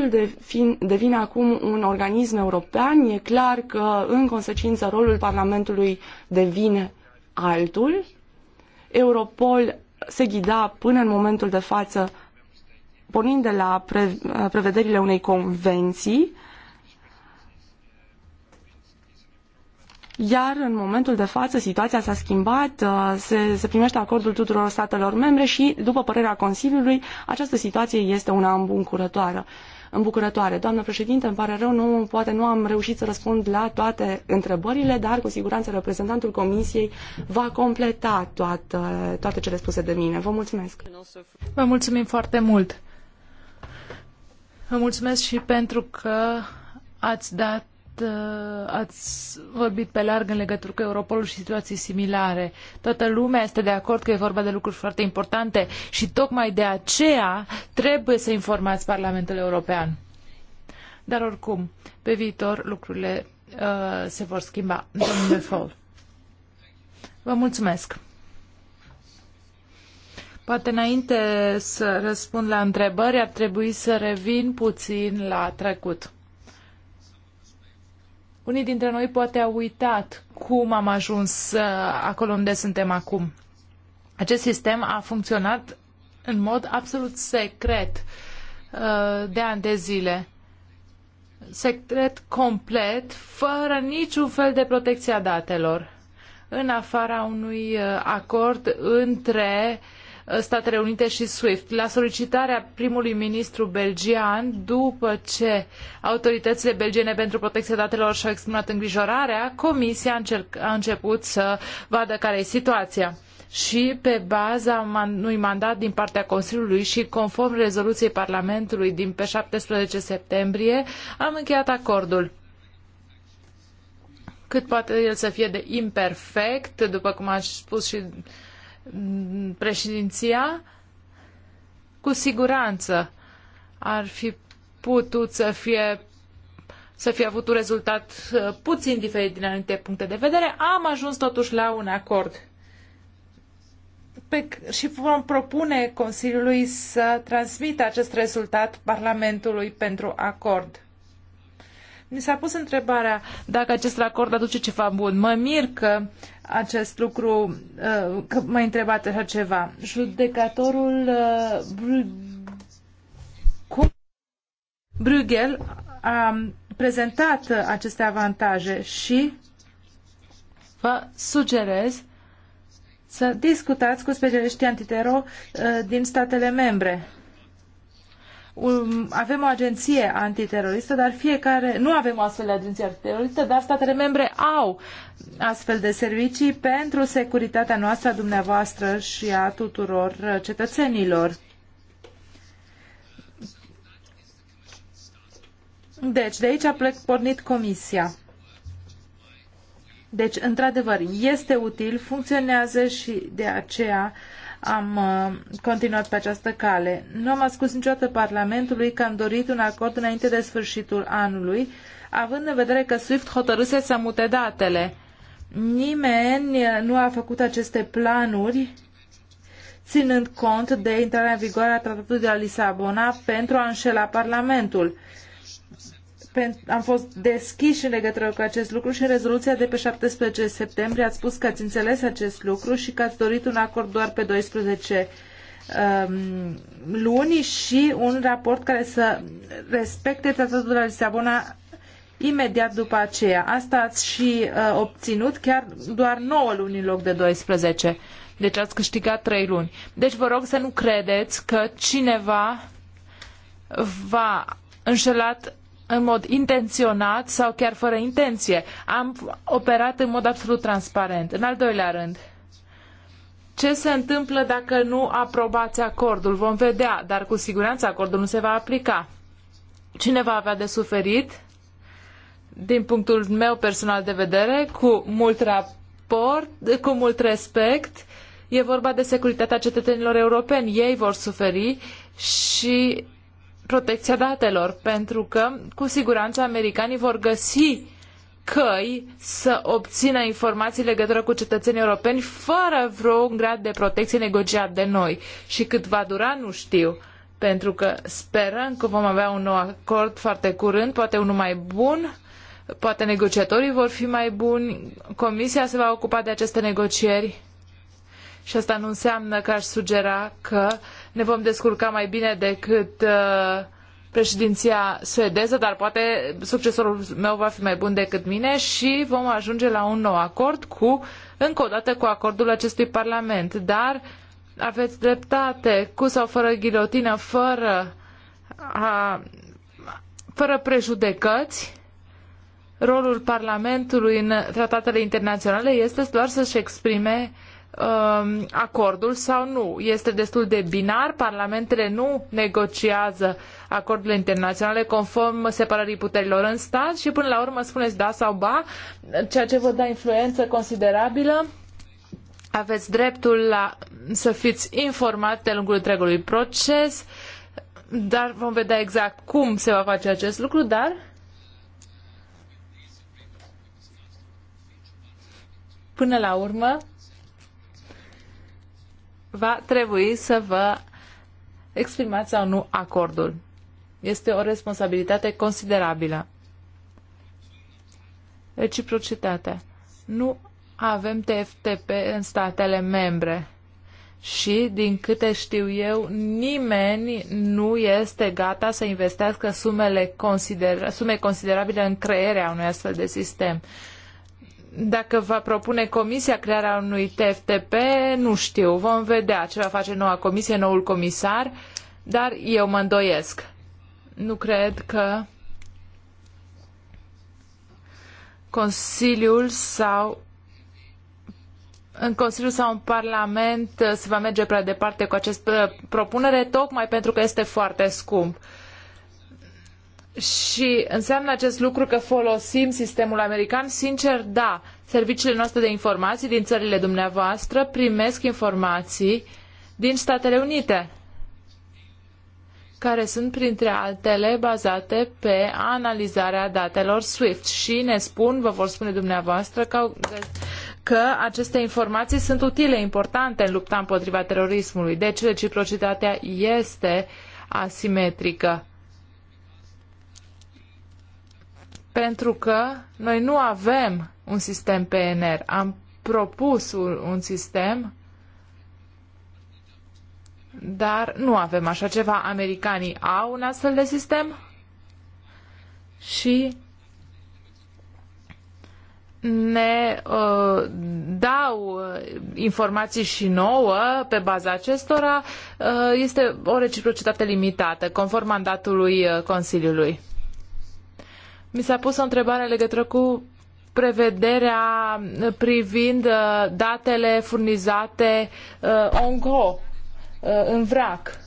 devine acum un organism european, e clar că, în consecință, rolul Parlamentului devine altul Europol se ghida până în momentul de față pornind de la pre, prevederile unei convenții, iar în momentul de față situația s-a schimbat, uh, se, se primește acordul tuturor statelor membre și, după părerea Consiliului, această situație este una îmbuncurătoare îmbucurătoare. Doamnă președinte, îmi pare rău, nu, poate nu am reușit să răspund la toate întrebările, dar cu siguranță reprezentantul Comisiei va completa toată, toate cele spuse de mine. Vă mulțumesc! Vă mulțumim foarte mult! Vă mulțumesc și pentru că ați dat Uh, ați vorbit pe larg în legătură cu Europolul și situații similare. Toată lumea este de acord că e vorba de lucruri foarte importante și tocmai de aceea trebuie să informați Parlamentul European. Dar oricum, pe viitor lucrurile uh, se vor schimba. Domnule Fall. Vă mulțumesc. Poate înainte să răspund la întrebări, ar trebui să revin puțin la trecut. Unii dintre noi poate au uitat cum am ajuns uh, acolo unde suntem acum. Acest sistem a funcționat în mod absolut secret uh, de ani de zile. Secret complet, fără niciun fel de protecție a datelor, în afara unui uh, acord între uh, Statele Unite și SWIFT. La solicitarea primului ministru belgian, după ce autoritățile belgiene pentru protecția datelor și-au exprimat îngrijorarea, Comisia a început să vadă care e situația și pe baza unui mandat din partea Consiliului și conform rezoluției Parlamentului din pe 17 septembrie, am încheiat acordul cât poate el să fie de imperfect, după cum a spus și președinția cu siguranță ar fi putut să fie să fi avut un rezultat uh, puțin diferit din anumite puncte de vedere, am ajuns totuși la un acord. Pe, și vom propune Consiliului să transmită acest rezultat Parlamentului pentru acord. Mi s-a pus întrebarea dacă acest acord aduce ceva bun. Mă mir că acest lucru, uh, că m a întrebat așa ceva. Judecătorul uh, Bruegel a prezentat aceste avantaje și vă sugerez să discutați cu specialiștii antitero uh, din statele membre Um, avem o agenție antiteroristă, dar fiecare, nu avem o astfel de agenție antiteroristă, dar statele membre au astfel de servicii pentru securitatea noastră, a dumneavoastră și a tuturor cetățenilor. Deci, de aici a pornit comisia. Deci, într-adevăr, este util, funcționează și de aceea am uh, continuat pe această cale. Nu am ascuns niciodată Parlamentului că am dorit un acord înainte de sfârșitul anului, având în vedere că SWIFT hotărâse să mute datele. Nimeni uh, nu a făcut aceste planuri ținând cont de intrarea în vigoare a Tratatului de la Lisabona pentru a înșela Parlamentul am fost deschiși în legătură cu acest lucru și în rezoluția de pe 17 septembrie ați spus că ați înțeles acest lucru și că ați dorit un acord doar pe 12 um, luni și un raport care să respecte tratatul de la Lisabona imediat după aceea. Asta ați și uh, obținut chiar doar 9 luni în loc de 12. Deci ați câștigat 3 luni. Deci vă rog să nu credeți că cineva va înșelat în mod intenționat sau chiar fără intenție. Am operat în mod absolut transparent. În al doilea rând, ce se întâmplă dacă nu aprobați acordul? Vom vedea, dar cu siguranță acordul nu se va aplica. Cine va avea de suferit? Din punctul meu personal de vedere, cu mult raport, cu mult respect, e vorba de securitatea cetățenilor europeni. Ei vor suferi și protecția datelor, pentru că cu siguranță americanii vor găsi căi să obțină informații în legătură cu cetățenii europeni fără vreun grad de protecție negociat de noi. Și cât va dura, nu știu, pentru că sperăm că vom avea un nou acord foarte curând, poate unul mai bun, poate negociatorii vor fi mai buni, Comisia se va ocupa de aceste negocieri și asta nu înseamnă că aș sugera că uh, ne vom descurca mai bine decât uh, președinția suedeză, dar poate succesorul meu va fi mai bun decât mine și vom ajunge la un nou acord cu, încă o dată, cu acordul acestui Parlament. Dar aveți dreptate, cu sau fără ghilotină, fără, a, fără prejudecăți, rolul Parlamentului în tratatele internaționale este doar să-și exprime uh, Um, acordul sau nu. Este destul de binar, parlamentele nu negociază acordurile internaționale conform separării puterilor în stat și până la urmă spuneți da sau ba, ceea ce vă da influență considerabilă aveți dreptul la, să fiți informat de lungul întregului proces, dar vom vedea exact cum se va face acest lucru, dar până la urmă va trebui să vă exprimați sau nu acordul. Este o responsabilitate considerabilă. Reciprocitate. Nu avem TFTP în statele membre și, din câte știu eu, nimeni nu este gata să investească sumele consider- sume considerabile în crearea unui astfel de sistem. Dacă va propune comisia crearea unui TFTP, nu știu. Vom vedea ce va face noua comisie, noul comisar, dar eu mă îndoiesc. Nu cred că Consiliul sau în Consiliu sau în Parlament se va merge prea departe cu această propunere, tocmai pentru că este foarte scump. Uh, și înseamnă acest lucru că folosim sistemul american? Sincer, da. Serviciile noastre de informații din țările dumneavoastră primesc informații din Statele Unite, care sunt printre altele bazate pe analizarea datelor SWIFT și ne spun, vă vor spune dumneavoastră, că, că aceste informații sunt utile, importante în lupta împotriva terorismului. Deci reciprocitatea este asimetrică pentru că noi nu avem un sistem PNR. Am propus un sistem, dar nu avem așa ceva. Americanii au un astfel de sistem și ne uh, dau uh, informații și nouă pe baza acestora, uh, este o reciprocitate limitată, conform mandatului uh, Consiliului. Mi s-a pus o întrebare în legătură cu prevederea privind uh, datele furnizate uh, ONGO uh, în vrac.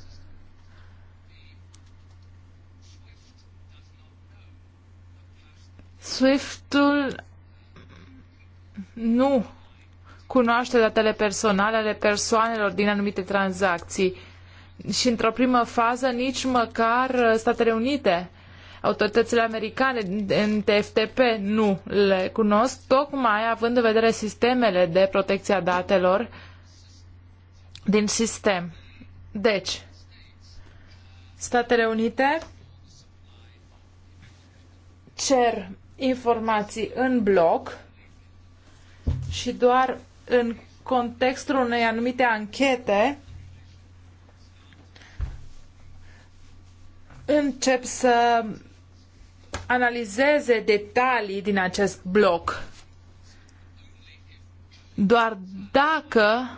Swiftul nu cunoaște datele personale ale persoanelor din anumite tranzacții. Și într-o primă fază, nici măcar Statele Unite Autoritățile americane în TFTP nu le cunosc, tocmai având în vedere sistemele de protecție a datelor din sistem. Deci, Statele Unite cer informații în bloc și doar în contextul unei anumite anchete încep să analizeze detalii din acest bloc. Doar dacă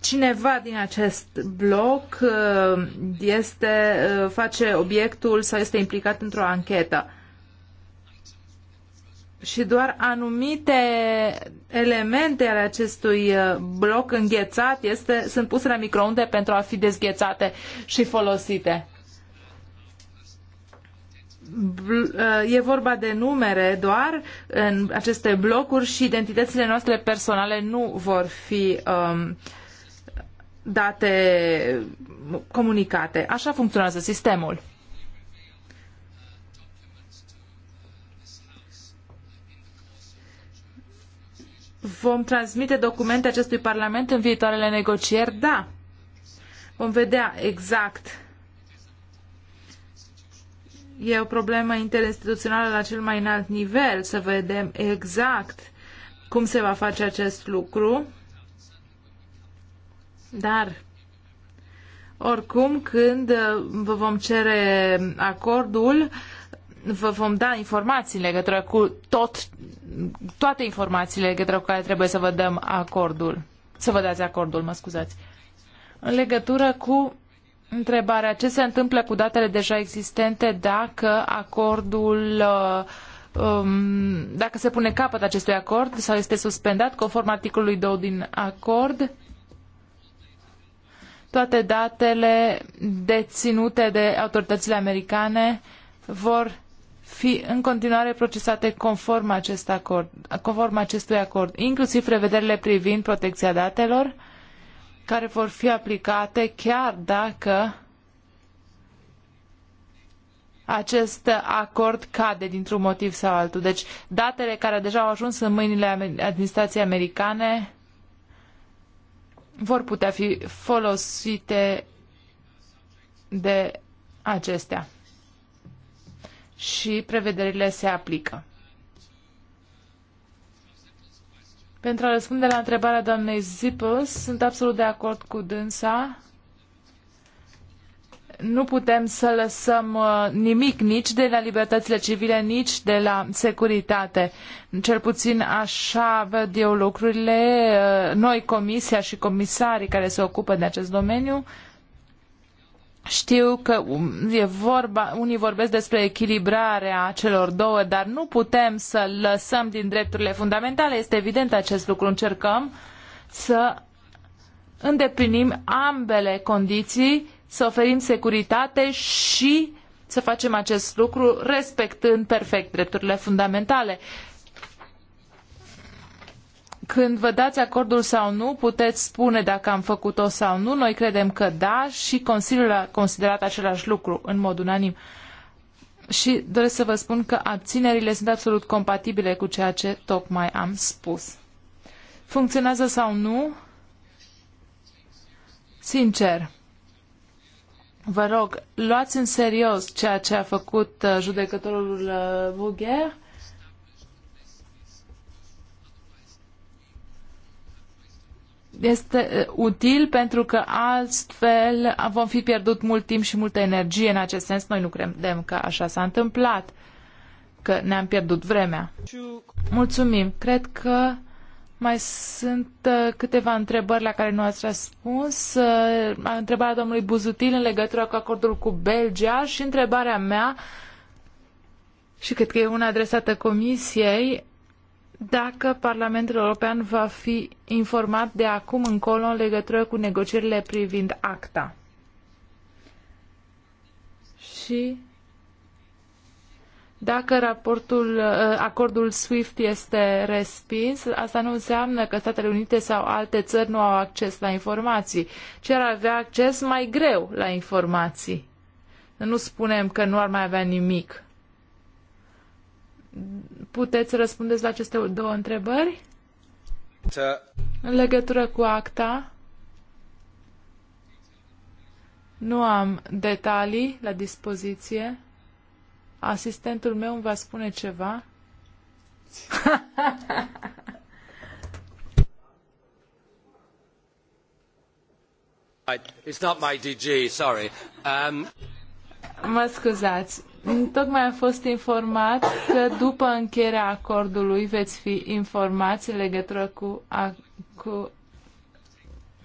cineva din acest bloc uh, este, uh, face obiectul sau este implicat într-o anchetă. Și doar anumite elemente ale acestui uh, bloc înghețat este, sunt puse la microunde pentru a fi dezghețate și folosite e vorba de numere doar în aceste blocuri și identitățile noastre personale nu vor fi um, date comunicate. Așa funcționează sistemul. Vom transmite documente acestui Parlament în viitoarele negocieri? Da. Vom vedea exact E o problemă interinstituțională la cel mai înalt nivel, să vedem exact cum se va face acest lucru. Dar, oricum, când uh, vă vom cere acordul, vă vom da informații în legătură cu tot, toate informațiile legătură cu care trebuie să vă dăm acordul. Să vă dați acordul, mă scuzați. În legătură cu întrebarea ce se întâmplă cu datele deja existente dacă acordul uh, um, dacă se pune capăt acestui acord sau este suspendat conform articolului 2 din acord toate datele deținute de autoritățile americane vor fi în continuare procesate conform, acest acord, conform acestui acord, inclusiv prevederile privind protecția datelor uh, care vor fi aplicate chiar dacă acest acord cade dintr-un motiv sau altul. Deci datele care deja au ajuns în mâinile administrației americane vor putea fi folosite de acestea. Și prevederile se aplică. Pentru a răspunde la întrebarea doamnei Zippel, sunt absolut de acord cu dânsa. Nu putem să lăsăm uh, nimic nici de la libertățile civile, nici de la securitate. Cel puțin așa văd eu lucrurile. Uh, noi, comisia și comisarii care se ocupă de acest domeniu, uh, știu că um, e vorba, unii vorbesc despre echilibrarea celor două, dar nu putem să lăsăm din drepturile fundamentale. Este evident acest lucru. Încercăm să îndeplinim ambele condiții, să oferim securitate și să facem acest lucru respectând perfect drepturile fundamentale când vă dați acordul sau nu, puteți spune dacă am făcut-o sau nu. Noi credem că da și Consiliul a considerat același lucru în mod unanim. Și doresc să vă spun că abținerile sunt absolut compatibile cu ceea ce tocmai am spus. Funcționează sau nu? Sincer, vă rog, luați în serios ceea ce a făcut uh, judecătorul Vugher uh, este uh, util pentru că altfel vom fi pierdut mult timp și multă energie în acest sens. Noi nu credem că așa s-a întâmplat, că ne-am pierdut vremea. Mulțumim. Cred că mai sunt uh, câteva întrebări la care nu ați răspuns. Uh, întrebarea domnului Buzutil în legătură cu acordul cu Belgia și întrebarea mea, și cred că e una adresată Comisiei, dacă Parlamentul European va fi informat de acum încolo în legătură cu negocierile privind acta. Și dacă raportul, uh, acordul SWIFT este respins, asta nu înseamnă că Statele Unite sau alte țări nu au acces la informații, ci ar avea acces mai greu la informații. Nu spunem că nu ar mai avea nimic puteți să răspundeți la aceste două întrebări? În legătură cu acta, nu am detalii la dispoziție. Asistentul meu îmi va spune ceva. It's not my DG, sorry. Um... Mă scuzați. Tocmai am fost informat că după încheierea acordului veți fi informați în legătură cu, a, cu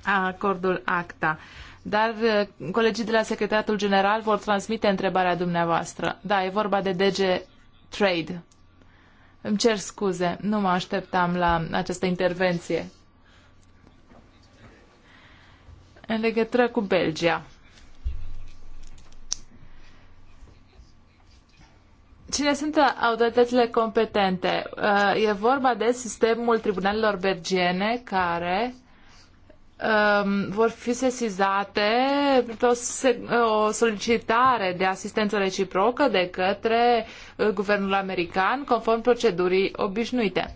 acordul ACTA. Dar uh, colegii de la Secretariatul General vor transmite întrebarea dumneavoastră. Da, e vorba de DG Trade. Îmi cer scuze, nu mă așteptam la această intervenție. În legătură cu Belgia. Cine sunt autoritățile competente? Uh, e vorba de sistemul tribunalelor bergiene care um, vor fi sesizate o solicitare de asistență reciprocă de către uh, guvernul american conform procedurii obișnuite.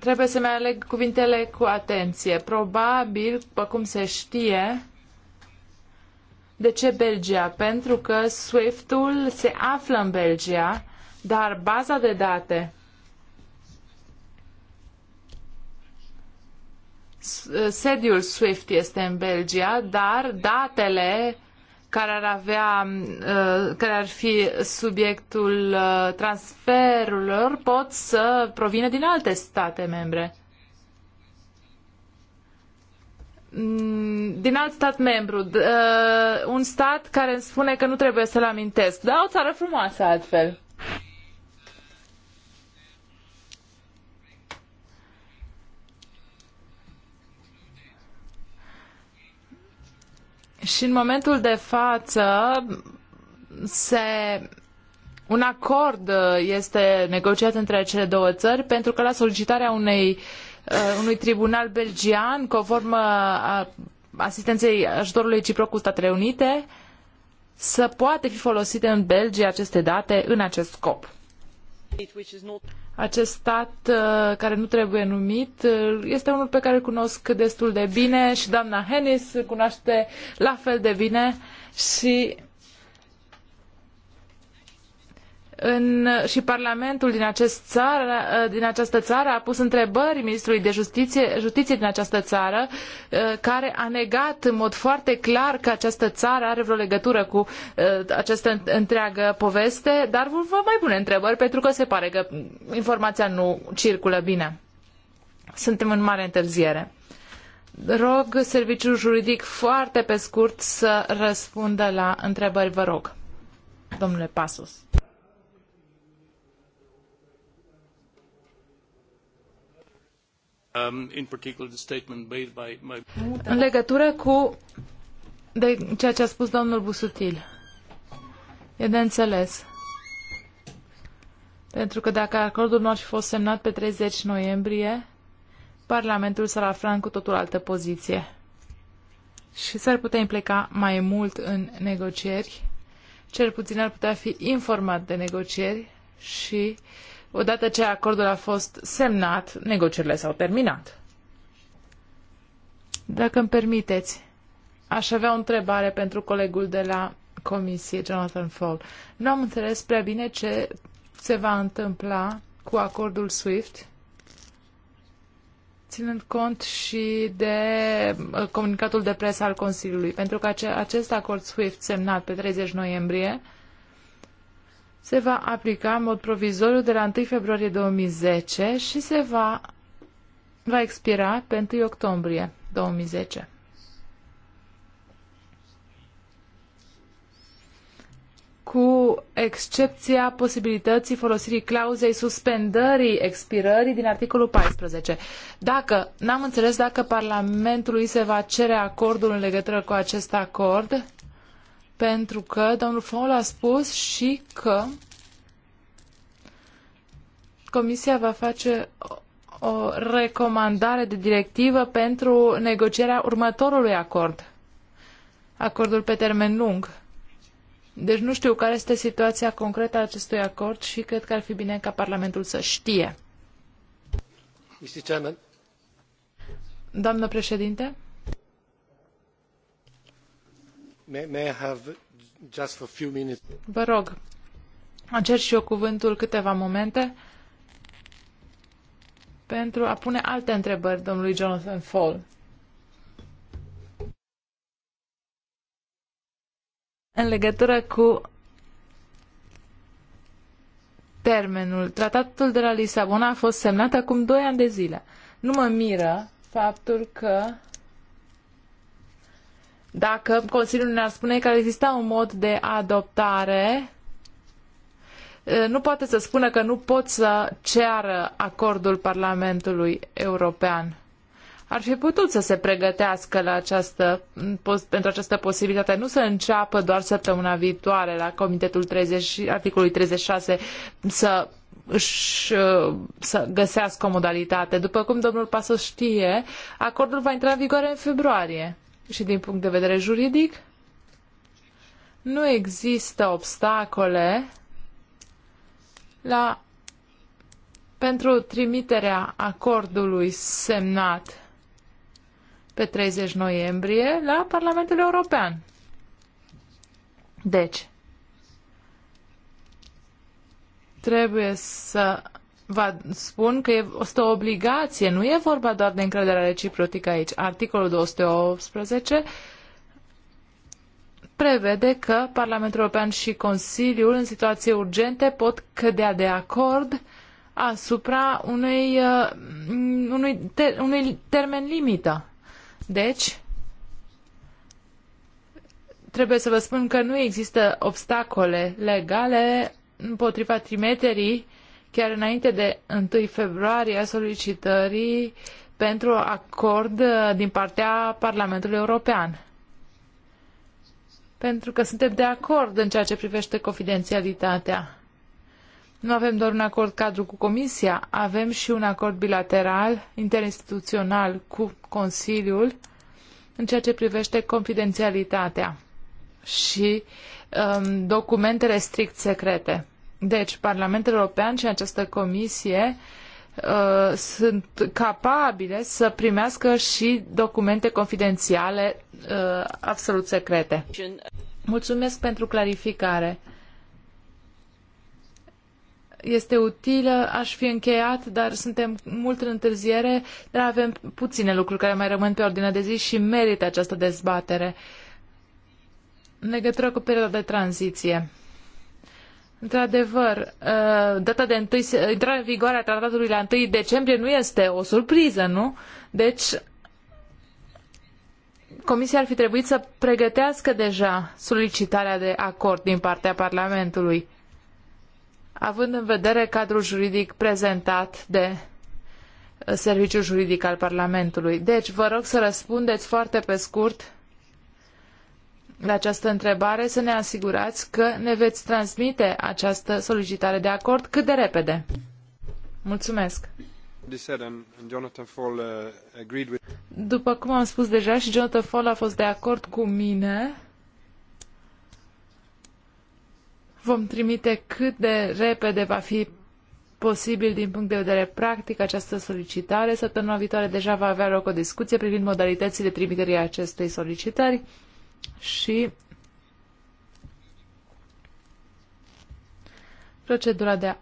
Trebuie să-mi aleg cuvintele cu atenție. Probabil, după cum se știe, de ce Belgia? Pentru că SWIFT-ul se află în Belgia, dar baza de date sediul SWIFT este în Belgia, dar datele care ar avea, uh, care ar fi subiectul uh, transferurilor pot să provină din alte state membre. Mm, din alt stat membru, uh, un stat care îmi spune că nu trebuie să-l amintesc. Da, o țară frumoasă altfel. Și în momentul de față se un acord este negociat între cele două țări pentru că la solicitarea unei uh, Uh, unui tribunal belgian conform uh, asistenței ajutorului reciproc cu Statele Unite să poată fi folosite în Belgia aceste date în acest scop. Acest stat uh, care nu trebuie numit este unul pe care îl cunosc destul de bine și doamna Hennis îl cunoaște la fel de bine și în, și Parlamentul din, acest țară, uh, din această țară a pus întrebări ministrului de justiție, justiție din această țară, uh, care a negat în mod foarte clar că această țară are vreo legătură cu uh, această întreagă poveste, dar vă mai pune întrebări pentru că se pare că informația nu circulă bine. Suntem în mare întârziere. Rog serviciul juridic foarte pe scurt să răspundă la întrebări, vă rog. Domnule Pasos. Um, în legătură cu de ceea ce a spus domnul Busutil. E de înțeles. Pentru că dacă acordul nu ar fi fost semnat pe 30 noiembrie, Parlamentul s-ar afla în cu totul altă poziție și s-ar putea implica mai mult în negocieri, cel puțin ar putea fi informat de negocieri și uh, Odată ce acordul a fost semnat, negocierile s-au terminat. Dacă îmi permiteți, aș avea o întrebare pentru colegul de la Comisie, Jonathan Fall. Nu am înțeles prea bine ce se va întâmpla cu acordul SWIFT, ținând cont și de uh, comunicatul de presă al Consiliului, pentru că acest acord SWIFT semnat pe 30 noiembrie se va aplica în mod provizoriu de la 1 februarie 2010 și se va, va expira pe 1 octombrie 2010. cu excepția posibilității folosirii clauzei suspendării expirării din articolul 14. Dacă, n-am înțeles dacă Parlamentului se va cere acordul în legătură cu acest acord, pentru că domnul Faul a spus și că Comisia va face o recomandare de directivă pentru negocierea următorului acord, acordul pe termen lung. Deci nu știu care este situația concretă a acestui acord și cred că ar fi bine ca Parlamentul să știe. Mr. Chairman. Doamnă președinte. May, I Vă rog, cer și eu cuvântul câteva momente pentru a pune alte întrebări domnului Jonathan Fall. În legătură cu termenul, tratatul de la Lisabona a fost semnat acum 2 ani de zile. Nu mă miră faptul că dacă Consiliul ne-ar spune că ar exista un mod de adoptare, nu poate să spună că nu pot să ceară acordul Parlamentului European. Ar fi putut să se pregătească la această, pentru această posibilitate, nu să înceapă doar săptămâna viitoare la Comitetul 30, articolului 36 să își, să găsească o modalitate. După cum domnul Paso știe, acordul va intra în vigoare în februarie și din punct de vedere juridic, nu există obstacole la, pentru trimiterea acordului semnat pe 30 noiembrie la Parlamentul European. Deci, trebuie să vă spun că este o obligație, nu e vorba doar de încrederea reciprocă aici. Articolul 218 prevede că Parlamentul European și Consiliul, în situații urgente, pot cădea de acord asupra uh, unui, unui, ter, unui termen limită. Deci, trebuie să vă spun că nu există obstacole legale împotriva uh, chiar înainte de 1 februarie a solicitării pentru acord uh, din partea Parlamentului European. Pentru că suntem de acord în ceea ce privește confidențialitatea. Nu avem doar un acord cadru cu Comisia, avem și un acord bilateral, interinstituțional cu Consiliul în ceea ce privește confidențialitatea și um, documentele strict secrete. Deci, Parlamentul European și această comisie uh, sunt capabile să primească și documente confidențiale uh, absolut secrete. Mulțumesc pentru clarificare. Este utilă, aș fi încheiat, dar suntem mult în întârziere, dar avem puține lucruri care mai rămân pe ordinea de zi și merită această dezbatere în legătură cu perioada de tranziție. Într-adevăr, uh, data de 1, intrarea în vigoare a tratatului la 1 decembrie nu este o surpriză, nu? Deci, Comisia ar fi trebuit să pregătească deja solicitarea de acord din partea Parlamentului, având în vedere cadrul juridic prezentat de uh, Serviciul Juridic al Parlamentului. Deci, vă rog să răspundeți foarte pe scurt la această întrebare, să ne asigurați că ne veți transmite această solicitare de acord cât de repede. Mulțumesc! Uh, După cum am spus deja și Jonathan Fall a fost de acord cu mine, vom trimite cât de repede va fi posibil din punct de vedere practic această solicitare. Săptămâna viitoare deja va avea loc o discuție privind modalitățile trimiterii acestei solicitări și procedura de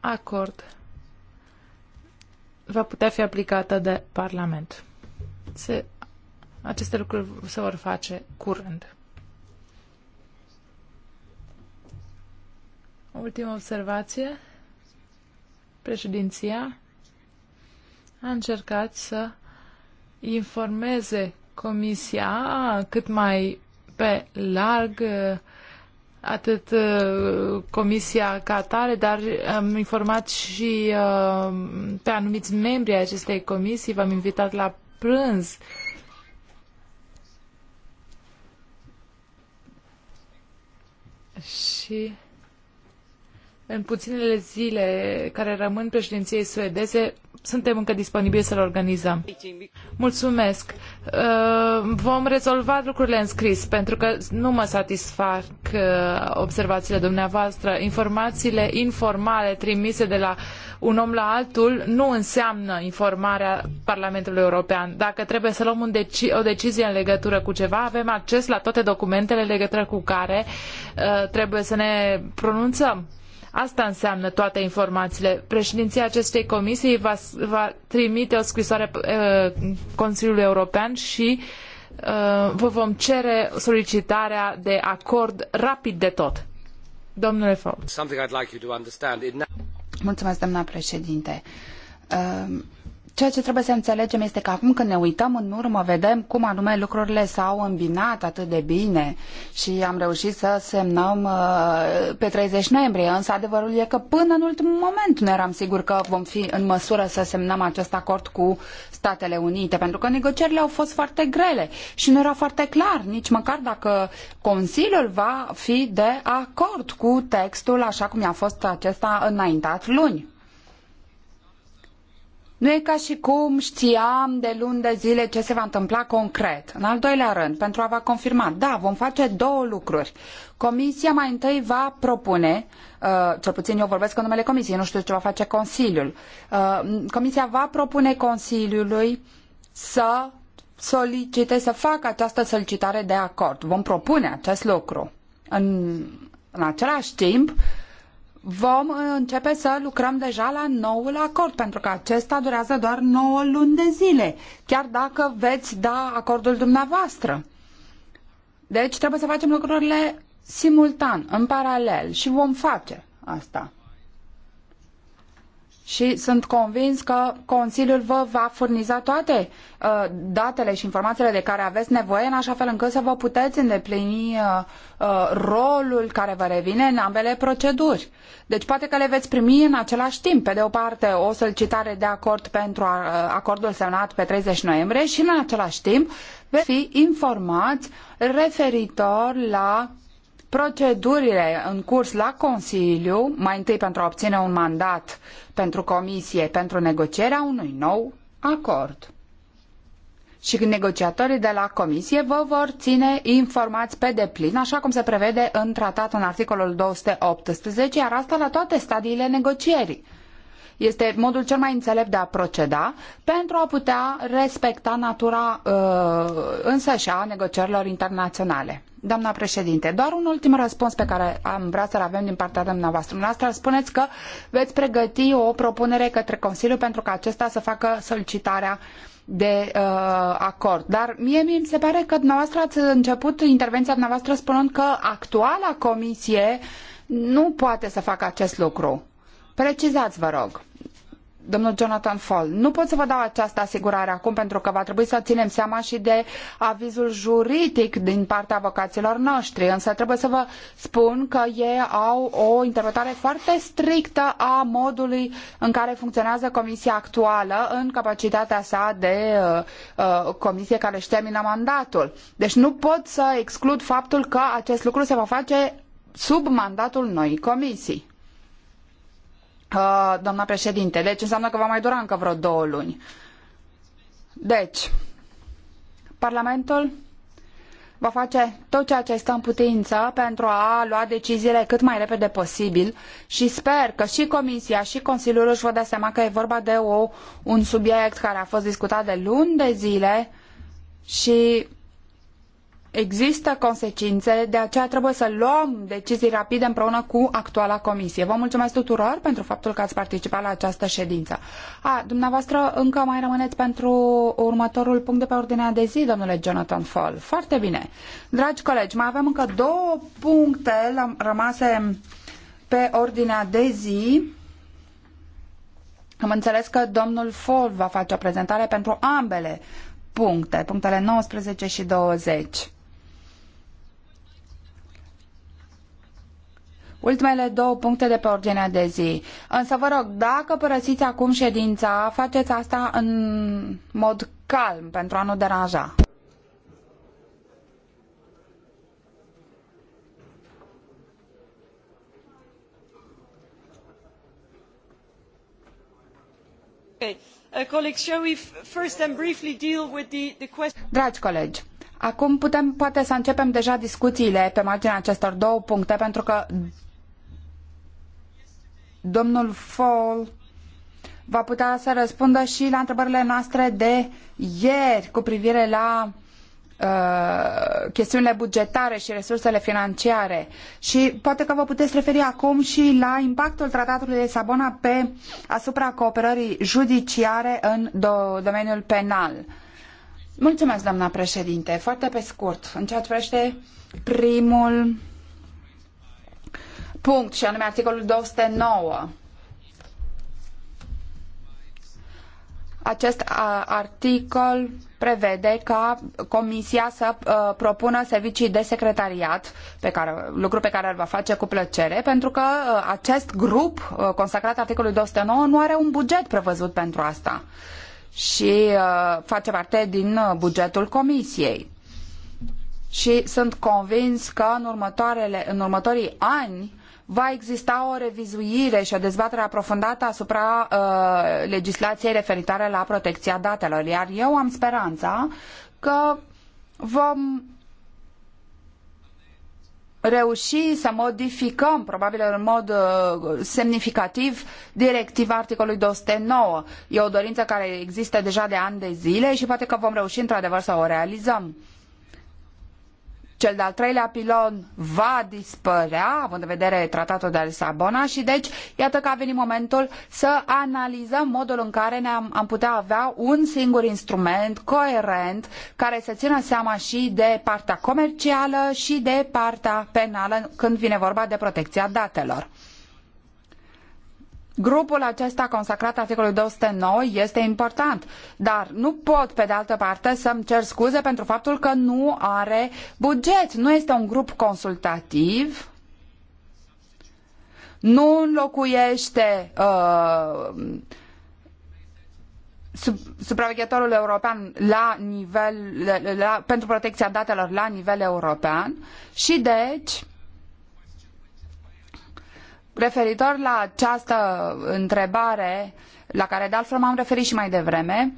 acord va putea fi aplicată de Parlament. Se, aceste lucruri se vor face curând. Ultima observație. Președinția a încercat să informeze Comisia cât mai pe larg atât uh, comisia ca atare, dar am informat și uh, pe anumiți membri ai acestei comisii, v-am invitat la prânz. Și în puținele zile care rămân președinției suedeze suntem încă disponibili să-l organizăm. Mulțumesc. Uh, vom rezolva lucrurile în scris, pentru că nu mă satisfac uh, observațiile dumneavoastră. Informațiile informale trimise de la un om la altul nu înseamnă informarea Parlamentului European. Dacă trebuie să luăm deci o decizie în legătură cu ceva, avem acces la toate documentele în legătură cu care uh, trebuie să ne pronunțăm. Asta înseamnă toate informațiile. Președinția acestei comisii va, va trimite o scrisoare uh, Consiliului European și uh, vă vom cere solicitarea de acord rapid de tot. Domnule Faul. Mulțumesc, doamna președinte. Uh Ceea ce trebuie să înțelegem este că acum când ne uităm în urmă, vedem cum anume lucrurile s-au îmbinat atât de bine și am reușit să semnăm uh, pe 30 noiembrie, însă adevărul e că până în ultimul moment nu eram sigur că vom fi în măsură să semnăm acest acord cu Statele Unite, pentru că negocierile au fost foarte grele și nu era foarte clar nici măcar dacă Consiliul va fi de acord cu textul așa cum i-a fost acesta înaintat luni. Nu e ca și cum știam de luni de zile ce se va întâmpla concret. În al doilea rând, pentru a vă confirma, da, vom face două lucruri. Comisia mai întâi va propune, uh, cel puțin eu vorbesc în numele Comisiei, nu știu ce va face Consiliul, uh, Comisia va propune Consiliului să solicite, să facă această solicitare de acord. Vom propune acest lucru. În, în același timp, vom uh, începe să lucrăm deja la noul acord, pentru că acesta durează doar 9 luni de zile, chiar dacă veți da acordul dumneavoastră. Deci trebuie să facem lucrurile simultan, în paralel și vom face asta și sunt convins că Consiliul vă va furniza toate uh, datele și informațiile de care aveți nevoie, în așa fel încât să vă puteți îndeplini uh, uh rolul care vă revine în ambele proceduri. Deci poate că le veți primi în același timp, pe de o parte o solicitare de acord pentru uh, acordul semnat pe 30 noiembrie și în același timp veți fi informați referitor la Procedurile în curs la Consiliu, mai întâi pentru a obține un mandat pentru Comisie pentru negocierea unui nou acord. Și negociatorii de la Comisie vă vor ține informați pe deplin, așa cum se prevede în tratat în articolul 218, iar asta la toate stadiile negocierii este modul cel mai înțelept de a proceda pentru a putea respecta natura uh, a negocierilor internaționale. Doamna președinte, doar un ultim răspuns pe care am vrea să-l avem din partea dumneavoastră. Dumneavoastră spuneți că veți pregăti o propunere către Consiliu pentru ca acesta să facă solicitarea de uh, acord. Dar mie mi se pare că dumneavoastră ați început intervenția dumneavoastră spunând că actuala comisie nu poate să facă acest lucru. Precizați, vă rog domnul Jonathan Fall. Nu pot să vă dau această asigurare acum pentru că va trebui să ținem seama și de avizul juridic din partea avocaților noștri, însă trebuie să vă spun că ei au o interpretare foarte strictă a modului în care funcționează comisia actuală în capacitatea sa de uh, uh comisie care îi termină mandatul. Deci nu pot să exclud faptul că acest lucru se va face sub mandatul noii comisii. Ah, doamna președinte. Deci înseamnă că va mai dura încă vreo două luni. Deci, Parlamentul va face tot ceea ce stă în putință pentru a lua deciziile cât mai repede posibil și sper că și Comisia și Consiliul își vor da seama că e vorba de o, un subiect care a fost discutat de luni de zile și există consecințe, de aceea trebuie să luăm decizii rapide împreună cu actuala comisie. Vă mulțumesc tuturor pentru faptul că ați participat la această ședință. A, dumneavoastră încă mai rămâneți pentru următorul punct de pe ordinea de zi, domnule Jonathan Fall. Foarte bine. Dragi colegi, mai avem încă două puncte rămase pe ordinea de zi. Am înțeles că domnul Fall va face o prezentare pentru ambele puncte, punctele 19 și 20. ultimele două puncte de pe ordinea de zi. Însă vă rog, dacă părăsiți acum ședința, faceți asta în mod calm pentru a nu deranja. Uh, first and briefly deal with the, the question? Dragi colegi, Acum putem poate să începem deja discuțiile pe marginea acestor două puncte, pentru că domnul Fall va putea să răspundă și la întrebările noastre de ieri cu privire la uh, chestiunile bugetare și resursele financiare și poate că vă puteți referi acum și la impactul tratatului de Sabona pe asupra cooperării judiciare în do domeniul penal. Mulțumesc, doamna președinte. Foarte pe scurt, în ceea ce privește primul punct, și anume articolul 209. Acest articol prevede ca Comisia să propună servicii de secretariat, pe care, lucru pe care îl va face cu plăcere, pentru că acest grup consacrat articolului 209 nu are un buget prevăzut pentru asta și face parte din bugetul Comisiei. Și sunt convins că în, următoarele, în următorii ani va exista o revizuire și o dezbatere aprofundată asupra uh, legislației referitoare la protecția datelor. Iar eu am speranța că vom reuși să modificăm, probabil în mod uh, semnificativ, directiva articolului 209. E o dorință care există deja de ani de zile și poate că vom reuși într-adevăr să o realizăm. Cel de-al treilea pilon va dispărea, având în vedere tratatul de Lisabona și deci iată că a venit momentul să analizăm modul în care ne am, am putea avea un singur instrument coerent care să țină seama și de partea comercială și de partea penală când vine vorba de protecția datelor. Grupul acesta consacrat articolului 209 este important, dar nu pot, pe de altă parte, să-mi cer scuze pentru faptul că nu are buget. Nu este un grup consultativ, nu înlocuiește uh, supraveghetorul european la nivel, la, pentru protecția datelor la nivel european și deci Referitor la această întrebare, la care de altfel m-am referit și mai devreme,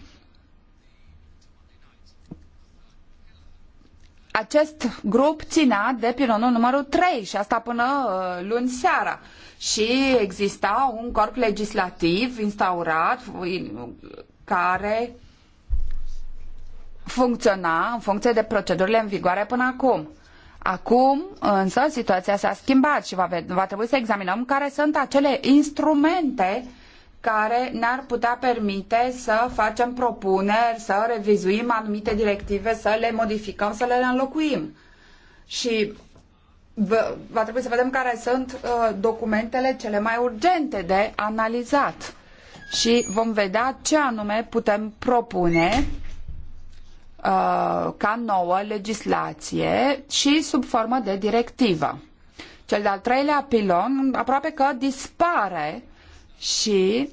acest grup ținea de pilonul numărul 3 și asta până uh, luni seara. Și exista un corp legislativ instaurat care funcționa în funcție de procedurile în vigoare până acum. Acum, însă, situația s-a schimbat și va, va trebui să examinăm care sunt acele instrumente care ne-ar putea permite să facem propuneri, să revizuim anumite directive, să le modificăm, să le înlocuim. Și va trebui să vedem care sunt uh, documentele cele mai urgente de analizat și vom vedea ce anume putem propune Uh, ca nouă legislație și sub formă de directivă. Cel de-al treilea pilon aproape că dispare și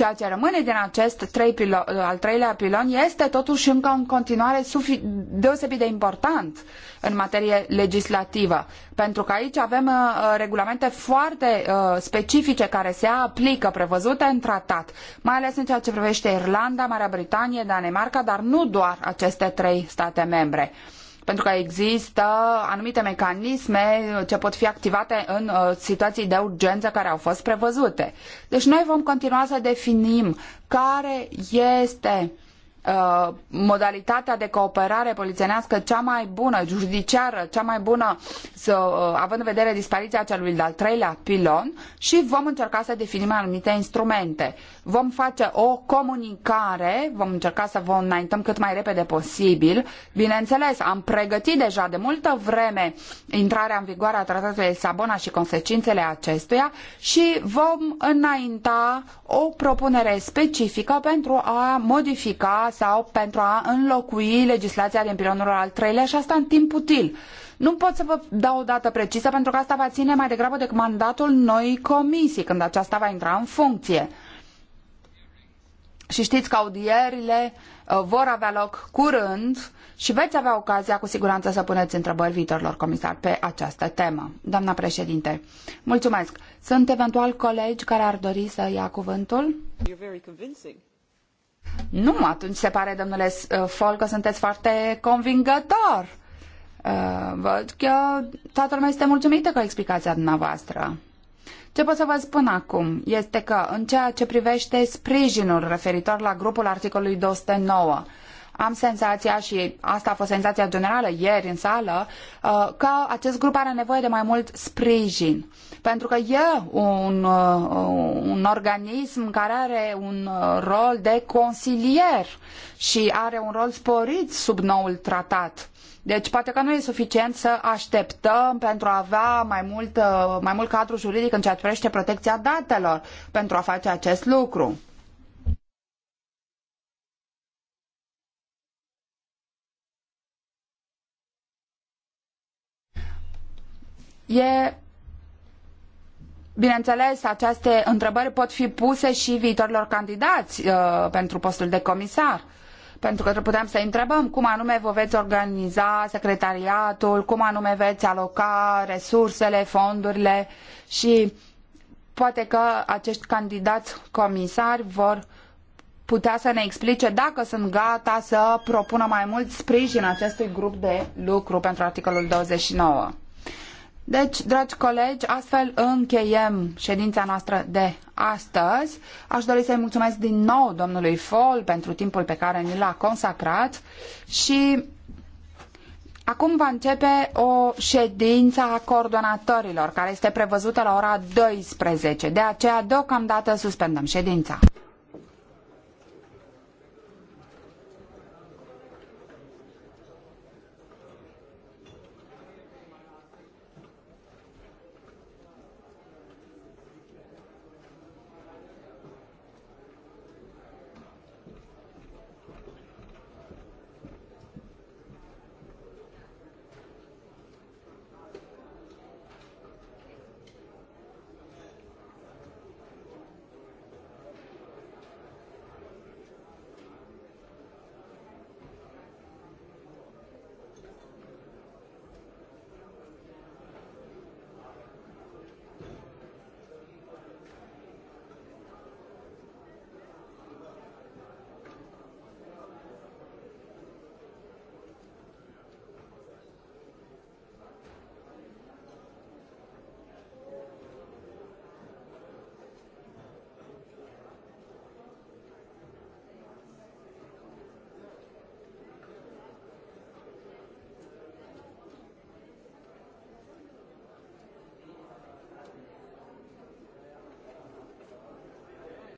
Ceea ce rămâne din acest trei pilo- uh, al treilea pilon este totuși încă în continuare deosebit de important în materie legislativă, pentru că aici avem uh, regulamente foarte uh, specifice care se aplică, prevăzute în tratat, mai ales în ceea ce privește Irlanda, Marea Britanie, Danemarca, dar nu doar aceste trei state membre pentru că există anumite mecanisme ce pot fi activate în uh, situații de urgență care au fost prevăzute. Deci noi vom continua să definim care este Uh, modalitatea de cooperare polițienească cea mai bună, judiciară, cea mai bună, să, uh, având în vedere dispariția celui de-al treilea pilon și vom încerca să definim anumite instrumente. Vom face o comunicare, vom încerca să vă înaintăm cât mai repede posibil. Bineînțeles, am pregătit deja de multă vreme intrarea în vigoare a tratatului de Sabona și consecințele acestuia și vom înainta o propunere specifică pentru a modifica sau pentru a înlocui legislația din pilonul al treilea și asta în timp util. Nu pot să vă dau o dată precisă pentru că asta va ține mai degrabă de mandatul noii comisii când aceasta va intra în funcție. Și știți că audierile uh, vor avea loc curând și veți avea ocazia cu siguranță să puneți întrebări viitorilor comisari pe această temă. Doamna președinte, mulțumesc. Sunt eventual colegi care ar dori să ia cuvântul? You're very convincing. Nu, atunci se pare, domnule uh, Fol, că sunteți foarte convingător. Uh, Văd că toată lumea este mulțumită cu explicația dumneavoastră. Ce pot să vă spun acum este că, în ceea ce privește sprijinul referitor la grupul articolului 209, am senzația, și asta a fost senzația generală ieri în sală, uh, că acest grup are nevoie de mai mult sprijin pentru că e un, uh, un organism care are un uh, rol de consilier și are un rol sporit sub noul tratat. Deci poate că nu e suficient să așteptăm pentru a avea mai mult, uh, mai mult cadru juridic în ceea ce privește protecția datelor pentru a face acest lucru. E Bineînțeles, aceste întrebări pot fi puse și viitorilor candidați uh, pentru postul de comisar. Pentru că putem să întrebăm cum anume vă veți organiza secretariatul, cum anume veți aloca resursele, fondurile și poate că acești candidați comisari vor putea să ne explice dacă sunt gata să propună mai mult sprijin acestui grup de lucru pentru articolul 29. Deci, dragi colegi, astfel încheiem ședința noastră de astăzi. Aș dori să-i mulțumesc din nou domnului Fol pentru timpul pe care ni l-a consacrat și acum va începe o ședință a coordonatorilor care este prevăzută la ora 12. De aceea, deocamdată, suspendăm ședința.